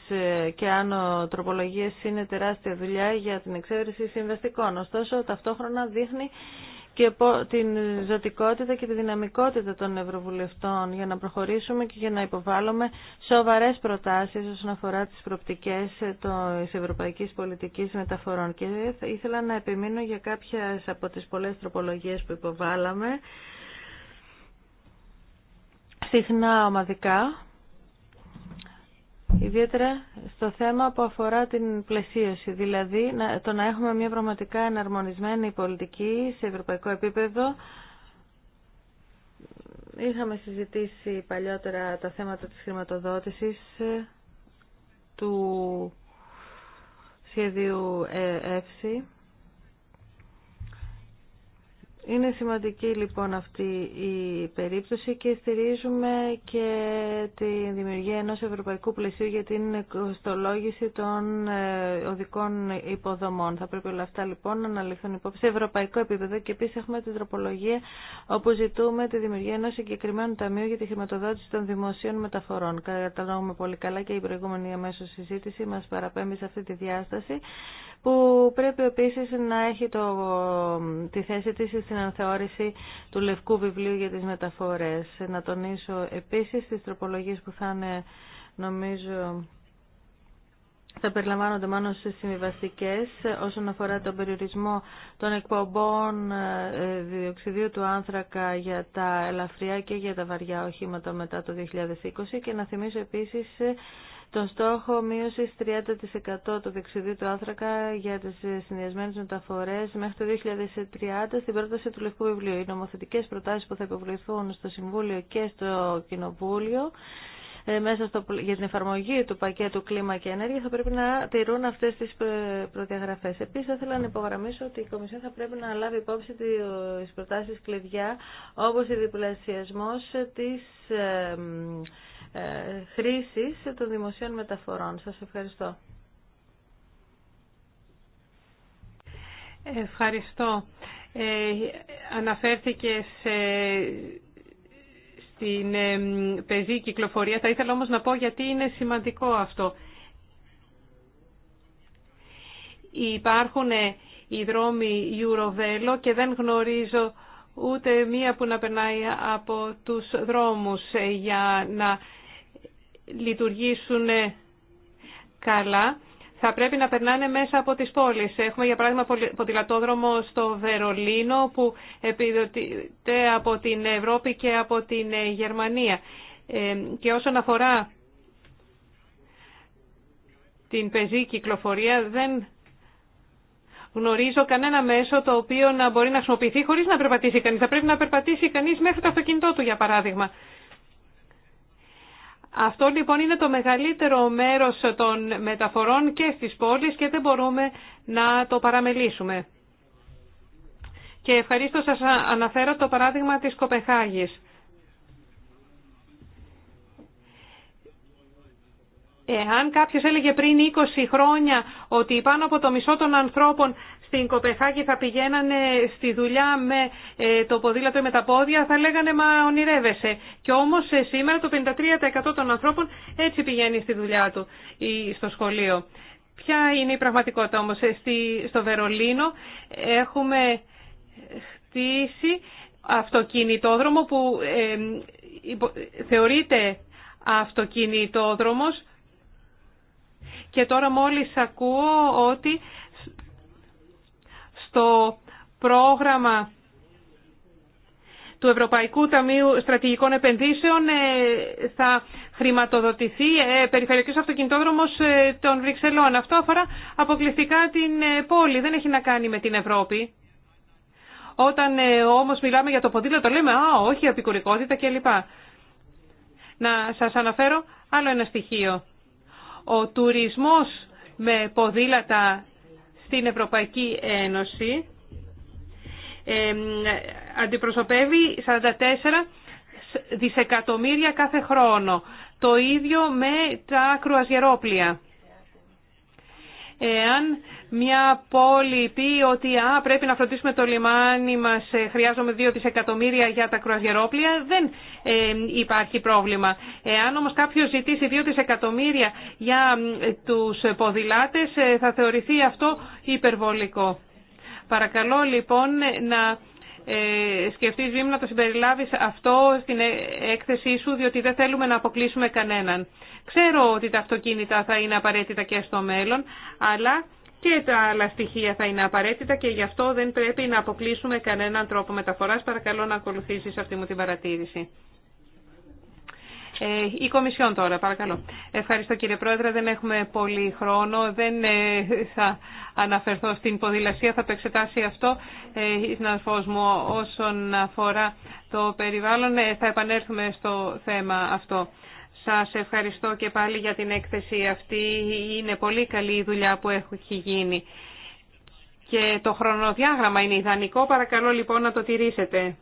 ε, και άνω τροπολογίες είναι τεράστια δουλειά για την εξέβριση συμβαστικών. Ωστόσο, ταυτόχρονα δείχνει και την ζωτικότητα και τη δυναμικότητα των Ευρωβουλευτών για να προχωρήσουμε και για να υποβάλλουμε σοβαρές προτάσεις όσον αφορά τις προπτικές της ευρωπαϊκής πολιτικής μεταφορών. Και ήθελα να επιμείνω για κάποιες από τις πολλές τροπολογίες που υποβάλαμε, συχνά ομαδικά, Ιδιαίτερα στο θέμα που αφορά την πλαισίωση, δηλαδή το να έχουμε μια πραγματικά εναρμονισμένη πολιτική σε ευρωπαϊκό επίπεδο. Είχαμε συζητήσει παλιότερα τα θέματα της χρηματοδότησης ε, του σχεδίου ΕΦΣΥ είναι σημαντική λοιπόν αυτή η περίπτωση και στηρίζουμε και τη δημιουργία ενός ευρωπαϊκού πλαισίου για την κοστολόγηση των ε, οδικών υποδομών. Θα πρέπει όλα αυτά λοιπόν να αναλυθούν υπόψη σε ευρωπαϊκό επίπεδο και επίσης έχουμε την τροπολογία όπου ζητούμε τη δημιουργία ενός συγκεκριμένου ταμείου για τη χρηματοδότηση των δημοσίων μεταφορών. Καταλάβουμε πολύ καλά και η προηγούμενη αμέσως συζήτηση μας παραπέμπει σε αυτή τη διάσταση που πρέπει επίσης να έχει το, τη θέση της στην ανθεώρηση του Λευκού Βιβλίου για τις μεταφορές. Να τονίσω επίσης τις τροπολογίες που θα νομίζω θα περιλαμβάνονται μόνο στι συμβιβαστικέ όσον αφορά τον περιορισμό των εκπομπών ε, διοξιδίου του άνθρακα για τα ελαφριά και για τα βαριά οχήματα μετά το 2020 και να θυμίσω επίσης ε, το στόχο μείωση 30% του διεξιδίου του άνθρακα για τι συνδυασμένε μεταφορέ μέχρι το 2030 στην πρόταση του Λευκού Βιβλίου. Οι νομοθετικέ προτάσει που θα υποβληθούν στο Συμβούλιο και στο Κοινοβούλιο ε, μέσα στο, για την εφαρμογή του πακέτου κλίμα και ενέργεια θα πρέπει να τηρούν αυτέ τι προδιαγραφέ. Επίση, θα ήθελα να υπογραμμίσω ότι η Κομισιόν θα πρέπει να λάβει υπόψη τι προτάσει κλειδιά, όπω η διπλασιασμό τη ε, ε, χρήσης των δημοσίων μεταφορών. Σας ευχαριστώ. Ευχαριστώ. Ε, αναφέρθηκε στην ε, πεζή κυκλοφορία. Θα ήθελα όμως να πω γιατί είναι σημαντικό αυτό. Υπάρχουν ε, οι δρόμοι Eurovelo και δεν γνωρίζω ούτε μία που να περνάει από τους δρόμους ε, για να λειτουργήσουν καλά θα πρέπει να περνάνε μέσα από τις πόλεις. Έχουμε για παράδειγμα ποδηλατόδρομο στο Βερολίνο που επιδοτείται από την Ευρώπη και από την ε, Γερμανία. Ε, και όσον αφορά την πεζή κυκλοφορία δεν γνωρίζω κανένα μέσο το οποίο να μπορεί να χρησιμοποιηθεί χωρίς να περπατήσει κανείς. Θα πρέπει να περπατήσει κανείς μέχρι το αυτοκίνητό του για παράδειγμα. Αυτό λοιπόν είναι το μεγαλύτερο μέρος των μεταφορών και στις πόλεις και δεν μπορούμε να το παραμελήσουμε. Και ευχαρίστω σας αναφέρω το παράδειγμα της Κοπεχάγης. Εάν κάποιος έλεγε πριν 20 χρόνια ότι πάνω από το μισό των ανθρώπων στην Κοπεχάγη θα πηγαίνανε στη δουλειά με ε, το ποδήλατο ή με τα πόδια, θα λέγανε μα ονειρεύεσαι. Και όμως ε, σήμερα το 53% των ανθρώπων έτσι πηγαίνει στη δουλειά του ή στο σχολείο. Ποια είναι η πραγματικότητα όμως. Ε, στη, στο Βερολίνο έχουμε χτίσει αυτοκινητόδρομο που θεωρείται αυτοκινητόδρομος και τώρα μόλις ακούω ότι το πρόγραμμα του Ευρωπαϊκού Ταμείου Στρατηγικών Επενδύσεων ε, θα χρηματοδοτηθεί ε, περιφερειακός αυτοκινητόδρομος ε, των Βρυξελών. Αυτό αφορά αποκλειστικά την πόλη, δεν έχει να κάνει με την Ευρώπη. Όταν όμως μιλάμε για το ποδήλατο λέμε «Α, όχι, απεικουρικότητα» κλπ. Να σας αναφέρω άλλο ένα στοιχείο. Ο τουρισμός με ποδήλατα στην Ευρωπαϊκή Ένωση αντιπροσωπεύει 44 δισεκατομμύρια κάθε χρόνο. Το ίδιο με τα κρουαζιερόπλια. Εάν μια πόλη πει ότι α, πρέπει να φροντίσουμε το λιμάνι μας, ε, χρειάζομαι 2 δισεκατομμύρια για τα κρουαζιερόπλια, δεν ε, υπάρχει πρόβλημα. Εάν όμως κάποιος ζητήσει 2 δισεκατομμύρια για ε, τους ποδηλάτες, θα θεωρηθεί αυτό υπερβολικό. Παρακαλώ λοιπόν να ε, σκεφτεί Βήμ να το συμπεριλάβεις αυτό στην ε, έκθεσή σου, διότι δεν θέλουμε να αποκλείσουμε κανέναν. Ξέρω ότι τα αυτοκίνητα θα είναι απαραίτητα και στο μέλλον, αλλά και τα άλλα στοιχεία θα είναι απαραίτητα και γι' αυτό δεν πρέπει να αποκλείσουμε κανέναν τρόπο μεταφοράς. Παρακαλώ να ακολουθήσεις αυτή μου την παρατήρηση. Ε, η Κομισιόν τώρα, παρακαλώ. Ευχαριστώ κύριε Πρόεδρε, δεν έχουμε πολύ χρόνο, δεν ε, θα αναφερθώ στην ποδηλασία, θα το εξετάσει αυτό ε, η συναδελφός μου όσον αφορά το περιβάλλον. Θα επανέλθουμε στο θέμα αυτό. Σας ευχαριστώ και πάλι για την έκθεση αυτή. Είναι πολύ καλή η δουλειά που έχει γίνει. Και το χρονοδιάγραμμα είναι ιδανικό. Παρακαλώ λοιπόν να το τηρήσετε.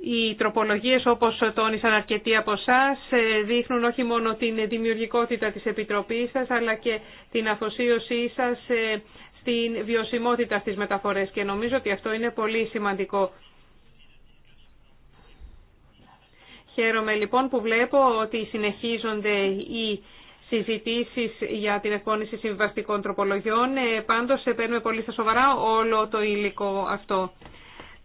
Οι τροπολογίες όπως τόνισαν αρκετοί από εσά ε, δείχνουν όχι μόνο την δημιουργικότητα της Επιτροπής σας αλλά και την αφοσίωσή σας ε, στην βιωσιμότητα στις μεταφορές και νομίζω ότι αυτό είναι πολύ σημαντικό. Χαίρομαι λοιπόν που βλέπω ότι συνεχίζονται οι συζητήσεις για την εκπόνηση συμβαστικών τροπολογιών. Ε, πάντως παίρνουμε πολύ στα σοβαρά όλο το υλικό αυτό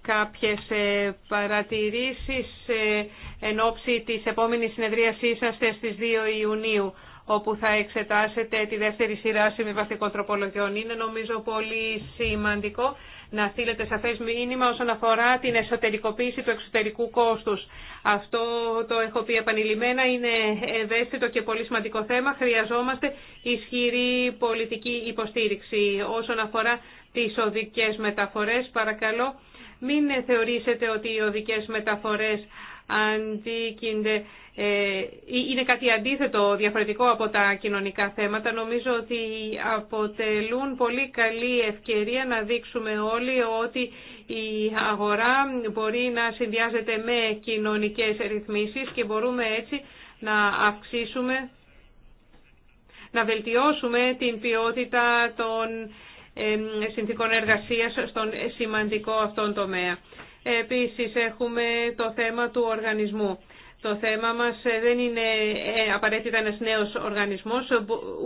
κάποιες ε, παρατηρήσεις ε, εν ώψη της επόμενης συνεδρίασής σας στις 2 Ιουνίου όπου θα εξετάσετε τη δεύτερη σειρά συμβιβαστικών τροπολογιών. Είναι νομίζω πολύ σημαντικό να στείλετε σαφές μήνυμα όσον αφορά την εσωτερικοποίηση του εξωτερικού κόστους. Αυτό το έχω πει επανειλημμένα, είναι ευαίσθητο και πολύ σημαντικό θέμα. Χρειαζόμαστε ισχυρή πολιτική υποστήριξη όσον αφορά τις οδικές μεταφορές. Παρακαλώ μην θεωρήσετε ότι οι οδικές μεταφορές αντίκυνται, ε, είναι κάτι αντίθετο, διαφορετικό από τα κοινωνικά θέματα. Νομίζω ότι αποτελούν πολύ καλή ευκαιρία να δείξουμε όλοι ότι η αγορά μπορεί να συνδυάζεται με κοινωνικές ρυθμίσεις και μπορούμε έτσι να αυξήσουμε, να βελτιώσουμε την ποιότητα των συνθήκων εργασίας στον σημαντικό αυτόν τομέα. Επίσης έχουμε το θέμα του οργανισμού. Το θέμα μας ε, δεν είναι ε, απαραίτητα ένας νέος οργανισμός,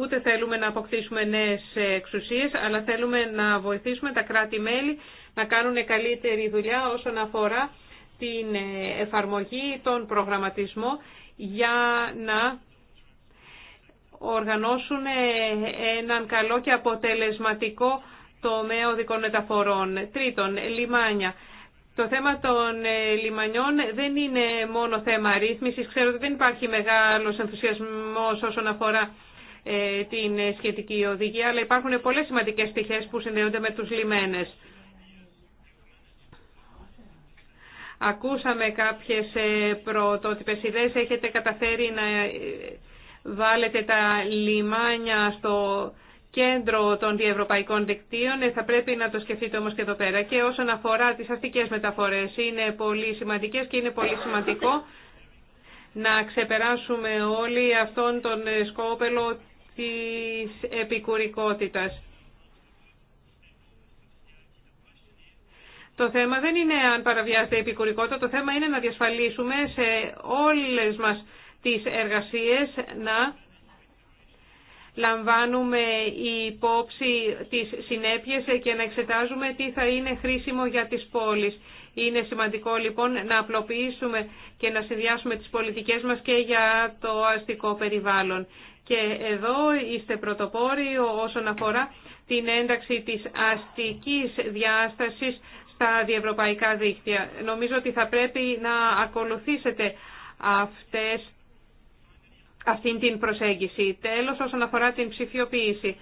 ούτε θέλουμε να αποκτήσουμε νέες ε, εξουσίες, αλλά θέλουμε να βοηθήσουμε τα κράτη-μέλη να κάνουν καλύτερη δουλειά όσον αφορά την εφαρμογή, τον προγραμματισμό για να οργανώσουν ε, έναν καλό και αποτελεσματικό τομέα οδικών μεταφορών. Τρίτον, λιμάνια. Το θέμα των ε, λιμανιών δεν είναι μόνο θέμα ρύθμισης. Ξέρω ότι δεν υπάρχει μεγάλος ενθουσιασμός όσον αφορά ε, την σχετική οδηγία, αλλά υπάρχουν πολλές σημαντικές στοιχές που συνδέονται με τους λιμένες. Ακούσαμε κάποιες πρωτότυπες ιδέες. Έχετε καταφέρει να βάλετε τα λιμάνια στο κέντρο των διευρωπαϊκών δικτύων. Ε, θα πρέπει να το σκεφτείτε όμως και εδώ πέρα. Και όσον αφορά τις αστικές μεταφορές, είναι πολύ σημαντικές και είναι πολύ σημαντικό να ξεπεράσουμε όλοι αυτόν τον ε, σκόπελο της επικουρικότητας. Το θέμα δεν είναι αν παραβιάζεται η επικουρικότητα, το θέμα είναι να διασφαλίσουμε σε όλες μας τις εργασίες να λαμβάνουμε υπόψη τις συνέπειες και να εξετάζουμε τι θα είναι χρήσιμο για τις πόλεις. Είναι σημαντικό λοιπόν να απλοποιήσουμε και να συνδυάσουμε τις πολιτικές μας και για το αστικό περιβάλλον. Και εδώ είστε πρωτοπόροι όσον αφορά την ένταξη της αστικής διάστασης στα διευρωπαϊκά δίκτυα. Νομίζω ότι θα πρέπει να ακολουθήσετε αυτές αυτή την προσέγγιση. Τέλος, όσον αφορά την ψηφιοποίηση.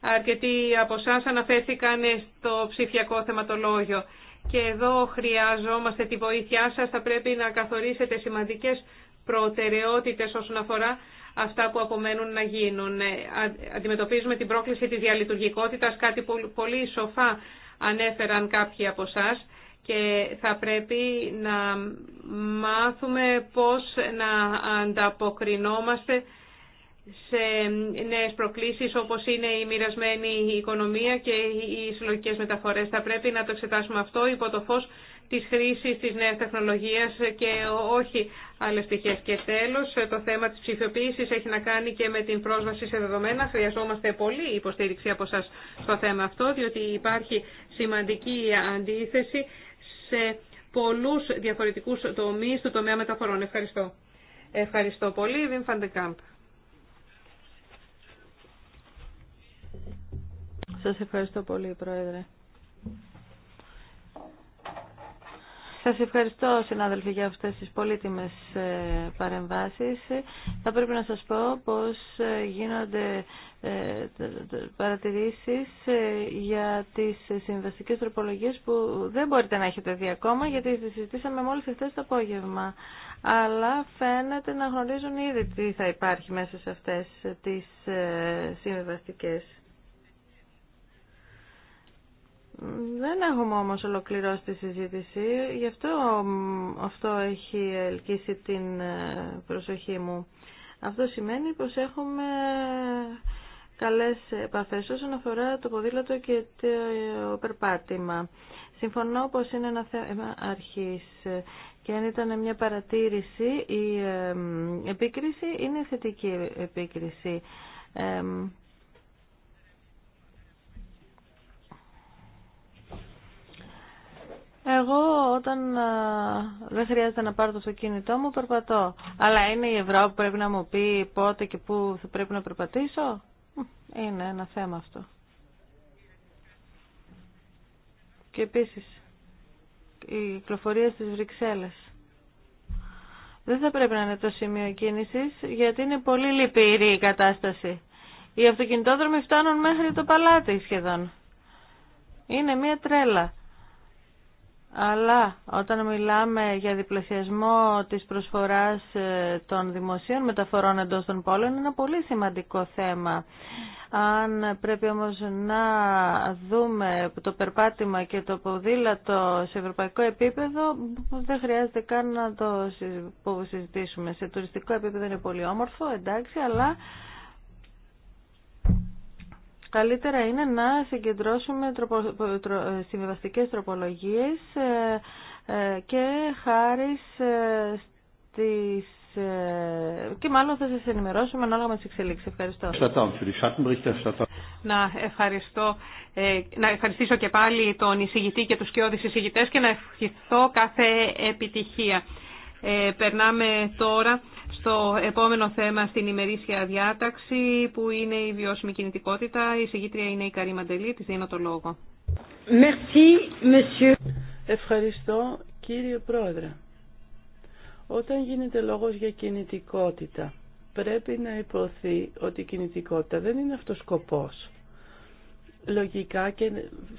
Αρκετοί από εσά αναφέρθηκαν στο ψηφιακό θεματολόγιο. Και εδώ χρειάζομαστε τη βοήθειά σας. Θα πρέπει να καθορίσετε σημαντικές προτεραιότητες όσον αφορά αυτά που απομένουν να γίνουν. Αντιμετωπίζουμε την πρόκληση της διαλειτουργικότητας, κάτι που πολύ σοφά ανέφεραν κάποιοι από εσά και θα πρέπει να μάθουμε πώς να ανταποκρινόμαστε σε νέες προκλήσεις όπως είναι η μοιρασμένη οικονομία και οι συλλογικές μεταφορές. Θα πρέπει να το εξετάσουμε αυτό υπό το φως της χρήσης της νέας τεχνολογίας και όχι άλλες στοιχείες. Και τέλος, το θέμα της ψηφιοποίησης έχει να κάνει και με την πρόσβαση σε δεδομένα. Χρειαζόμαστε πολύ υποστήριξη από σας στο θέμα αυτό, διότι υπάρχει σημαντική αντίθεση σε πολλούς διαφορετικούς τομείς του τομέα μεταφορών. Ευχαριστώ. Ευχαριστώ πολύ, Βιμ Φαντεκάμπ. Σας ευχαριστώ πολύ, Πρόεδρε. Σας ευχαριστώ συνάδελφοι για αυτές τις πολύτιμες ε, παρεμβάσεις. Θα πρέπει να σας πω πως ε, γίνονται ε, παρατηρήσεις ε, για τις συμβαστικές τροπολογίες που δεν μπορείτε να έχετε δει ακόμα γιατί τις συζητήσαμε μόλις χθες το απόγευμα. Αλλά φαίνεται να γνωρίζουν ήδη τι θα υπάρχει μέσα σε αυτές τις ε, συμβαστικές. Δεν έχουμε όμως ολοκληρώσει τη συζήτηση, γι' αυτό αυτό έχει ελκύσει την προσοχή μου. Αυτό σημαίνει πως έχουμε Καλέ επαφέ όσον αφορά το ποδήλατο και το περπάτημα. Συμφωνώ πως είναι ένα θέμα αρχής και αν ήταν μια παρατήρηση η επίκριση είναι θετική επίκριση. Εγώ όταν δεν χρειάζεται να πάρω το αυτοκίνητό μου περπατώ. Αλλά είναι η Ευρώπη που πρέπει να μου πει πότε και πού θα πρέπει να περπατήσω. Είναι ένα θέμα αυτό. Και επίσης, η κυκλοφορία στις Βρυξέλλες. Δεν θα πρέπει να είναι το σημείο κίνησης, γιατί είναι πολύ λυπηρή η κατάσταση. Οι αυτοκινητόδρομοι φτάνουν μέχρι το παλάτι σχεδόν. Είναι μια τρέλα. Αλλά όταν μιλάμε για διπλασιασμό της προσφοράς ε, των δημοσίων μεταφορών εντός των πόλεων είναι ένα πολύ σημαντικό θέμα. Αν πρέπει όμως να δούμε το περπάτημα και το ποδήλατο σε ευρωπαϊκό επίπεδο δεν χρειάζεται καν να το συζητήσουμε. Σε τουριστικό επίπεδο είναι πολύ όμορφο, εντάξει, αλλά Καλύτερα είναι να συγκεντρώσουμε τροπο, τρο, συμβιβαστικές τροπολογίες ε, ε, και χάρη ε, και μάλλον θα σας ενημερώσουμε ανάλογα με τις εξελίξεις. Ευχαριστώ. Να, ευχαριστώ, να ευχαριστήσω και πάλι τον εισηγητή και τους κοιόδης εισηγητές και να ευχηθώ κάθε επιτυχία. περνάμε τώρα το επόμενο θέμα στην ημερήσια διάταξη που είναι η βιώσιμη κινητικότητα. Η συγγήτρια είναι η Καρή Μαντελή, της δίνω το λόγο. Merci, Ευχαριστώ κύριε Πρόεδρε. Όταν γίνεται λόγος για κινητικότητα πρέπει να υποθεί ότι η κινητικότητα δεν είναι αυτός σκοπός λογικά και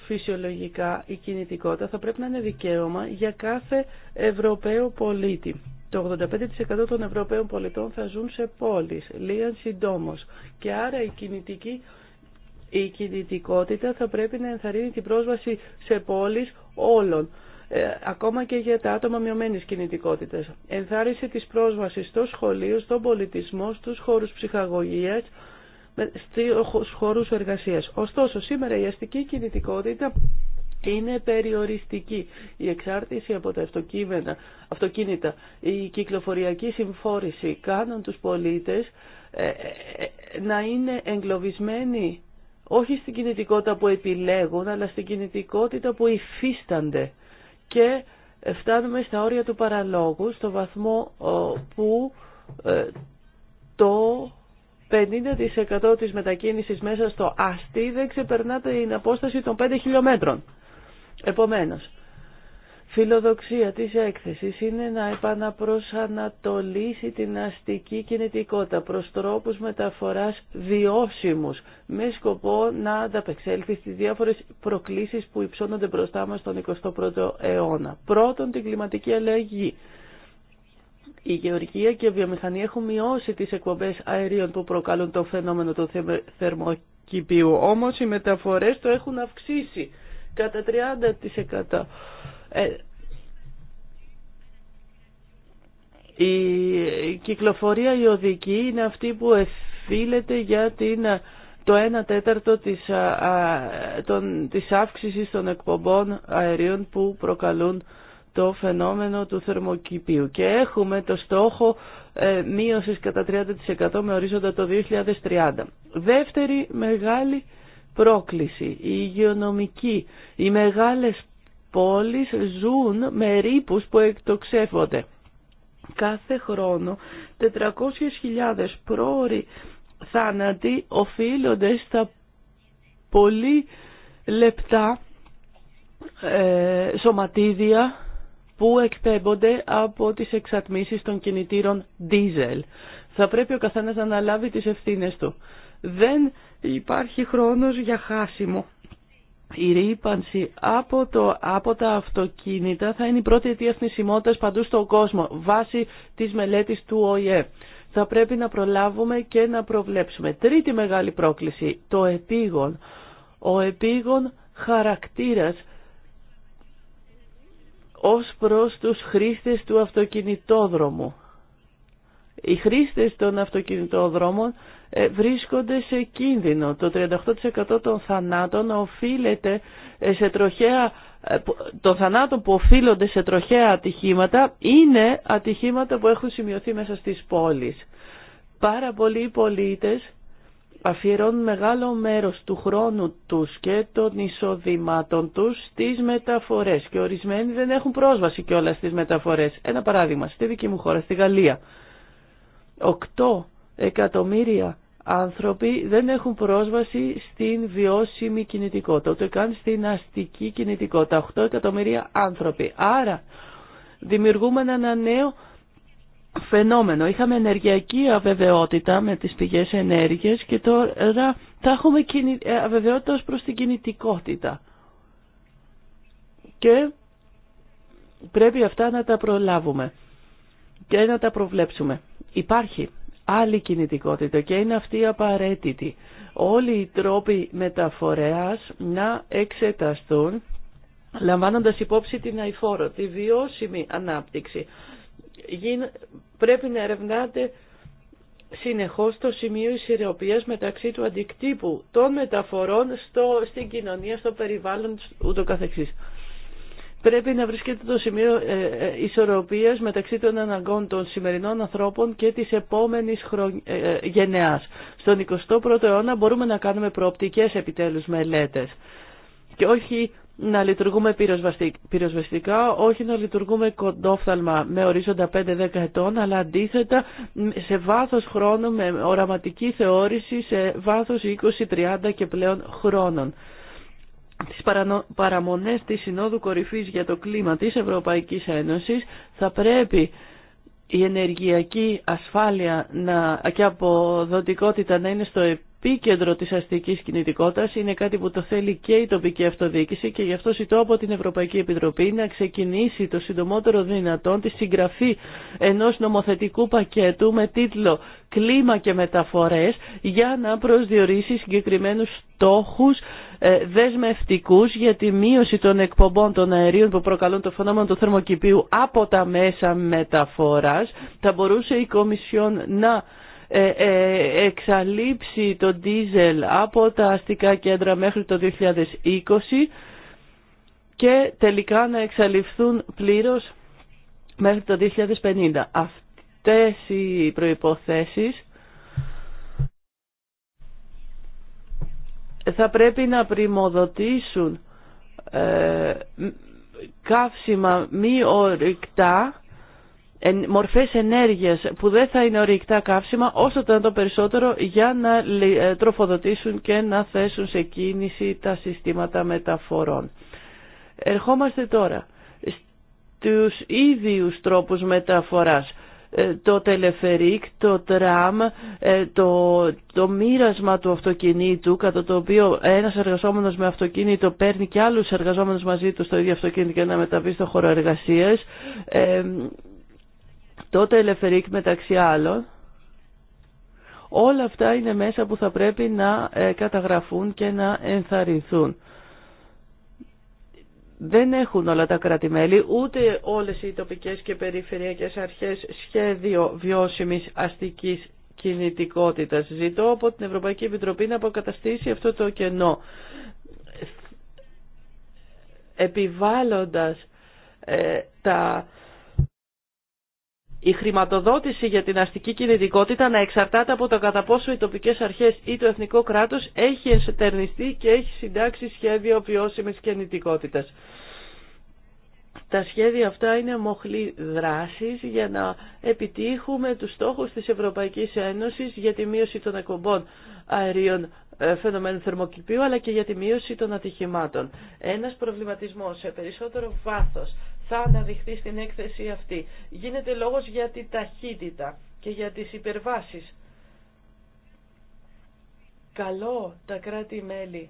φυσιολογικά η κινητικότητα θα πρέπει να είναι δικαίωμα για κάθε Ευρωπαίο πολίτη. Το 85% των Ευρωπαίων πολιτών θα ζουν σε πόλεις, λίγαν συντόμως. Και άρα η κινητική η κινητικότητα θα πρέπει να ενθαρρύνει την πρόσβαση σε πόλεις όλων, ε, ακόμα και για τα άτομα μειωμένη κινητικότητα. Ενθάρρυνση της πρόσβαση στο σχολείο, στον πολιτισμό, στου χώρου ψυχαγωγία στους χώρους εργασίας. Ωστόσο, σήμερα η αστική κινητικότητα είναι περιοριστική. Η εξάρτηση από τα αυτοκίνητα, αυτοκίνητα η κυκλοφοριακή συμφόρηση κάνουν τους πολίτες ε, ε, ε, να είναι εγκλωβισμένοι όχι στην κινητικότητα που επιλέγουν, αλλά στην κινητικότητα που υφίστανται. Και φτάνουμε στα όρια του παραλόγου, στο βαθμό που το 50% της μετακίνησης μέσα στο αστί δεν ξεπερνά την απόσταση των 5 χιλιόμετρων. Επομένως, φιλοδοξία της έκθεσης είναι να επαναπροσανατολίσει την αστική κινητικότητα προς τρόπους μεταφοράς βιώσιμους με σκοπό να ανταπεξέλθει στις διάφορες προκλήσεις που υψώνονται μπροστά μας τον 21ο αιώνα. Πρώτον, την κλιματική αλλαγή. Η γεωργία και η βιομηχανία έχουν μειώσει τις εκπομπές αερίων που προκαλούν το φαινόμενο του θερμοκηπίου. Όμως οι μεταφορές το έχουν αυξήσει κατά 30%. Ε, η κυκλοφορία η είναι αυτή που εφείλεται για το 1 τέταρτο της, α, των, της αύξησης των εκπομπών αερίων που προκαλούν το φαινόμενο του θερμοκηπίου και έχουμε το στόχο ε, μείωσης κατά 30% με ορίζοντα το 2030. Δεύτερη μεγάλη πρόκληση, η υγειονομική. Οι μεγάλες πόλεις ζουν με ρήπους που εκτοξεύονται. Κάθε χρόνο 400.000 πρόοροι θάνατοι οφείλονται στα πολύ λεπτά ε, σωματίδια που εκπέμπονται από τις εξατμίσεις των κινητήρων diesel. Θα πρέπει ο καθένας να αναλάβει τις ευθύνες του. Δεν υπάρχει χρόνος για χάσιμο. Η ρήπανση από, το, από τα αυτοκίνητα θα είναι η πρώτη αιτία θνησιμότητας παντού στον κόσμο, βάσει της μελέτης του ΟΗΕ. Θα πρέπει να προλάβουμε και να προβλέψουμε. Τρίτη μεγάλη πρόκληση, το επίγον. Ο επίγον χαρακτήρας ως προς τους χρήστες του αυτοκινητόδρομου. Οι χρήστες των αυτοκινητόδρομων ε, βρίσκονται σε κίνδυνο. Το 38% των θανάτων οφείλεται ε, σε το ε, θανάτων που οφείλονται σε τροχαία ατυχήματα είναι ατυχήματα που έχουν σημειωθεί μέσα στις πόλεις. Πάρα πολλοί πολίτες αφιερώνουν μεγάλο μέρος του χρόνου τους και των εισοδημάτων τους στις μεταφορές και ορισμένοι δεν έχουν πρόσβαση κιόλα στις μεταφορές. Ένα παράδειγμα, στη δική μου χώρα, στη Γαλλία. 8 εκατομμύρια άνθρωποι δεν έχουν πρόσβαση στην βιώσιμη κινητικότητα, ούτε καν στην αστική κινητικότητα. 8 εκατομμύρια άνθρωποι. Άρα δημιουργούμε ένα νέο φαινόμενο. Είχαμε ενεργειακή αβεβαιότητα με τις πηγές ενέργειας και τώρα θα έχουμε ε, αβεβαιότητα ως προς την κινητικότητα. Και πρέπει αυτά να τα προλάβουμε και να τα προβλέψουμε. Υπάρχει άλλη κινητικότητα και είναι αυτή απαραίτητη. Όλοι οι τρόποι μεταφορέας να εξεταστούν λαμβάνοντας υπόψη την αηφόρο, τη βιώσιμη ανάπτυξη πρέπει να ερευνάτε συνεχώς το σημείο ισορροπίας μεταξύ του αντικτύπου των μεταφορών στο, στην κοινωνία, στο περιβάλλον, ούτω καθεξής. Πρέπει να βρίσκεται το σημείο ε, ε, ισορροπίας μεταξύ των αναγκών των σημερινών ανθρώπων και της επόμενης ε, γενεάς. Στον 21ο αιώνα μπορούμε να κάνουμε προοπτικές επιτέλους μελέτες και όχι να λειτουργούμε πυροσβεστικά, όχι να λειτουργούμε κοντόφθαλμα με ορίζοντα 5-10 ετών, αλλά αντίθετα σε βάθος χρόνου, με οραματική θεώρηση, σε βάθος 20-30 και πλέον χρόνων. Τις παραμονές της Συνόδου Κορυφής για το κλίμα της Ευρωπαϊκής Ένωσης θα πρέπει η ενεργειακή ασφάλεια να, και αποδοτικότητα να είναι στο επίπεδο επίκεντρο της αστικής κινητικότητας είναι κάτι που το θέλει και η τοπική αυτοδιοίκηση και γι' αυτό ζητώ από την Ευρωπαϊκή Επιτροπή να ξεκινήσει το συντομότερο δυνατόν τη συγγραφή ενός νομοθετικού πακέτου με τίτλο «Κλίμα και μεταφορές» για να προσδιορίσει συγκεκριμένους στόχους ε, δεσμευτικούς για τη μείωση των εκπομπών των αερίων που προκαλούν το φαινόμενο του θερμοκηπίου από τα μέσα μεταφοράς. Θα μπορούσε η Κομισιόν να ε, ε, εξαλείψει το ντίζελ από τα αστικά κέντρα μέχρι το 2020 και τελικά να εξαλειφθούν πλήρως μέχρι το 2050. Αυτές οι προϋποθέσεις θα πρέπει να πρημοδοτήσουν ε, καύσιμα μη ορυκτά μορφές ενέργειας που δεν θα είναι ορυκτά καύσιμα όσο το περισσότερο για να ε, τροφοδοτήσουν και να θέσουν σε κίνηση τα συστήματα μεταφορών. Ερχόμαστε τώρα στους ίδιους τρόπους μεταφοράς. Ε, το τελεφερίκ, το τραμ, ε, το, το μοίρασμα του αυτοκινήτου κατά το οποίο ένας εργαζόμενος με αυτοκίνητο παίρνει και άλλους εργαζόμενους μαζί του στο ίδιο αυτοκίνητο για να μεταβεί στο χώρο εργασίας τότε Ελευθερίκ μεταξύ άλλων, όλα αυτά είναι μέσα που θα πρέπει να ε, καταγραφούν και να ενθαρρυνθούν. Δεν έχουν όλα τα κρατη ούτε όλες οι τοπικές και περιφερειακές αρχές σχέδιο βιώσιμης αστικής κινητικότητας. Ζητώ από την Ευρωπαϊκή Επιτροπή να αποκαταστήσει αυτό το κενό, ε, επιβάλλοντας ε, τα η χρηματοδότηση για την αστική κινητικότητα να εξαρτάται από το κατά πόσο οι τοπικές αρχές ή το εθνικό κράτος έχει εσωτερνιστεί και έχει συντάξει σχέδιο βιώσιμη κινητικότητα. Τα σχέδια αυτά είναι μοχλή δράσης για να επιτύχουμε τους στόχους της Ευρωπαϊκής Ένωση για τη μείωση των εκπομπών αερίων ε, φαινομένου θερμοκηπίου αλλά και για τη μείωση των ατυχημάτων. Ένα προβληματισμό σε περισσότερο βάθο θα αναδειχθεί στην έκθεση αυτή. Γίνεται λόγος για τη ταχύτητα και για τις υπερβάσεις. Καλό τα κράτη-μέλη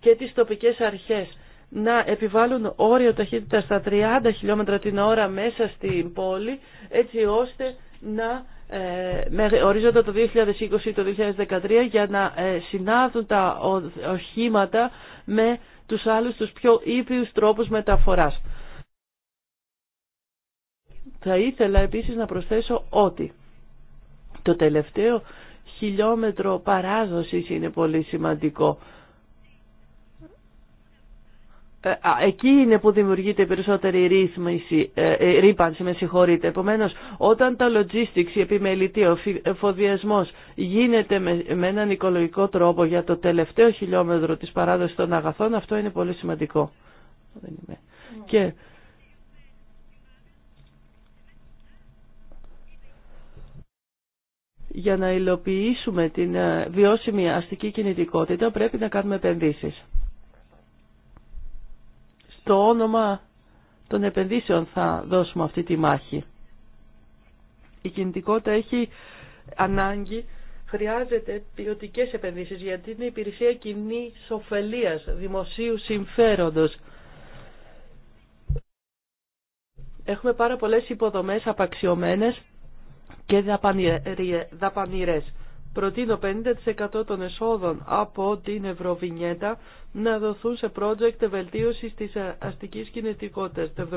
και τις τοπικές αρχές να επιβάλλουν όριο ταχύτητα στα 30 χιλιόμετρα την ώρα μέσα στην πόλη έτσι ώστε να ε, με ορίζοντα το 2020 το 2013 για να ε, συνάδουν τα οχήματα με τους άλλους τους πιο ήπιους τρόπους μεταφοράς. Θα ήθελα επίσης να προσθέσω ότι το τελευταίο χιλιόμετρο παράδοσης είναι πολύ σημαντικό. Ε, εκεί είναι που δημιουργείται περισσότερη ρύθμιση, ε, ε, ρήπανση, με συγχωρείτε. Επομένως, όταν τα logistics, η επιμελητή, ο εφοδιασμός γίνεται με, έναν οικολογικό τρόπο για το τελευταίο χιλιόμετρο της παράδοσης των αγαθών, αυτό είναι πολύ σημαντικό. Και... Για να υλοποιήσουμε την ε, βιώσιμη αστική κινητικότητα πρέπει να κάνουμε επενδύσεις το όνομα των επενδύσεων θα δώσουμε αυτή τη μάχη. Η κινητικότητα έχει ανάγκη, χρειάζεται ποιοτικέ επενδύσεις γιατί είναι υπηρεσία κοινή ωφελία, δημοσίου συμφέροντος. Έχουμε πάρα πολλές υποδομές απαξιωμένες και δαπανηρές προτείνω 50% των εσόδων από την Ευρωβινιέτα να δοθούν σε project βελτίωσης της αστικής κινητικότητας. Το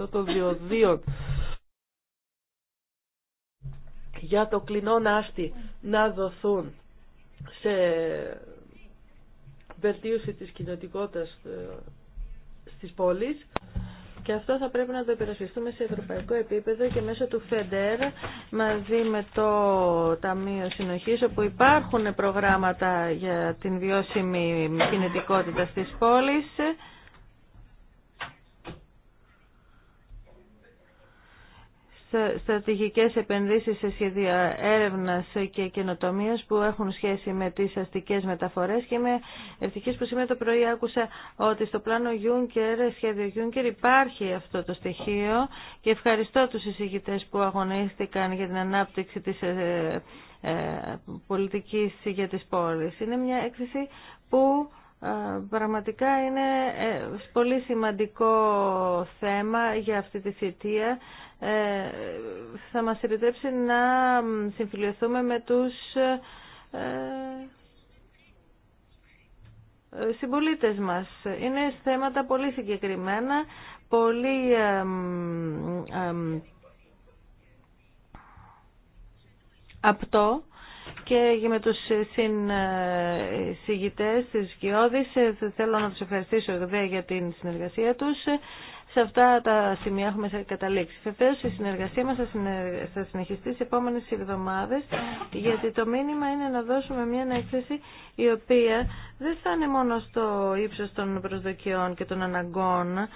75% των διοδίων για το κλινόν άστη να δοθούν σε βελτίωση της κινητικότητας ε, στις πόλεις και αυτό θα πρέπει να το υπερασπιστούμε σε ευρωπαϊκό επίπεδο και μέσω του ΦΕΝΤΕΡ μαζί με το Ταμείο Συνοχής όπου υπάρχουν προγράμματα για την βιώσιμη κινητικότητα στις πόλεις στρατηγικές επενδύσεις σε σχέδια έρευνας και καινοτομίας που έχουν σχέση με τις αστικές μεταφορές και είμαι ευτυχής που σήμερα το πρωί άκουσα ότι στο πλάνο Juncker, σχέδιο Juncker υπάρχει αυτό το στοιχείο και ευχαριστώ τους εισηγητές που αγωνίστηκαν για την ανάπτυξη της ε, ε, πολιτικής για τις πόλεις. Είναι μια έκθεση που ε, πραγματικά είναι πολύ σημαντικό θέμα για αυτή τη θητεία ε, θα μας επιτρέψει να συμφιλειωθούμε με τους ε, ε, συμπολίτες μας. Είναι θέματα πολύ συγκεκριμένα, πολύ απτό και με τους συνσηγητές της Σκιώδης θέλω να τους ευχαριστήσω για την συνεργασία τους σε αυτά τα σημεία έχουμε καταλήξει. Βεβαίω η συνεργασία μας θα συνεχιστεί στις επόμενε εβδομάδε, γιατί το μήνυμα είναι να δώσουμε μια έκθεση η οποία δεν θα είναι μόνο στο ύψος των προσδοκιών και των αναγκών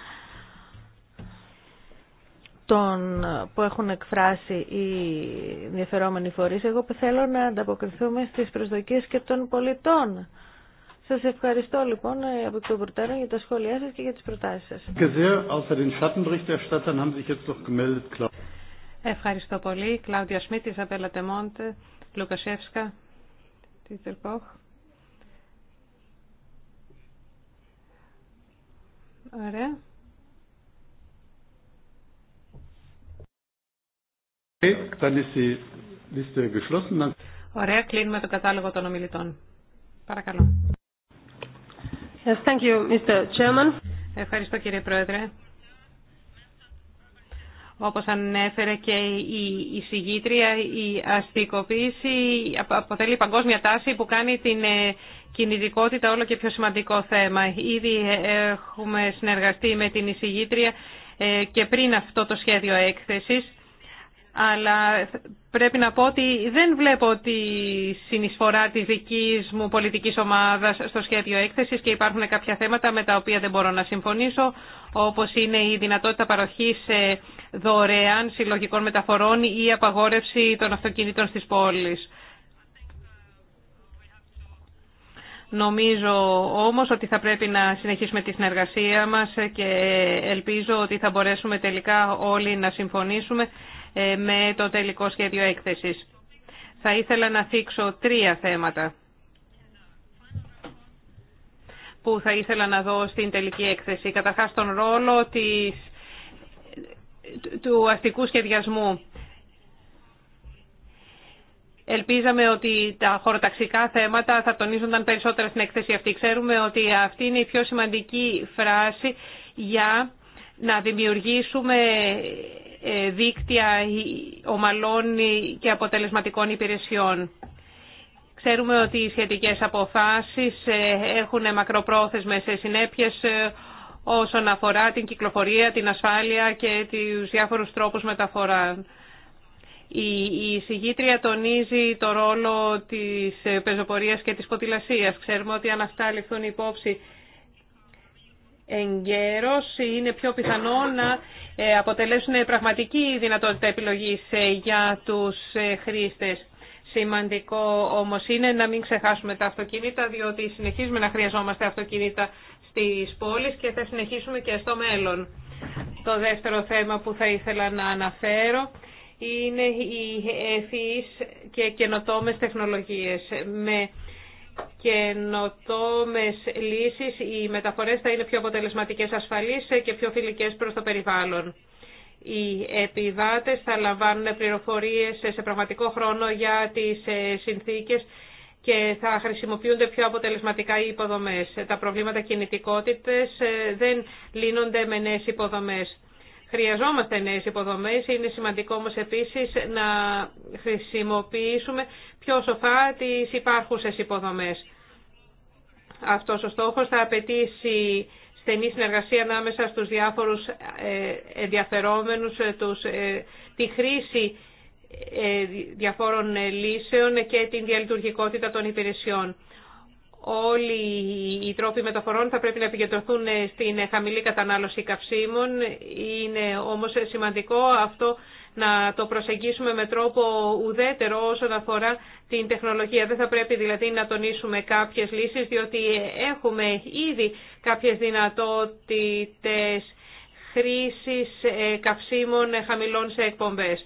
των που έχουν εκφράσει οι ενδιαφερόμενοι φορείς. Εγώ θέλω να ανταποκριθούμε στις προσδοκίες και των πολιτών. Σα ευχαριστώ λοιπόν ε, από τον Πορτέρα για τα σχόλιά σα και για τι προτάσει σα. Ευχαριστώ πολύ. Κλάουδια Σμίτ, Ιζαμπέλα Τεμόντε, Λουκασέφσκα, Τίτερ Κόχ. Ωραία. Ωραία, κλείνουμε το κατάλογο των ομιλητών. Παρακαλώ. Ευχαριστώ κύριε Πρόεδρε. Όπως ανέφερε και η εισηγήτρια, η αστικοποίηση αποτελεί παγκόσμια τάση που κάνει την ε, κινητικότητα όλο και πιο σημαντικό θέμα. Ήδη έχουμε συνεργαστεί με την εισηγήτρια ε, και πριν αυτό το σχέδιο έκθεσης αλλά πρέπει να πω ότι δεν βλέπω τη συνεισφορά της δικής μου πολιτικής ομάδας στο σχέδιο έκθεσης και υπάρχουν κάποια θέματα με τα οποία δεν μπορώ να συμφωνήσω, όπως είναι η δυνατότητα παροχής ε, δωρεάν συλλογικών μεταφορών ή η απαγόρευση των αυτοκινήτων στις πόλεις. Νομίζω όμως ότι θα πρέπει να συνεχίσουμε τη συνεργασία μας και ελπίζω ότι θα μπορέσουμε τελικά όλοι να συμφωνήσουμε ε, με το τελικό σχέδιο έκθεσης. Θα ήθελα να θίξω τρία θέματα που θα ήθελα να δω στην τελική έκθεση. Καταρχάς τον ρόλο της, του αστικού σχεδιασμού. Ελπίζαμε ότι τα χωροταξικά θέματα θα τονίζονταν περισσότερα στην έκθεση αυτή. Ξέρουμε ότι αυτή είναι η πιο σημαντική φράση για να δημιουργήσουμε ε, δίκτυα ομαλών και αποτελεσματικών υπηρεσιών. Ξέρουμε ότι οι σχετικές αποφάσεις ε, έχουν μακροπρόθεσμες συνέπειες ε, όσον αφορά την κυκλοφορία, την ασφάλεια και τους διάφορους τρόπους μεταφορά. Η συγγήτρια τονίζει το ρόλο της πεζοπορίας και της ποτηλασίας. Ξέρουμε ότι αν αυτά ληφθούν υπόψη εγκαίρως, είναι πιο πιθανό να ε, αποτελέσουν πραγματική δυνατότητα επιλογής ε, για τους ε, χρήστες. Σημαντικό όμως είναι να μην ξεχάσουμε τα αυτοκίνητα, διότι συνεχίζουμε να χρειαζόμαστε αυτοκίνητα στις πόλεις και θα συνεχίσουμε και στο μέλλον. Το δεύτερο θέμα που θα ήθελα να αναφέρω είναι οι ευφυείς και καινοτόμες τεχνολογίες. Με καινοτόμε λύσεις, οι μεταφορές θα είναι πιο αποτελεσματικέ, ασφαλεί και πιο φιλικές προς το περιβάλλον. Οι επιβάτε θα λαμβάνουν πληροφορίε σε πραγματικό χρόνο για τις ε, συνθήκες και θα χρησιμοποιούνται πιο αποτελεσματικά οι υποδομές. Τα προβλήματα κινητικότητε ε, δεν λύνονται με νέες υποδομές. Χρειαζόμαστε νέες υποδομές, είναι σημαντικό όμω επίσης να χρησιμοποιήσουμε πιο σοφά τις υπάρχουσες υποδομές. Αυτός ο στόχος θα απαιτήσει στενή συνεργασία ανάμεσα στους διάφορους ε, ενδιαφερόμενους, ε, ε, τη χρήση διαφόρων λύσεων και την διαλειτουργικότητα των υπηρεσιών όλοι οι τρόποι μεταφορών θα πρέπει να επικεντρωθούν στην χαμηλή κατανάλωση καυσίμων. Είναι όμως σημαντικό αυτό να το προσεγγίσουμε με τρόπο ουδέτερο όσον αφορά την τεχνολογία. Δεν θα πρέπει δηλαδή να τονίσουμε κάποιες λύσεις, διότι έχουμε ήδη κάποιες δυνατότητες χρήσης ε, καυσίμων χαμηλών σε εκπομπές.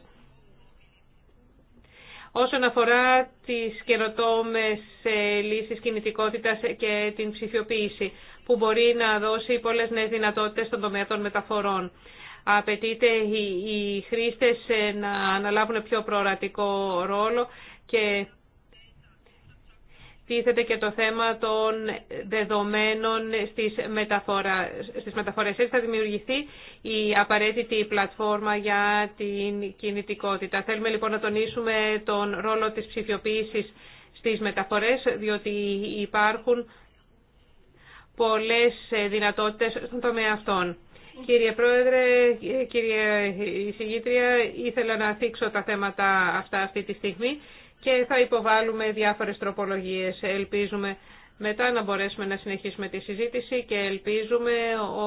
Όσον αφορά τις καινοτόμες ε, λύσεις κινητικότητας και την ψηφιοποίηση, που μπορεί να δώσει πολλές νέες δυνατότητες στον τομέα των μεταφορών. Απαιτείται οι χρήστες ε, να αναλάβουν πιο προορατικό ρόλο και τίθεται και το θέμα των δεδομένων στις, μεταφορά, στις μεταφορές. Έτσι θα δημιουργηθεί η απαραίτητη πλατφόρμα για την κινητικότητα. Θέλουμε λοιπόν να τονίσουμε τον ρόλο της ψηφιοποίησης στις μεταφορές, διότι υπάρχουν πολλές δυνατότητες στον τομέα αυτών. Κύριε Πρόεδρε, κύριε Συγήτρια, ήθελα να θίξω τα θέματα αυτά αυτή τη στιγμή και θα υποβάλουμε διάφορες τροπολογίες. Ελπίζουμε μετά να μπορέσουμε να συνεχίσουμε τη συζήτηση και ελπίζουμε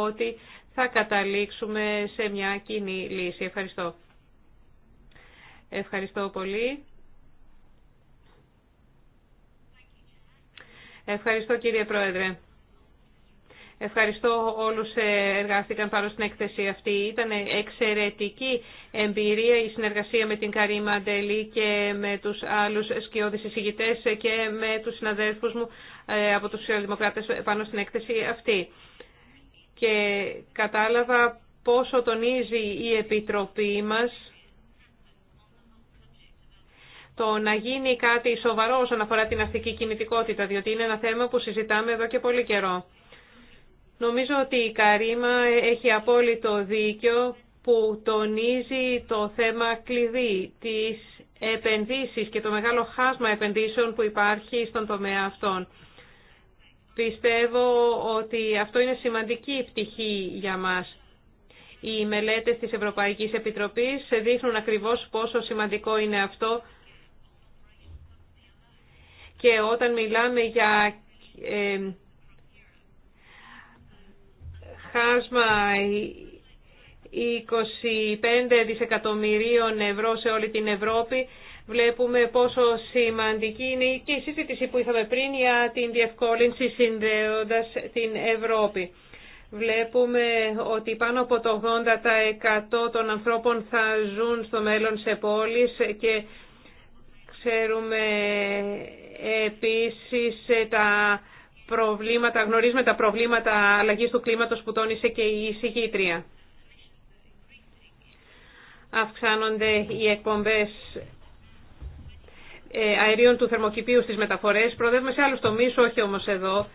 ότι θα καταλήξουμε σε μια κοινή λύση. Ευχαριστώ. Ευχαριστώ πολύ. Ευχαριστώ κύριε Πρόεδρε. Ευχαριστώ όλους ε, εργάστηκαν πάνω στην έκθεση αυτή. Ήταν εξαιρετική εμπειρία η συνεργασία με την Καρίμα Αντελή και με τους άλλους σκιώδεις εισηγητές και με τους συναδέλφους μου ε, από τους σοσιαλδημοκράτες πάνω στην έκθεση αυτή. Και κατάλαβα πόσο τονίζει η Επιτροπή μας το να γίνει κάτι σοβαρό όσον αφορά την αστική κινητικότητα, διότι είναι ένα θέμα που συζητάμε εδώ και πολύ καιρό. Νομίζω ότι η Καρίμα έχει απόλυτο δίκιο που τονίζει το θέμα κλειδί της επενδύσεις και το μεγάλο χάσμα επενδύσεων που υπάρχει στον τομέα αυτών. Πιστεύω ότι αυτό είναι σημαντική πτυχή για μας. Οι μελέτες της Ευρωπαϊκής Επιτροπής δείχνουν ακριβώς πόσο σημαντικό είναι αυτό και όταν μιλάμε για ε, χάσμα 25 δισεκατομμυρίων ευρώ σε όλη την Ευρώπη, βλέπουμε πόσο σημαντική είναι και η συζήτηση που είχαμε πριν για την διευκόλυνση συνδέοντας την Ευρώπη. Βλέπουμε ότι πάνω από το 80% των ανθρώπων θα ζουν στο μέλλον σε πόλεις και ξέρουμε επίσης τα προβλήματα, γνωρίζουμε τα προβλήματα αλλαγής του κλίματος που τόνισε και η συγκήτρια. Αυξάνονται οι εκπομπές ε, αερίων του θερμοκηπίου στις μεταφορές. Προδεύουμε σε άλλους τομείς, όχι όμως εδώ.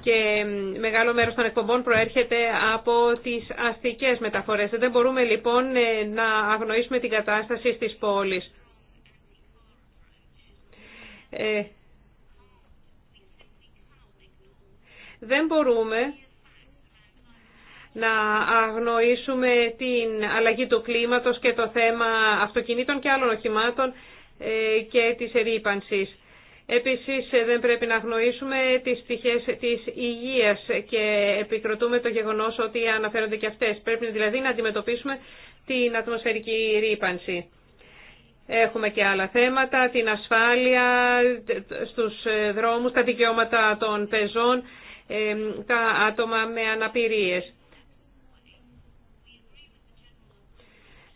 Και μεγάλο μέρος των εκπομπών προέρχεται από τις αστικές μεταφορές. Δεν μπορούμε λοιπόν ε, να αγνοήσουμε την κατάσταση στις πόλεις. Ε, Δεν μπορούμε να αγνοήσουμε την αλλαγή του κλίματος και το θέμα αυτοκινήτων και άλλων οχημάτων ε, και της ρήπανσης. Επίσης ε, δεν πρέπει να αγνοήσουμε τις πτυχές της υγείας και επικροτούμε το γεγονός ότι αναφέρονται και αυτές. Πρέπει δηλαδή να αντιμετωπίσουμε την ατμοσφαιρική ρήπανση. Έχουμε και άλλα θέματα, την ασφάλεια στους ε, δρόμους, τα δικαιώματα των πεζών, τα άτομα με αναπηρίες.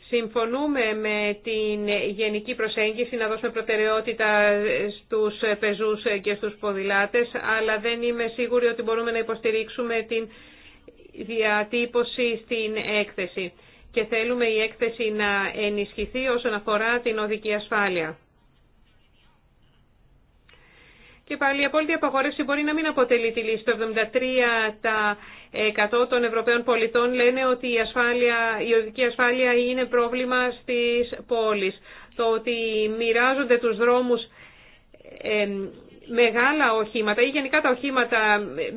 Συμφωνούμε με την γενική προσέγγιση να δώσουμε προτεραιότητα στους πεζούς και στους ποδηλάτες, αλλά δεν είμαι σίγουρη ότι μπορούμε να υποστηρίξουμε την διατύπωση στην έκθεση. Και θέλουμε η έκθεση να ενισχυθεί όσον αφορά την οδική ασφάλεια. Και πάλι η απόλυτη απαγόρευση μπορεί να μην αποτελεί τη λύση. Το 73% των Ευρωπαίων πολιτών λένε ότι η, ασφάλεια, η οδική ασφάλεια είναι πρόβλημα στις πόλεις. Το ότι μοιράζονται τους δρόμους μεγάλα οχήματα ή γενικά τα οχήματα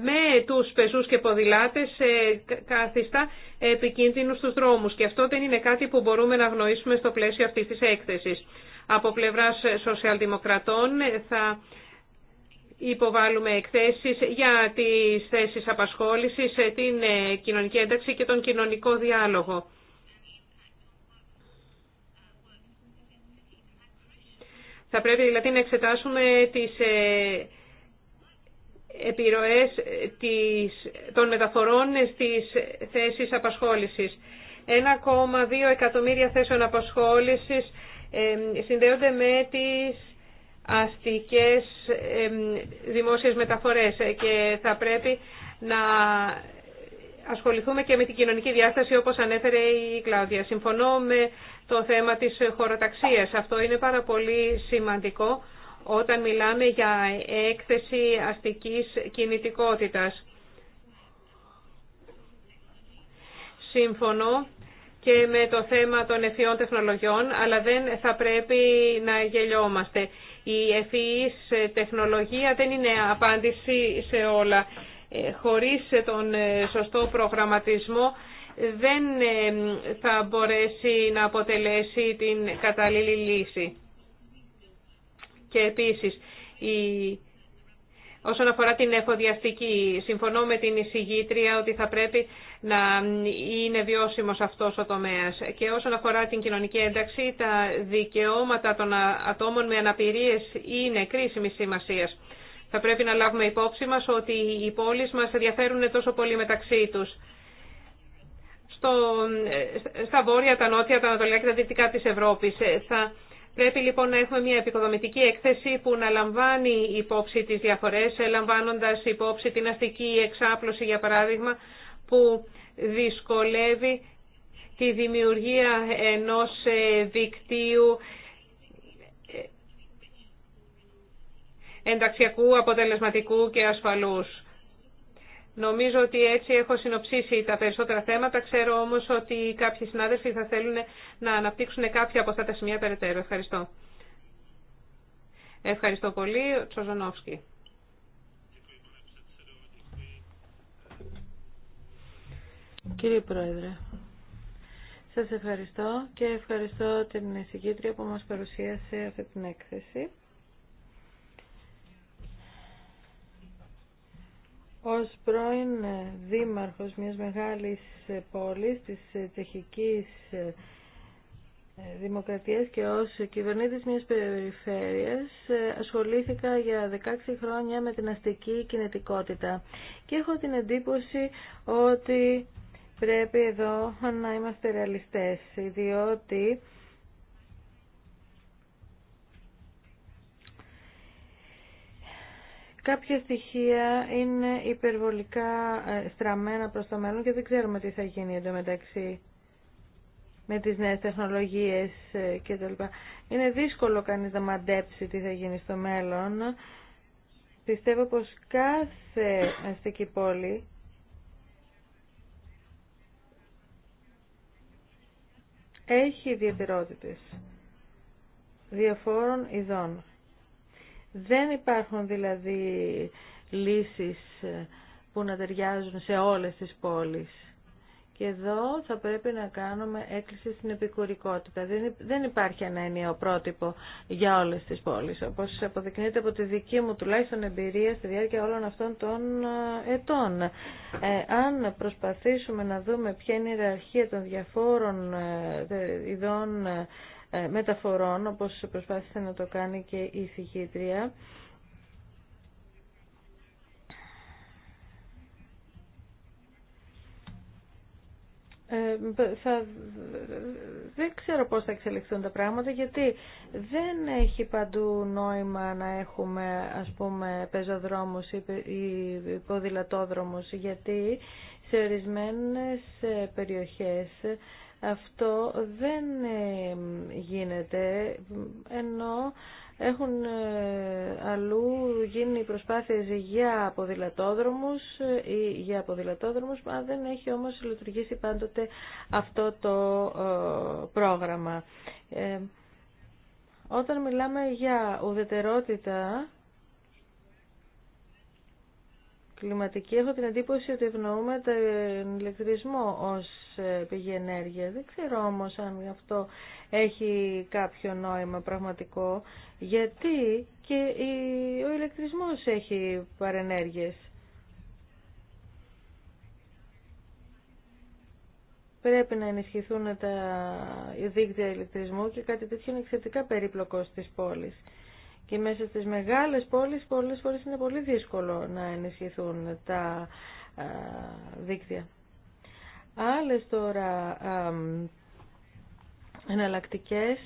με τους πεζούς και ποδηλάτες ε, καθιστά επικίνδυνους στους δρόμους. Και αυτό δεν είναι κάτι που μπορούμε να γνωρίσουμε στο πλαίσιο αυτής της έκθεσης. Από πλευράς σοσιαλδημοκρατών θα υποβάλλουμε εκθέσεις για τις θέσεις απασχόλησης, ε, την ε, κοινωνική ένταξη και τον κοινωνικό διάλογο. Θα πρέπει δηλαδή να εξετάσουμε τις ε, επιρροές των μεταφορών στις θέσεις απασχόλησης. 1,2 εκατομμύρια θέσεων απασχόλησης συνδέονται με τις αστικές δημόσιες μεταφορές ε, και θα πρέπει να ασχοληθούμε και με την κοινωνική διάσταση όπως ανέφερε η Κλάουδια. Συμφωνώ με το θέμα της χωροταξίας. Αυτό είναι πάρα πολύ σημαντικό όταν μιλάμε για έκθεση αστικής κινητικότητας. Συμφωνώ και με το θέμα των ευφυών τεχνολογιών, αλλά δεν θα πρέπει να γελιόμαστε. Η ευφυής τεχνολογία δεν είναι απάντηση σε όλα. Ε, χωρίς τον ε, σωστό προγραμματισμό δεν ε, θα μπορέσει να αποτελέσει την κατάλληλη λύση. Και επίσης, η Όσον αφορά την εφοδιαστική, συμφωνώ με την εισηγήτρια ότι θα πρέπει να είναι βιώσιμος αυτός ο τομέας. Και όσον αφορά την κοινωνική ένταξη, τα δικαιώματα των ατόμων με αναπηρίες είναι κρίσιμη σημασία. Θα πρέπει να λάβουμε υπόψη μας ότι οι πόλεις μας ενδιαφέρουν τόσο πολύ μεταξύ τους. Ε, στα βόρεια, τα νότια, τα ανατολικά και τα δυτικά της Ευρώπης ε, Πρέπει λοιπόν να έχουμε μια επικοδομητική έκθεση που να λαμβάνει υπόψη τις διαφορές, ε, λαμβάνοντας υπόψη την αστική εξάπλωση για παράδειγμα που δυσκολεύει τη δημιουργία ενός ε, δικτύου ε, ενταξιακού, αποτελεσματικού και ασφαλούς. Νομίζω ότι έτσι έχω συνοψίσει τα περισσότερα θέματα. Ξέρω όμως ότι κάποιοι συνάδελφοι θα θέλουν να αναπτύξουν κάποια από αυτά τα σημεία περαιτέρω. Ευχαριστώ. Ευχαριστώ πολύ. Τσοζονόφσκι. Κύριε Πρόεδρε, σας ευχαριστώ και ευχαριστώ την εισηγήτρια που μας παρουσίασε αυτή την έκθεση. ως πρώην δήμαρχος μιας μεγάλης πόλης της τσεχικής ε, ε, δημοκρατίας και ως κυβερνήτης μιας περιφέρειας ε, ασχολήθηκα για 16 χρόνια με την αστική κινητικότητα και έχω την εντύπωση ότι πρέπει εδώ να είμαστε ρεαλιστές διότι Κάποια στοιχεία είναι υπερβολικά ε, στραμμένα προς το μέλλον και δεν ξέρουμε τι θα γίνει εντωμεταξύ με τις νέες τεχνολογίες ε, κτλ. Είναι δύσκολο κανείς να μαντέψει τι θα γίνει στο μέλλον. Πιστεύω πως κάθε αστική πόλη έχει ιδιαιτερότητες διαφόρων ειδών. Δεν υπάρχουν δηλαδή λύσεις ε, που να ταιριάζουν σε όλες τις πόλεις. Και εδώ θα πρέπει να κάνουμε έκκληση στην επικουρικότητα. Δεν υπάρχει ένα ενιαίο πρότυπο για όλες τις πόλεις, όπως αποδεικνύεται από τη δική μου τουλάχιστον εμπειρία στη διάρκεια όλων αυτών των ε, ετών. Ε, αν προσπαθήσουμε να δούμε ποια είναι η ιεραρχία των διαφόρων ε, ειδών ε, μεταφορών, όπως προσπάθησε να το κάνει και η συγχύτρια. Ε, θα, δεν ξέρω πώς θα εξελιχθούν τα πράγματα γιατί δεν έχει παντού νόημα να έχουμε ας πούμε πεζοδρόμους ή ποδηλατόδρομους γιατί σε ορισμένες ε, περιοχές αυτό δεν ε, γίνεται, ενώ έχουν ε, αλλού γίνει προσπάθειες για ποδηλατόδρομους ε, ή για ποδηλατόδρομους, αλλά δεν έχει όμως λειτουργήσει πάντοτε αυτό το πρόγραμμα. Όταν μιλάμε για ουδετερότητα κλιματική, έχω την εντύπωση ότι ευνοούμε τον ηλεκτρισμό ως ε, πηγή ενέργεια. Δεν ξέρω όμως αν αυτό έχει κάποιο νόημα πραγματικό, γιατί και ο ηλεκτρισμός έχει παρενέργειες. Πρέπει να ενισχυθούν τα δίκτυα ηλεκτρισμού και κάτι τέτοιο είναι εξαιρετικά περίπλοκο στις πόλεις. Και μέσα στις μεγάλες πόλεις πολλές φορές είναι πολύ δύσκολο να ενισχυθούν τα ε, δίκτυα. Άλλες τώρα εναλλακτικέ.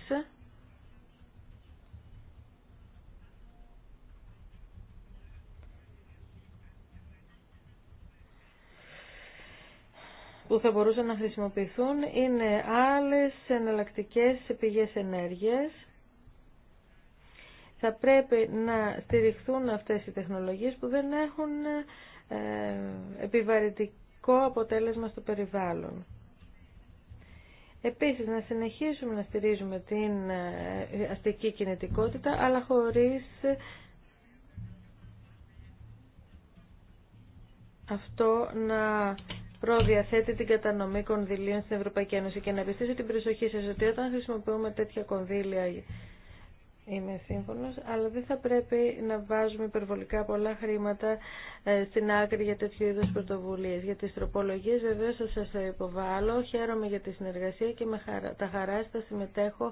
που θα μπορούσαν να χρησιμοποιηθούν είναι άλλες εναλλακτικές πηγές ενέργειας. Θα πρέπει να στηριχθούν αυτές οι τεχνολογίες που δεν έχουν ε, επιβαρυντική θετικό αποτέλεσμα στο περιβάλλον. Επίσης, να συνεχίσουμε να στηρίζουμε την ε, αστική κινητικότητα, αλλά χωρίς αυτό να προδιαθέτει την κατανομή κονδυλίων στην Ευρωπαϊκή Ένωση και να επιστήσω την προσοχή σας ότι όταν χρησιμοποιούμε τέτοια κονδύλια Είμαι σύμφωνος, αλλά δεν θα πρέπει να βάζουμε υπερβολικά πολλά χρήματα ε, στην άκρη για τέτοιου είδους πρωτοβουλίες. Για τις τροπολογίες βεβαίω θα σας υποβάλλω. Χαίρομαι για τη συνεργασία και με χαρά, τα χαρά θα συμμετέχω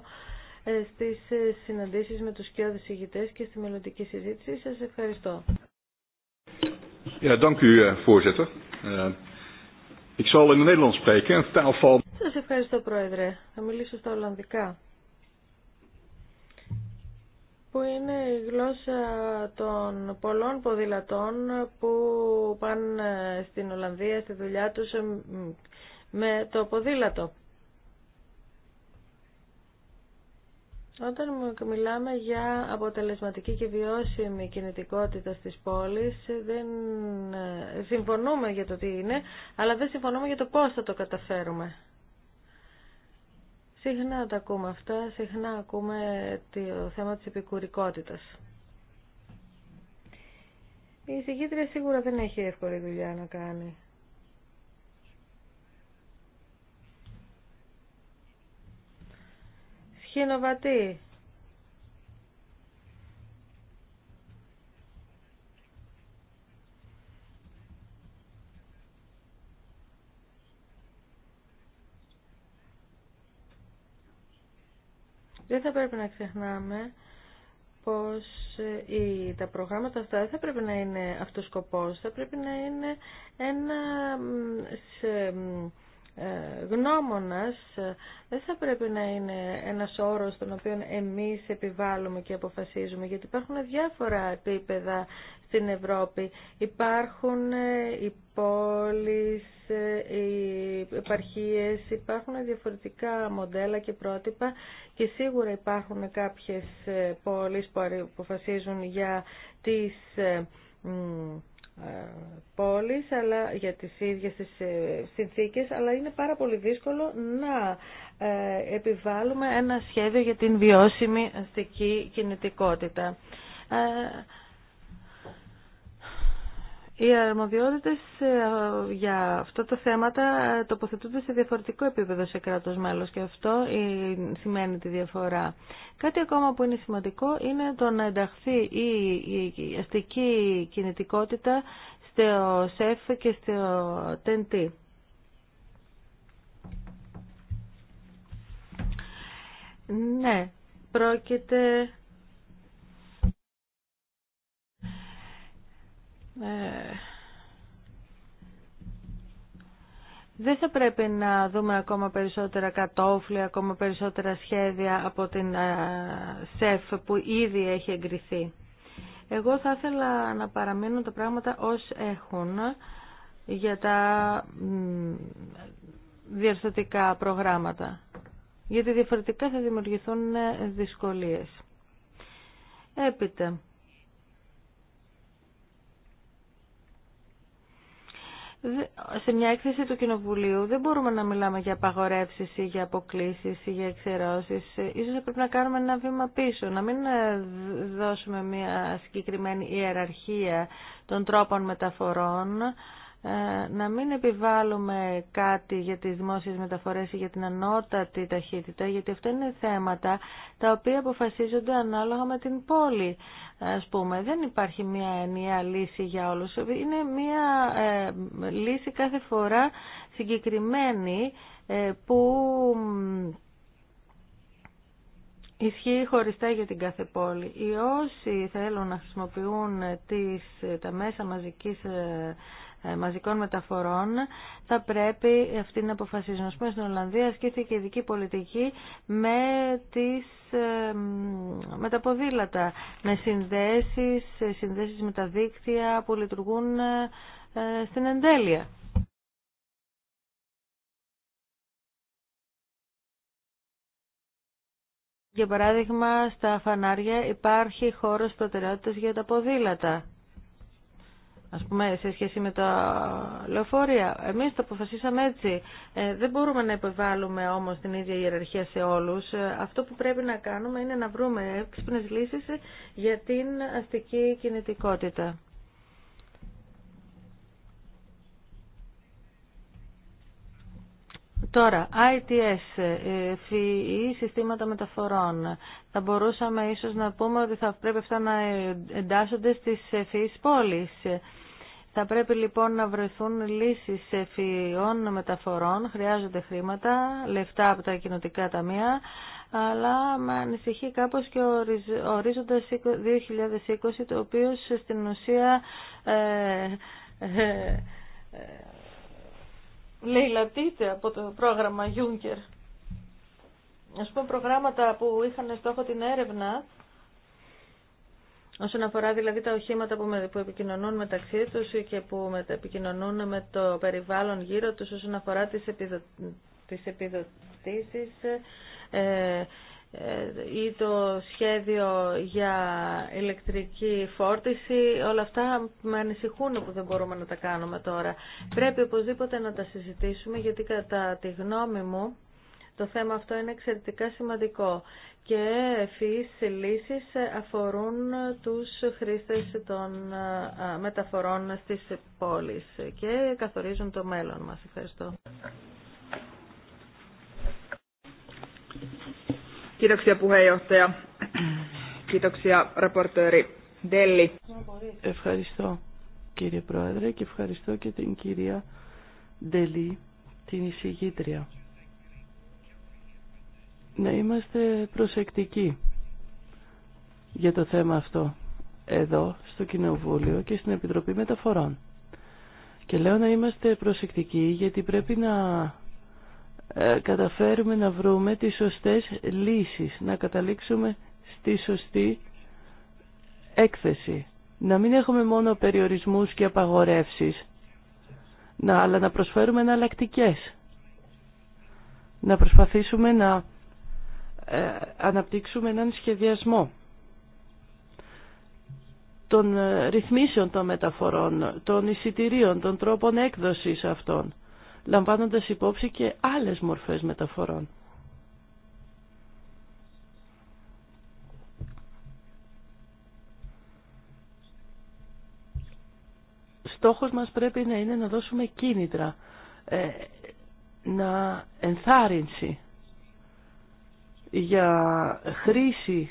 ε, στις ε, συναντήσεις με τους και ηγητές και στη μελλοντική συζήτηση. Σας ευχαριστώ. Ja, Σας ευχαριστώ, Πρόεδρε. Θα μιλήσω στα Ολλανδικά που είναι η γλώσσα των πολλών ποδηλατών που πάνε στην Ολλανδία στη δουλειά τους με το ποδήλατο. Όταν μιλάμε για αποτελεσματική και βιώσιμη κινητικότητα στις πόλεις, δεν συμφωνούμε για το τι είναι, αλλά δεν συμφωνούμε για το πώς θα το καταφέρουμε. Συχνά τα ακούμε αυτά, συχνά ακούμε το θέμα της επικουρικότητας. Η εισηγήτρια σίγουρα δεν έχει εύκολη δουλειά να κάνει. Σχηνοβατή Δεν θα πρέπει να ξεχνάμε πως ε, τα προγράμματα αυτά θα πρέπει να είναι αυτός θα πρέπει να είναι ένα σε, ε, γνώμονας δεν θα πρέπει να είναι ένας όρος τον οποίο εμείς επιβάλλουμε και αποφασίζουμε γιατί υπάρχουν διάφορα επίπεδα στην Ευρώπη υπάρχουν ε, οι πόλεις ε, οι επαρχίες, υπάρχουν διαφορετικά μοντέλα και πρότυπα και σίγουρα υπάρχουν κάποιες ε, πόλεις που αποφασίζουν για τις ε, πόλεις αλλά για τις ίδιες τις συνθήκες αλλά είναι πάρα πολύ δύσκολο να επιβάλλουμε ένα σχέδιο για την βιώσιμη αστική κινητικότητα. Οι αρμοδιότητες ε, για αυτά τα θέματα ε, τοποθετούνται σε διαφορετικό επίπεδο σε κράτος μέλος και αυτό ε, σημαίνει τη διαφορά. Κάτι ακόμα που είναι σημαντικό είναι το να ενταχθεί η αστική κινητικότητα στο ΣΕΦ και στο ΤΕΝΤΗ. Ναι, πρόκειται Ε, δεν θα πρέπει να δούμε ακόμα περισσότερα κατόφλια, ακόμα περισσότερα σχέδια από την ε, ΣΕΦ που ήδη έχει εγκριθεί. Εγώ θα ήθελα να παραμείνω τα πράγματα ως έχουν για τα διαρθωτικά προγράμματα, γιατί διαφορετικά θα δημιουργηθούν ε, δυσκολίες. Έπειτα, σε μια έκθεση του Κοινοβουλίου δεν μπορούμε να μιλάμε για απαγορεύσει ή για αποκλήσει ή για εξαιρώσει. Ίσως πρέπει να κάνουμε ένα βήμα πίσω, να μην ε, δώσουμε μια συγκεκριμένη ιεραρχία των τρόπων μεταφορών ε, να μην επιβάλλουμε κάτι για τις δημόσιες μεταφορές ή για την ανώτατη ταχύτητα, γιατί αυτά είναι θέματα τα οποία αποφασίζονται ανάλογα με την πόλη. Ας πούμε, δεν υπάρχει μία ενιαία λύση για όλους. Είναι μία ε, λύση κάθε φορά συγκεκριμένη ε, που Ισχύει χωριστά για την κάθε πόλη. Οι όσοι θέλουν να χρησιμοποιούν τις, τα μέσα μαζικής ε, ε, μαζικών μεταφορών θα πρέπει αυτή να αποφασίζουν. Ας πούμε στην Ολλανδία ασκήθηκε ειδική πολιτική με, τις, ε, με τα ποδήλατα, με συνδέσεις, ε, συνδέσεις με τα δίκτυα που λειτουργούν στην εντέλεια. Για παράδειγμα, στα φανάρια υπάρχει χώρος προτεραιότητας για τα ποδήλατα ας πούμε, σε σχέση με τα λεωφορεία. Εμείς το αποφασίσαμε έτσι. Ε, δεν μπορούμε να υποβάλουμε όμως την ίδια ιεραρχία σε όλους. Ε, αυτό που πρέπει να κάνουμε είναι να βρούμε έξυπνες λύσεις για την αστική κινητικότητα. Τώρα, ITS, ΦΥΗ, ε, e, συστήματα μεταφορών. Θα μπορούσαμε ίσως να πούμε ότι θα πρέπει αυτά να εντάσσονται στις ΦΥΗς πόλεις. Θα πρέπει λοιπόν να βρεθούν λύσεις ευφυών μεταφορών, χρειάζονται χρήματα, λεφτά από τα κοινοτικά ταμεία, αλλά με ανησυχεί κάπως και ο ορίζοντας 2020, το οποίο στην ουσία ε, ε, ε από το πρόγραμμα Juncker. Ας πούμε προγράμματα που είχαν στόχο την έρευνα, Όσον αφορά δηλαδή τα οχήματα που, επικοινωνούν μεταξύ τους και που επικοινωνούν με το περιβάλλον γύρω τους όσον αφορά τις, επιδο... επιδοτήσεις ε, ε, ή το σχέδιο για ηλεκτρική φόρτιση, όλα αυτά με ανησυχούν που δεν μπορούμε να τα κάνουμε τώρα. Πρέπει οπωσδήποτε να τα συζητήσουμε γιατί κατά τη γνώμη μου το θέμα αυτό είναι εξαιρετικά σημαντικό και ευφυείς λύσεις αφορούν τους χρήστες των μεταφορών στις πόλεις και καθορίζουν το μέλλον μας. Ευχαριστώ. Κοίταξια ρεπορτέρη Ευχαριστώ κύριε Πρόεδρε και ευχαριστώ και την κυρία Ντελή, την εισηγήτρια να είμαστε προσεκτικοί για το θέμα αυτό εδώ στο Κοινοβούλιο και στην Επιτροπή Μεταφορών. Και λέω να είμαστε προσεκτικοί γιατί πρέπει να ε, καταφέρουμε να βρούμε τις σωστές λύσεις, να καταλήξουμε στη σωστή έκθεση. Να μην έχουμε μόνο περιορισμούς και απαγορεύσεις, να, αλλά να προσφέρουμε εναλλακτικέ. Να προσπαθήσουμε να ε, αναπτύξουμε έναν σχεδιασμό των ε, ρυθμίσεων των μεταφορών, των εισιτηρίων, των τρόπων έκδοσης αυτών, λαμβάνοντας υπόψη και άλλες μορφές μεταφορών. Στόχος μας πρέπει να είναι να δώσουμε κίνητρα, ε, να ενθάρρυνση για χρήση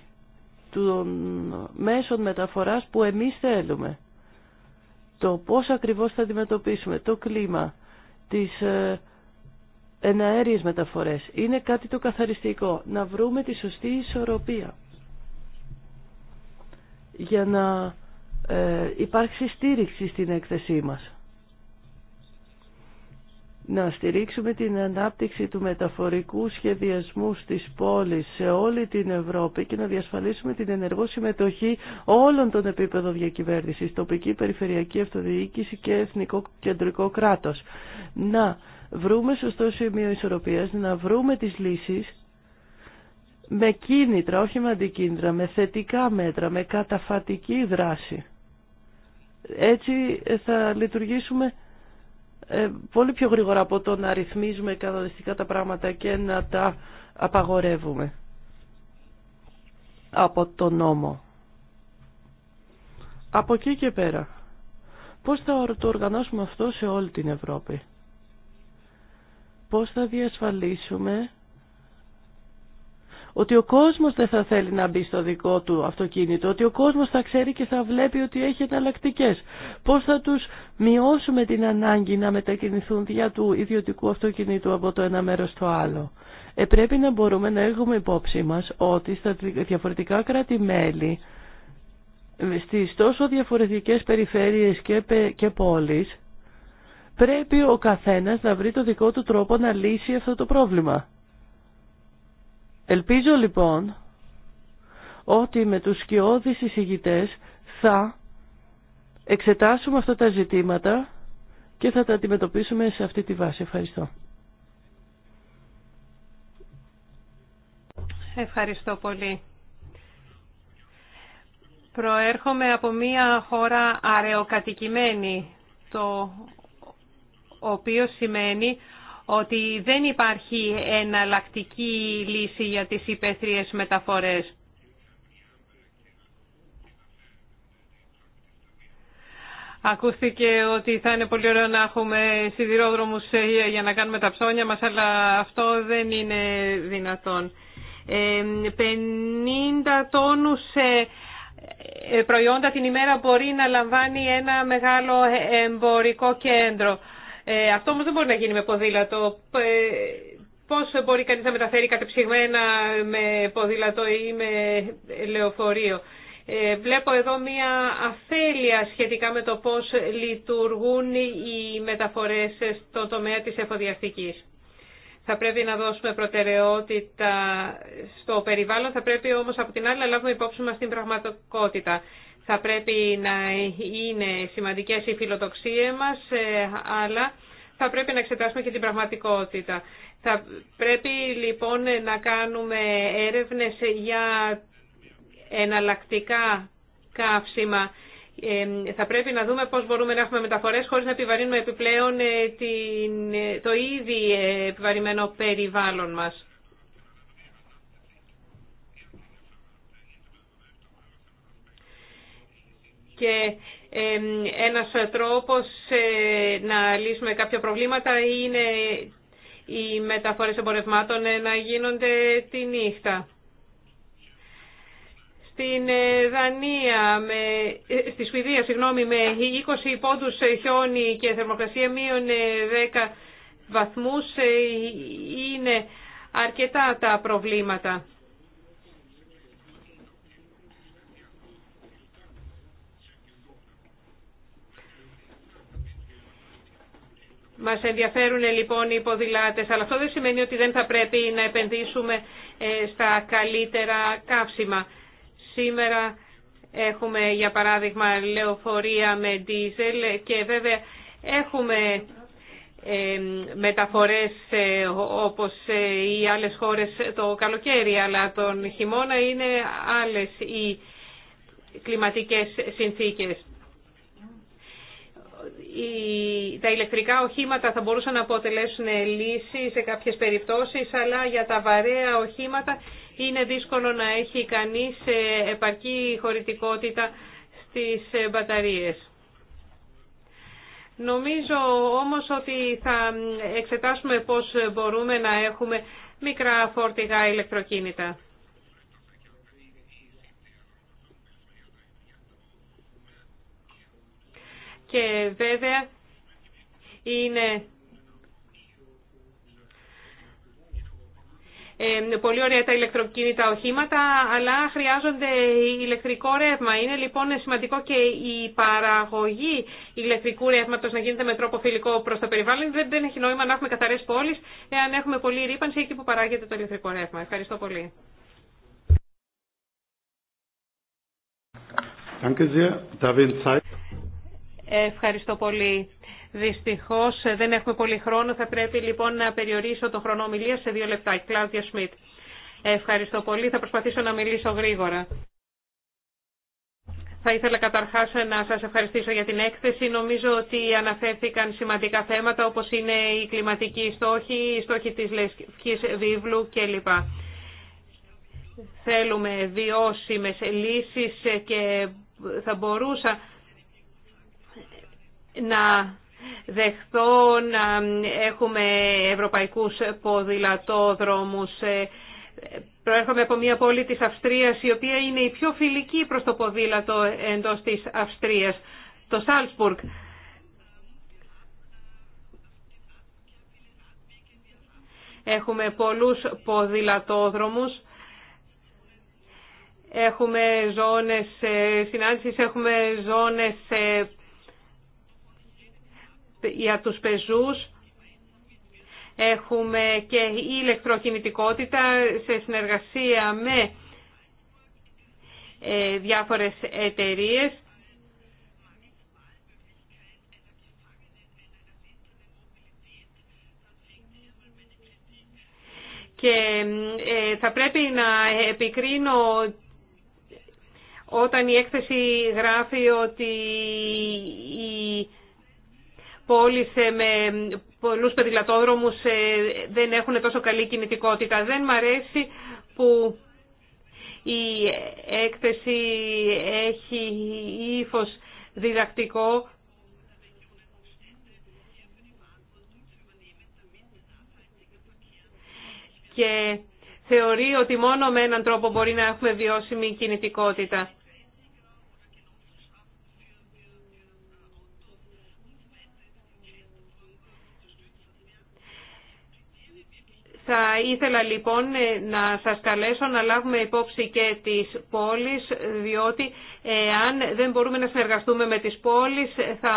των μέσων μεταφοράς που εμείς θέλουμε. Το πώς ακριβώς θα αντιμετωπίσουμε το κλίμα, τις ε, εναέριες μεταφορές. Είναι κάτι το καθαριστικό. Να βρούμε τη σωστή ισορροπία για να ε, υπάρξει στήριξη στην έκθεσή μας να στηρίξουμε την ανάπτυξη του μεταφορικού σχεδιασμού στις πόλεις σε όλη την Ευρώπη και να διασφαλίσουμε την ενεργό συμμετοχή όλων των επίπεδων διακυβέρνησης, τοπική, περιφερειακή αυτοδιοίκηση και εθνικό κεντρικό κράτος. Να βρούμε σωστό σημείο ισορροπίας, να βρούμε τις λύσεις με κίνητρα, όχι με αντικίνητρα, με θετικά μέτρα, με καταφατική δράση. Έτσι θα λειτουργήσουμε ε, πολύ πιο γρήγορα από το να ρυθμίζουμε κανονιστικά τα πράγματα και να τα απαγορεύουμε από το νόμο. Από εκεί και πέρα. Πώς θα το οργανώσουμε αυτό σε όλη την Ευρώπη. Πώς θα διασφαλίσουμε ότι ο κόσμος δεν θα θέλει να μπει στο δικό του αυτοκίνητο, ότι ο κόσμος θα ξέρει και θα βλέπει ότι έχει εναλλακτικέ. Πώς θα τους μειώσουμε την ανάγκη να μετακινηθούν δια του ιδιωτικού αυτοκινήτου από το ένα μέρος στο άλλο. Ε, πρέπει να μπορούμε να έχουμε υπόψη μας ότι στα διαφορετικά κράτη-μέλη, στις τόσο διαφορετικές περιφέρειες και, και πόλεις, πρέπει ο καθένας να βρει το δικό του τρόπο να λύσει αυτό το πρόβλημα. Ελπίζω λοιπόν ότι με τους σκιώδεις εισηγητές θα εξετάσουμε αυτά τα ζητήματα και θα τα αντιμετωπίσουμε σε αυτή τη βάση. Ευχαριστώ. Ευχαριστώ πολύ. Προέρχομαι από μια χώρα αρεοκατοικημένη, το οποίο σημαίνει ότι δεν υπάρχει εναλλακτική λύση για τις υπαίθριες μεταφορές. Ακούστηκε ότι θα είναι πολύ ωραίο να έχουμε σιδηρόδρομους ε, για να κάνουμε τα ψώνια μας, αλλά αυτό δεν είναι δυνατόν. 50 ε, τόνους ε, προϊόντα την ημέρα μπορεί να λαμβάνει ένα μεγάλο εμπορικό κέντρο. Ε, αυτό όμω δεν μπορεί να γίνει με ποδήλατο. Ε, πώς μπορεί κανεί να μεταφέρει κατεψυγμένα με ποδήλατο ή με λεωφορείο. Ε, βλέπω εδώ μία αφέλεια σχετικά με το πώς λειτουργούν οι μεταφορές στο τομέα της εφοδιαστικής. Θα πρέπει να δώσουμε προτεραιότητα στο περιβάλλον, θα πρέπει όμως από την άλλη να λάβουμε υπόψη μας την πραγματικότητα θα πρέπει να είναι σημαντικές οι φιλοδοξίες μας, ε, αλλά θα πρέπει να εξετάσουμε και την πραγματικότητα. Θα πρέπει λοιπόν να κάνουμε έρευνες για εναλλακτικά καύσιμα. Ε, θα πρέπει να δούμε πώς μπορούμε να έχουμε μεταφορές χωρίς να επιβαρύνουμε επιπλέον ε, το ήδη επιβαρημένο περιβάλλον μας. και ένας τρόπος ε, να λύσουμε κάποια προβλήματα είναι οι μεταφορές εμπορευμάτων ε, να γίνονται τη νύχτα. Στην ε, Δανία, με, στη Σουηδία, συγγνώμη, με 20 πόντους χιόνι και θερμοκρασία μείων 10 βαθμούς είναι αρκετά τα προβλήματα. Μα ενδιαφέρουν λοιπόν οι ποδηλάτε, αλλά αυτό δεν σημαίνει ότι δεν θα πρέπει να επενδύσουμε ε, στα καλύτερα καύσιμα. Σήμερα έχουμε για παράδειγμα λεωφορεία με ντίζελ και βέβαια έχουμε ε, μεταφορές ε, όπως οι άλλες χώρες το καλοκαίρι, αλλά τον χειμώνα είναι άλλες οι κλιματικές συνθήκες τα ηλεκτρικά οχήματα θα μπορούσαν να αποτελέσουν λύση σε κάποιες περιπτώσεις, αλλά για τα βαρέα οχήματα είναι δύσκολο να έχει κανείς ε, επαρκή χωρητικότητα στις ε, μπαταρίες. Νομίζω όμως ότι θα εξετάσουμε πώς μπορούμε να έχουμε μικρά φορτηγά ηλεκτροκίνητα. και βέβαια είναι πολύ ωραία τα ηλεκτροκίνητα οχήματα, αλλά χρειάζονται ηλεκτρικό ρεύμα. Είναι λοιπόν σημαντικό και η παραγωγή ηλεκτρικού ρεύματο να γίνεται με τρόπο φιλικό προ το περιβάλλον. Δεν, δεν έχει νόημα να έχουμε καθαρέ πόλει, εάν έχουμε πολλή ρήπανση εκεί που παράγεται το ηλεκτρικό ρεύμα. Ευχαριστώ πολύ. Ευχαριστώ πολύ. Δυστυχώς ε, δεν έχουμε πολύ χρόνο. Θα πρέπει λοιπόν να περιορίσω το χρόνο ομιλία σε δύο λεπτά. Κλάουδια Σμιτ. Ευχαριστώ πολύ. Θα προσπαθήσω να μιλήσω γρήγορα. Θα ήθελα καταρχάς να σας ευχαριστήσω για την έκθεση. Νομίζω ότι αναφέρθηκαν σημαντικά θέματα όπως είναι η κλιματική στόχη, οι στόχοι της Λευκής Βίβλου κλπ. Θέλουμε βιώσιμε λύσεις και θα μπορούσα να δεχθώ να έχουμε ευρωπαϊκούς ποδηλατόδρομους. Ε, προέρχομαι από μια πόλη της Αυστρίας η οποία είναι η πιο φιλική προς το ποδήλατο εντός της Αυστρίας, το Σάλτσπουργκ. Έχουμε πολλούς ποδηλατόδρομους, έχουμε ζώνες ε, συνάντησης, έχουμε ζώνες ε, για τους πεζούς έχουμε και η ηλεκτροκινητικότητα σε συνεργασία με ε, διάφορες εταιρείες και ε, θα πρέπει να επικρίνω όταν η έκθεση γράφει ότι η πόλεις ε, με πολλούς πεδηλατόδρομους, ε, δεν έχουν τόσο καλή κινητικότητα. Δεν μ' αρέσει που η έκθεση έχει ύφος διδακτικό και θεωρεί ότι μόνο με έναν τρόπο μπορεί να έχουμε βιώσιμη κινητικότητα. Θα ήθελα λοιπόν ε, να σας καλέσω να λάβουμε υπόψη και τις πόλεις, διότι ε, αν δεν μπορούμε να συνεργαστούμε με τις πόλεις ε, θα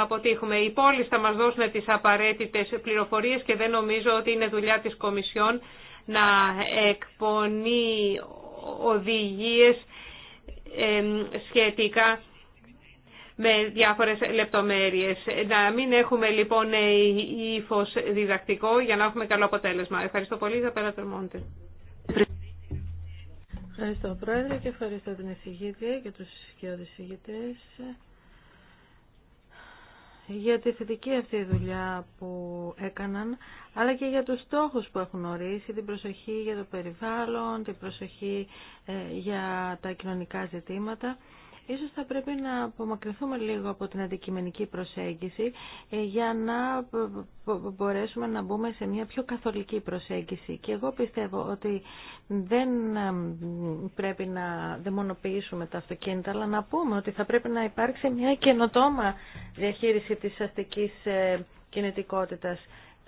αποτύχουμε. Οι πόλεις θα μας δώσουν τις απαραίτητες πληροφορίες και δεν νομίζω ότι είναι δουλειά της Κομισιόν να εκπονεί οδηγίες σχετικά με διάφορες λεπτομέρειες. Να μην έχουμε λοιπόν ύφο διδακτικό για να έχουμε καλό αποτέλεσμα. Ευχαριστώ πολύ, πέρα Τερμόντε. Ευχαριστώ Πρόεδρε και ευχαριστώ την εισηγήτρια και τους σκιώδης εισηγητές για τη θετική αυτή δουλειά που έκαναν, αλλά και για τους στόχους που έχουν ορίσει, την προσοχή για το περιβάλλον, την προσοχή ε, για τα κοινωνικά ζητήματα. Ίσως θα πρέπει να απομακρυνθούμε λίγο από την αντικειμενική προσέγγιση ε, για να μπορέσουμε να μπούμε σε μια πιο καθολική προσέγγιση. Και εγώ πιστεύω ότι δεν πρέπει να δαιμονοποιήσουμε τα αυτοκίνητα, αλλά να πούμε ότι θα πρέπει να υπάρξει μια καινοτόμα διαχείριση της αστικής ε, κινητικότητας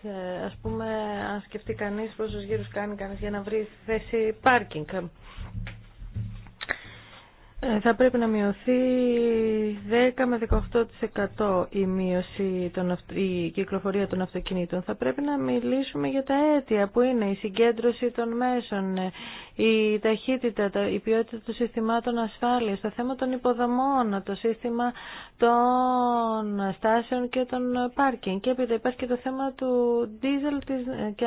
ε, ας πούμε, αν σκεφτεί κανείς πόσους γύρους κάνει κανείς για να βρει θέση πάρκινγκ. Ε, θα πρέπει να μειωθεί 10 με 18% η μείωση των, η κυκλοφορία των αυτοκινήτων. Θα πρέπει να μιλήσουμε για τα αίτια που είναι η συγκέντρωση των μέσων, ε, η ταχύτητα, η ποιότητα των συστημάτων ασφάλειας, το θέμα των υποδομών, το σύστημα των στάσεων και των πάρκινγκ. Και έπειτα υπάρχει και το θέμα του της...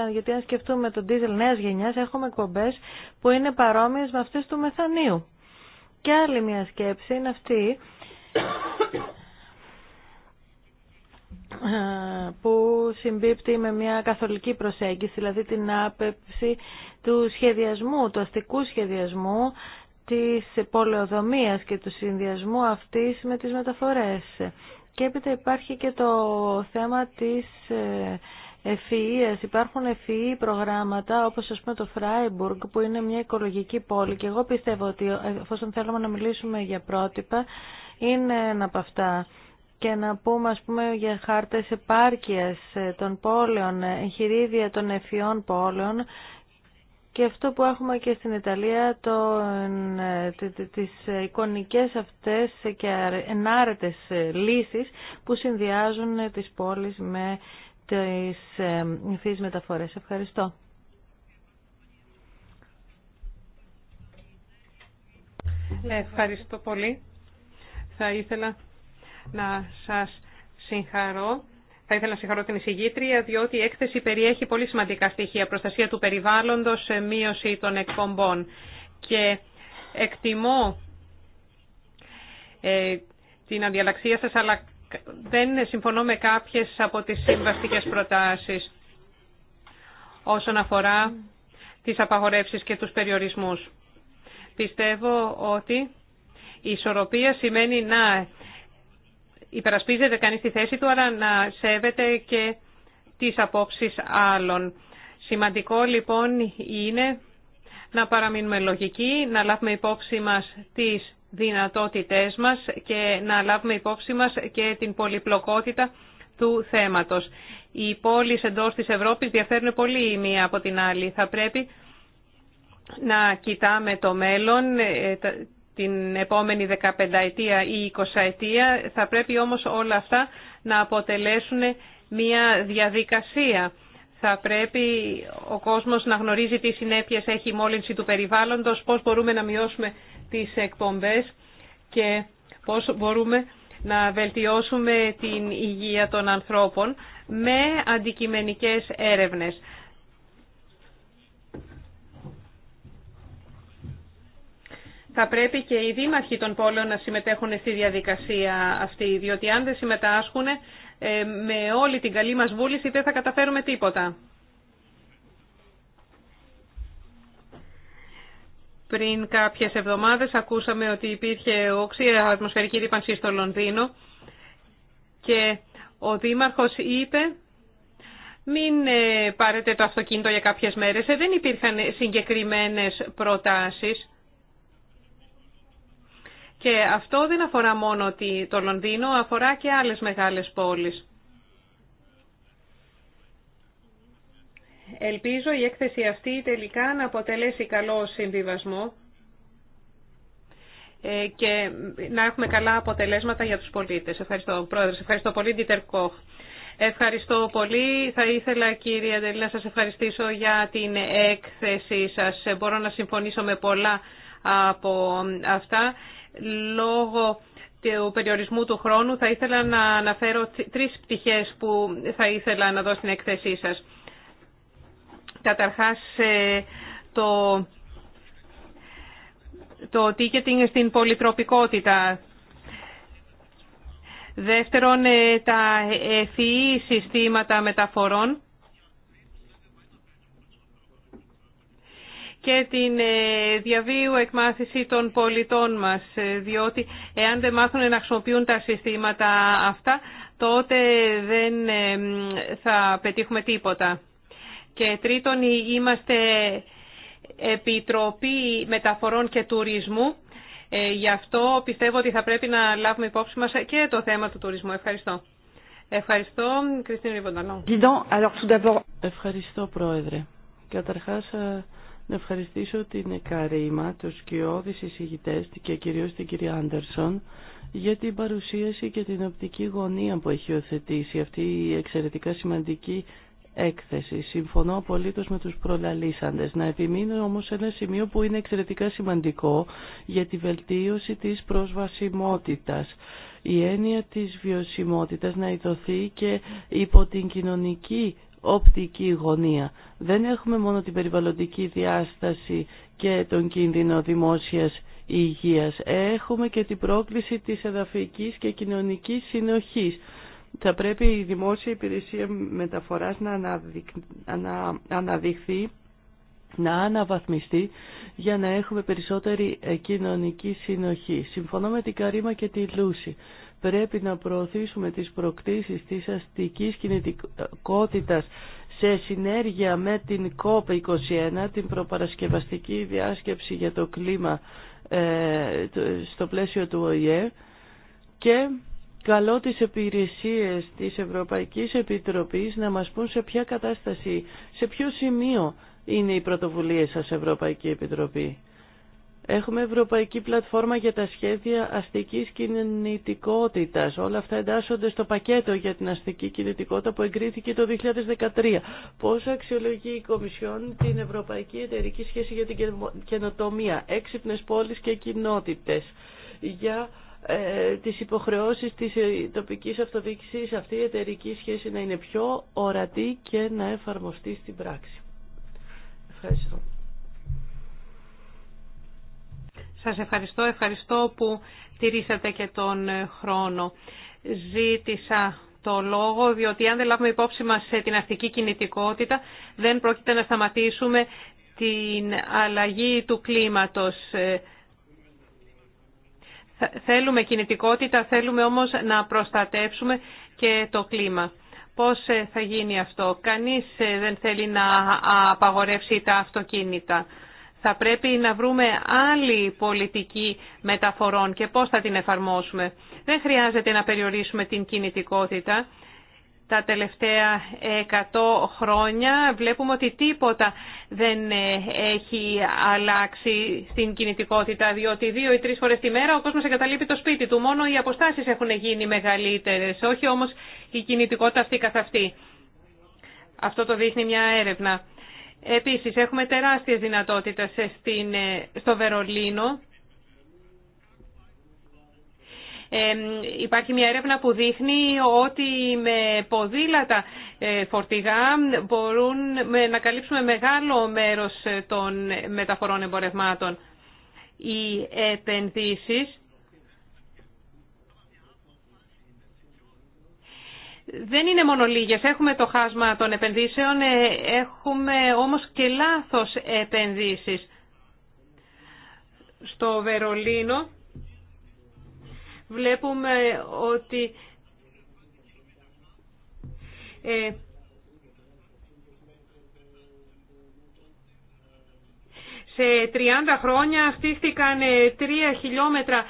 Ε, γιατί αν σκεφτούμε τον δίζελ νέας γενιάς έχουμε εκπομπές που είναι παρόμοιες με αυτές του μεθανίου. Και άλλη μια σκέψη είναι αυτή που συμπίπτει με μια καθολική προσέγγιση, δηλαδή την άπεψη του σχεδιασμού, του αστικού σχεδιασμού, της πολεοδομίας και του συνδυασμού αυτής με τις μεταφορές. Και έπειτα υπάρχει και το θέμα της ε, ευφυΐες, Υπάρχουν ευφυΐ προγράμματα όπως ας πούμε το Φράιμπουργκ που είναι μια οικολογική πόλη και εγώ πιστεύω ότι εφόσον θέλουμε να μιλήσουμε για πρότυπα είναι ένα από αυτά και να πούμε ας πούμε για χάρτες επάρκειας ε, των πόλεων, ε, εγχειρίδια των ευφυών πόλεων και αυτό που έχουμε και στην Ιταλία, το, ε, τις εικονικές αυτές και ενάρετες λύσεις που συνδυάζουν τις πόλεις με τις υφείς μεταφορές. Ευχαριστώ. Ναι, ευχαριστώ πολύ. Θα ήθελα να σας συγχαρώ. Θα ήθελα να συγχαρώ την εισηγήτρια, διότι η έκθεση περιέχει πολύ σημαντικά στοιχεία. Προστασία του περιβάλλοντος, μείωση των εκπομπών. Και εκτιμώ ε, την αδιαλαξία σας, αλλά δεν συμφωνώ με κάποιες από τις συμβαστικές προτάσεις όσον αφορά τις απαγορεύσεις και τους περιορισμούς. Πιστεύω ότι η ισορροπία σημαίνει να υπερασπίζεται κανείς τη θέση του, αλλά να σέβεται και τις απόψεις άλλων. Σημαντικό λοιπόν είναι να παραμείνουμε λογικοί, να λάβουμε υπόψη μας τις δυνατότητές μας και να λάβουμε υπόψη μας και την πολυπλοκότητα του θέματος. Οι πόλεις εντός της Ευρώπης διαφέρουν πολύ η μία από την άλλη. Θα πρέπει να κοιτάμε το μέλλον, ε, την επόμενη 15 ετία ή 20 ετία. Θα πρέπει όμως όλα αυτά να αποτελέσουν μια διαδικασία θα πρέπει ο κόσμος να γνωρίζει τι συνέπειες έχει η μόλυνση του περιβάλλοντος, πώς μπορούμε να μειώσουμε τις εκπομπές και πώς μπορούμε να βελτιώσουμε την υγεία των ανθρώπων με αντικειμενικές έρευνες. Θα πρέπει και οι δήμαρχοι των πόλεων να συμμετέχουν στη διαδικασία αυτή, διότι αν δεν συμμετάσχουν ε, με όλη την καλή μας βούληση δεν θα καταφέρουμε τίποτα. Πριν κάποιες εβδομάδες ακούσαμε ότι υπήρχε οξία ατμοσφαιρική ρήπανση στο Λονδίνο και ο Δήμαρχος είπε μην ε, πάρετε το αυτοκίνητο για κάποιες μέρες. Ε, δεν υπήρχαν συγκεκριμένες προτάσεις. Και αυτό δεν αφορά μόνο το Λονδίνο, αφορά και άλλες μεγάλες πόλεις. Ελπίζω η έκθεση αυτή τελικά να αποτελέσει καλό συμβιβασμό ε, και να έχουμε καλά αποτελέσματα για τους πολίτες. Ευχαριστώ, Πρόεδρε. Ευχαριστώ πολύ, Ντίτερ Κόχ. Ευχαριστώ πολύ. Θα ήθελα, κύριε Αντελή, να σας ευχαριστήσω για την έκθεση σας. Μπορώ να συμφωνήσω με πολλά από αυτά λόγω του περιορισμού του χρόνου θα ήθελα να αναφέρω τρεις πτυχές που θα ήθελα να δω στην έκθεσή σας. Καταρχάς ε, το, το ticketing στην πολυτροπικότητα. Δεύτερον, ε, τα ευφυή e e συστήματα μεταφορών και την ε, διαβίου εκμάθηση των πολιτών μας, ε, διότι εάν δεν μάθουν να χρησιμοποιούν τα συστήματα αυτά, τότε δεν ε, θα πετύχουμε τίποτα. Και τρίτον, είμαστε Επιτροπή Μεταφορών και Τουρισμού. Γι' αυτό πιστεύω ότι θα πρέπει να λάβουμε υπόψη μας και το θέμα του τουρισμού. Ευχαριστώ. Ευχαριστώ, Κριστίνη Ριβονταλό. Ευχαριστώ, Πρόεδρε. Καταρχάς, να ευχαριστήσω την Καρήμα, του σκιώδεις εισηγητές και κυρίως την κυρία Άντερσον για την παρουσίαση και την οπτική γωνία που έχει οθετήσει αυτή η εξαιρετικά σημαντική έκθεση. Συμφωνώ απολύτω με του προλαλήσαντε. Να επιμείνω όμω σε ένα σημείο που είναι εξαιρετικά σημαντικό για τη βελτίωση τη προσβασιμότητα. Η έννοια της βιωσιμότητας να ιδωθεί και υπό την κοινωνική οπτική γωνία. Δεν έχουμε μόνο την περιβαλλοντική διάσταση και τον κίνδυνο δημόσιας υγείας. Έχουμε και την πρόκληση της εδαφικής και κοινωνικής συνοχής. Θα πρέπει η δημόσια υπηρεσία μεταφοράς να αναδειχθεί, να αναβαθμιστεί για να έχουμε περισσότερη κοινωνική συνοχή. Συμφωνώ με την Καρίμα και τη Λούση. Πρέπει να προωθήσουμε τις προκτήσεις της αστικής κινητικότητας σε συνέργεια με την COP21, την προπαρασκευαστική διάσκεψη για το κλίμα ε, στο πλαίσιο του ΟΗΕ και καλώ τις υπηρεσίε της Ευρωπαϊκής Επιτροπής να μας πούν σε ποια κατάσταση, σε ποιο σημείο είναι οι πρωτοβουλίες σας Ευρωπαϊκή Επιτροπή. Έχουμε Ευρωπαϊκή Πλατφόρμα για τα Σχέδια Αστικής Κινητικότητας. Όλα αυτά εντάσσονται στο πακέτο για την αστική κινητικότητα που εγκρίθηκε το 2013. Πώς αξιολογεί η Κομισιόν την Ευρωπαϊκή Εταιρική Σχέση για την Καινοτομία, έξυπνες πόλεις και κοινότητες για ε, τις υποχρεώσεις της ε, τοπικής αυτοδιοίκησης αυτή η εταιρική σχέση να είναι πιο ορατή και να εφαρμοστεί στην πράξη. Ευχαριστώ. Σας ευχαριστώ. Ευχαριστώ που τηρήσατε και τον χρόνο. Ζήτησα το λόγο, διότι αν δεν λάβουμε υπόψη μας σε την αστική κινητικότητα, δεν πρόκειται να σταματήσουμε την αλλαγή του κλίματος. Θέλουμε κινητικότητα, θέλουμε όμως να προστατεύσουμε και το κλίμα. Πώς ε, θα γίνει αυτό. Κανείς ε, δεν θέλει να απαγορεύσει τα αυτοκίνητα. Θα πρέπει να βρούμε άλλη πολιτική μεταφορών και πώς θα την εφαρμόσουμε. Δεν χρειάζεται να περιορίσουμε την κινητικότητα. Τα τελευταία 100 χρόνια βλέπουμε ότι τίποτα δεν ε, έχει αλλάξει στην κινητικότητα, διότι δύο ή τρεις φορές τη μέρα ο κόσμος εγκαταλείπει το σπίτι του. Μόνο οι αποστάσεις έχουν γίνει μεγαλύτερες, όχι όμως η κινητικότητα αυτή καθ' αυτή. Αυτό το δείχνει μια έρευνα. Επίσης, έχουμε τεράστιες δυνατότητες στην, ε, στο Βερολίνο. Ε, υπάρχει μια έρευνα που δείχνει ότι με ποδήλατα ε, φορτηγά μπορούν να καλύψουμε μεγάλο μέρος των μεταφορών εμπορευμάτων. Οι επενδύσεις δεν είναι μόνο λίγες. Έχουμε το χάσμα των επενδύσεων, ε, έχουμε όμως και λάθος επενδύσεις. Στο Βερολίνο βλέπουμε ότι ε, σε 30 χρόνια χτίστηκαν 3 ε, χιλιόμετρα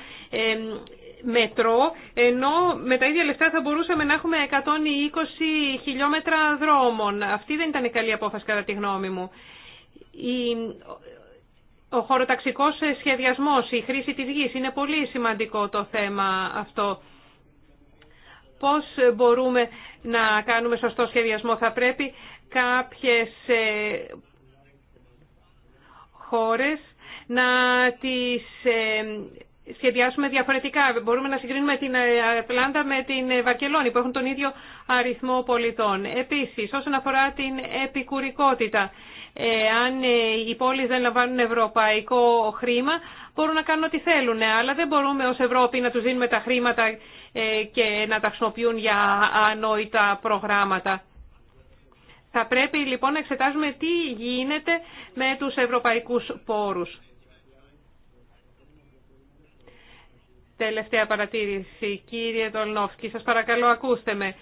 μετρό, ενώ με τα ίδια λεφτά θα μπορούσαμε να έχουμε 120 χιλιόμετρα δρόμων. Αυτή δεν ήταν η καλή απόφαση κατά τη γνώμη μου. Ο χωροταξικός σχεδιασμός, η χρήση της γης είναι πολύ σημαντικό το θέμα αυτό. Πώς μπορούμε να κάνουμε σωστό σχεδιασμό. Θα πρέπει κάποιες ε, χώρες να τις ε, σχεδιάσουμε διαφορετικά. Μπορούμε να συγκρίνουμε την Ατλάντα με την Βαρκελόνη που έχουν τον ίδιο αριθμό πολιτών. Επίσης, όσον αφορά την επικουρικότητα, αν ε, οι πόλεις δεν λαμβάνουν ευρωπαϊκό χρήμα, μπορούν να κάνουν ό,τι θέλουν, αλλά δεν μπορούμε ως Ευρώπη να τους δίνουμε τα χρήματα ε, και να τα χρησιμοποιούν για ανόητα προγράμματα. Θα πρέπει λοιπόν να εξετάζουμε τι γίνεται με τους ευρωπαϊκούς πόρους. Τελευταία παρατήρηση. Κύριε Τολνόφσκι, σας παρακαλώ ακούστε με.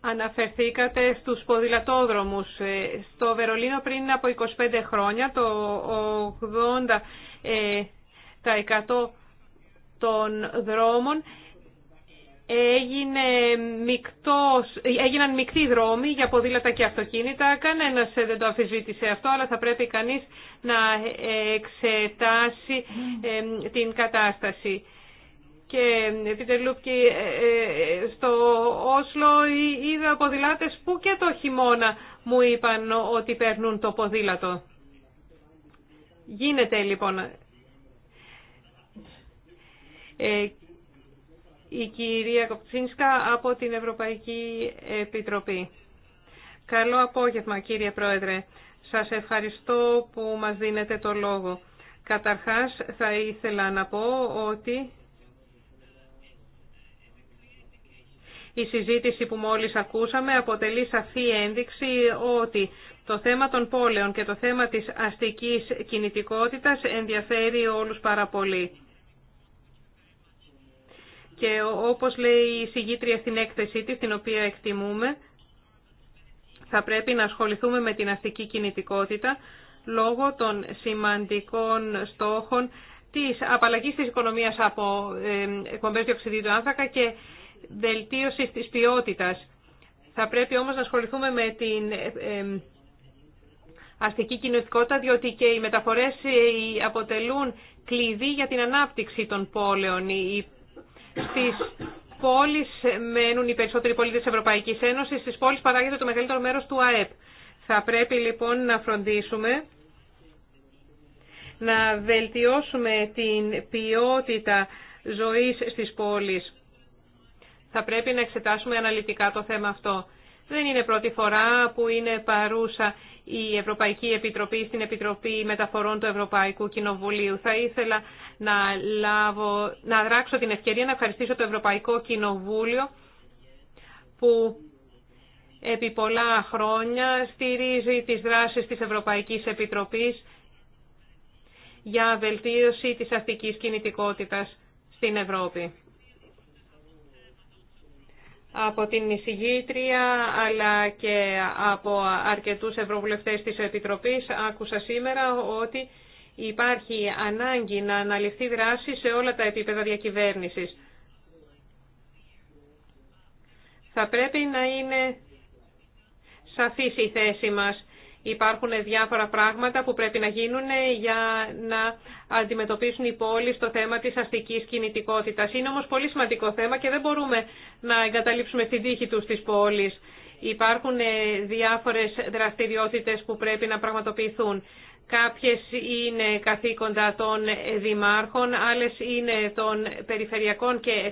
Αναφερθήκατε στους ποδηλατόδρομους. Ε, στο Βερολίνο πριν από 25 χρόνια, το 80 ε, των δρόμων έγινε μικτός, έγιναν μεικτοί δρόμοι για ποδήλατα και αυτοκίνητα. Κανένα ε, δεν το αφισβήτησε αυτό, αλλά θα πρέπει κανείς να εξετάσει την κατάσταση. Και Πίτερ Λούπκι, ε, ε, στο Όσλο είδα ποδηλάτες που και το χειμώνα μου είπαν ότι παίρνουν το ποδήλατο. Γίνεται λοιπόν η κυρία Κοπτσίνσκα από την Ευρωπαϊκή Επιτροπή. Καλό απόγευμα κύριε Πρόεδρε. Σας ευχαριστώ που μας δίνετε το λόγο. Καταρχάς θα ήθελα να πω ότι η συζήτηση που μόλις ακούσαμε αποτελεί σαφή ένδειξη ότι το θέμα των πόλεων και το θέμα της αστικής κινητικότητας ενδιαφέρει όλους πάρα πολύ. Και όπως λέει η συγγήτρια στην έκθεσή της, την οποία εκτιμούμε, θα πρέπει να ασχοληθούμε με την αστική κινητικότητα λόγω των σημαντικών στόχων της απαλλαγής της οικονομίας από εκπομπές διοξιδίου του άνθρακα και βελτίωση της ποιότητας. Θα πρέπει όμως να ασχοληθούμε με την αστική κινητικότητα, διότι και οι μεταφορές ε, αποτελούν κλειδί για την ανάπτυξη των πόλεων. Στις πόλεις μένουν οι περισσότεροι πολίτες της Ευρωπαϊκής Ένωσης, στις πόλεις παράγεται το μεγαλύτερο μέρος του ΑΕΠ. Θα πρέπει λοιπόν να φροντίσουμε να βελτιώσουμε την ποιότητα ζωής στις πόλεις. Θα πρέπει να εξετάσουμε αναλυτικά το θέμα αυτό. Δεν είναι πρώτη φορά που είναι παρούσα η Ευρωπαϊκή Επιτροπή στην Επιτροπή Μεταφορών του Ευρωπαϊκού Κοινοβουλίου. Θα ήθελα να, να δράξω την ευκαιρία να ευχαριστήσω το Ευρωπαϊκό Κοινοβούλιο που επί πολλά χρόνια στηρίζει τις δράσεις της Ευρωπαϊκής Επιτροπής για βελτίωση της αστικής κινητικότητας στην Ευρώπη από την εισηγήτρια αλλά και από αρκετούς ευρωβουλευτές της Επιτροπής άκουσα σήμερα ότι υπάρχει ανάγκη να αναλυφθεί δράση σε όλα τα επίπεδα διακυβέρνησης. Θα πρέπει να είναι σαφής η θέση μας Υπάρχουν διάφορα πράγματα που πρέπει να γίνουν για να αντιμετωπίσουν οι πόλεις το θέμα της αστικής κινητικότητας. Είναι όμως πολύ σημαντικό θέμα και δεν μπορούμε να εγκαταλείψουμε στην τύχη τους της πόλεις. Υπάρχουν ε, διάφορες δραστηριότητες που πρέπει να πραγματοποιηθούν. Κάποιες είναι καθήκοντα των δημάρχων, άλλες είναι των περιφερειακών και εθνικών.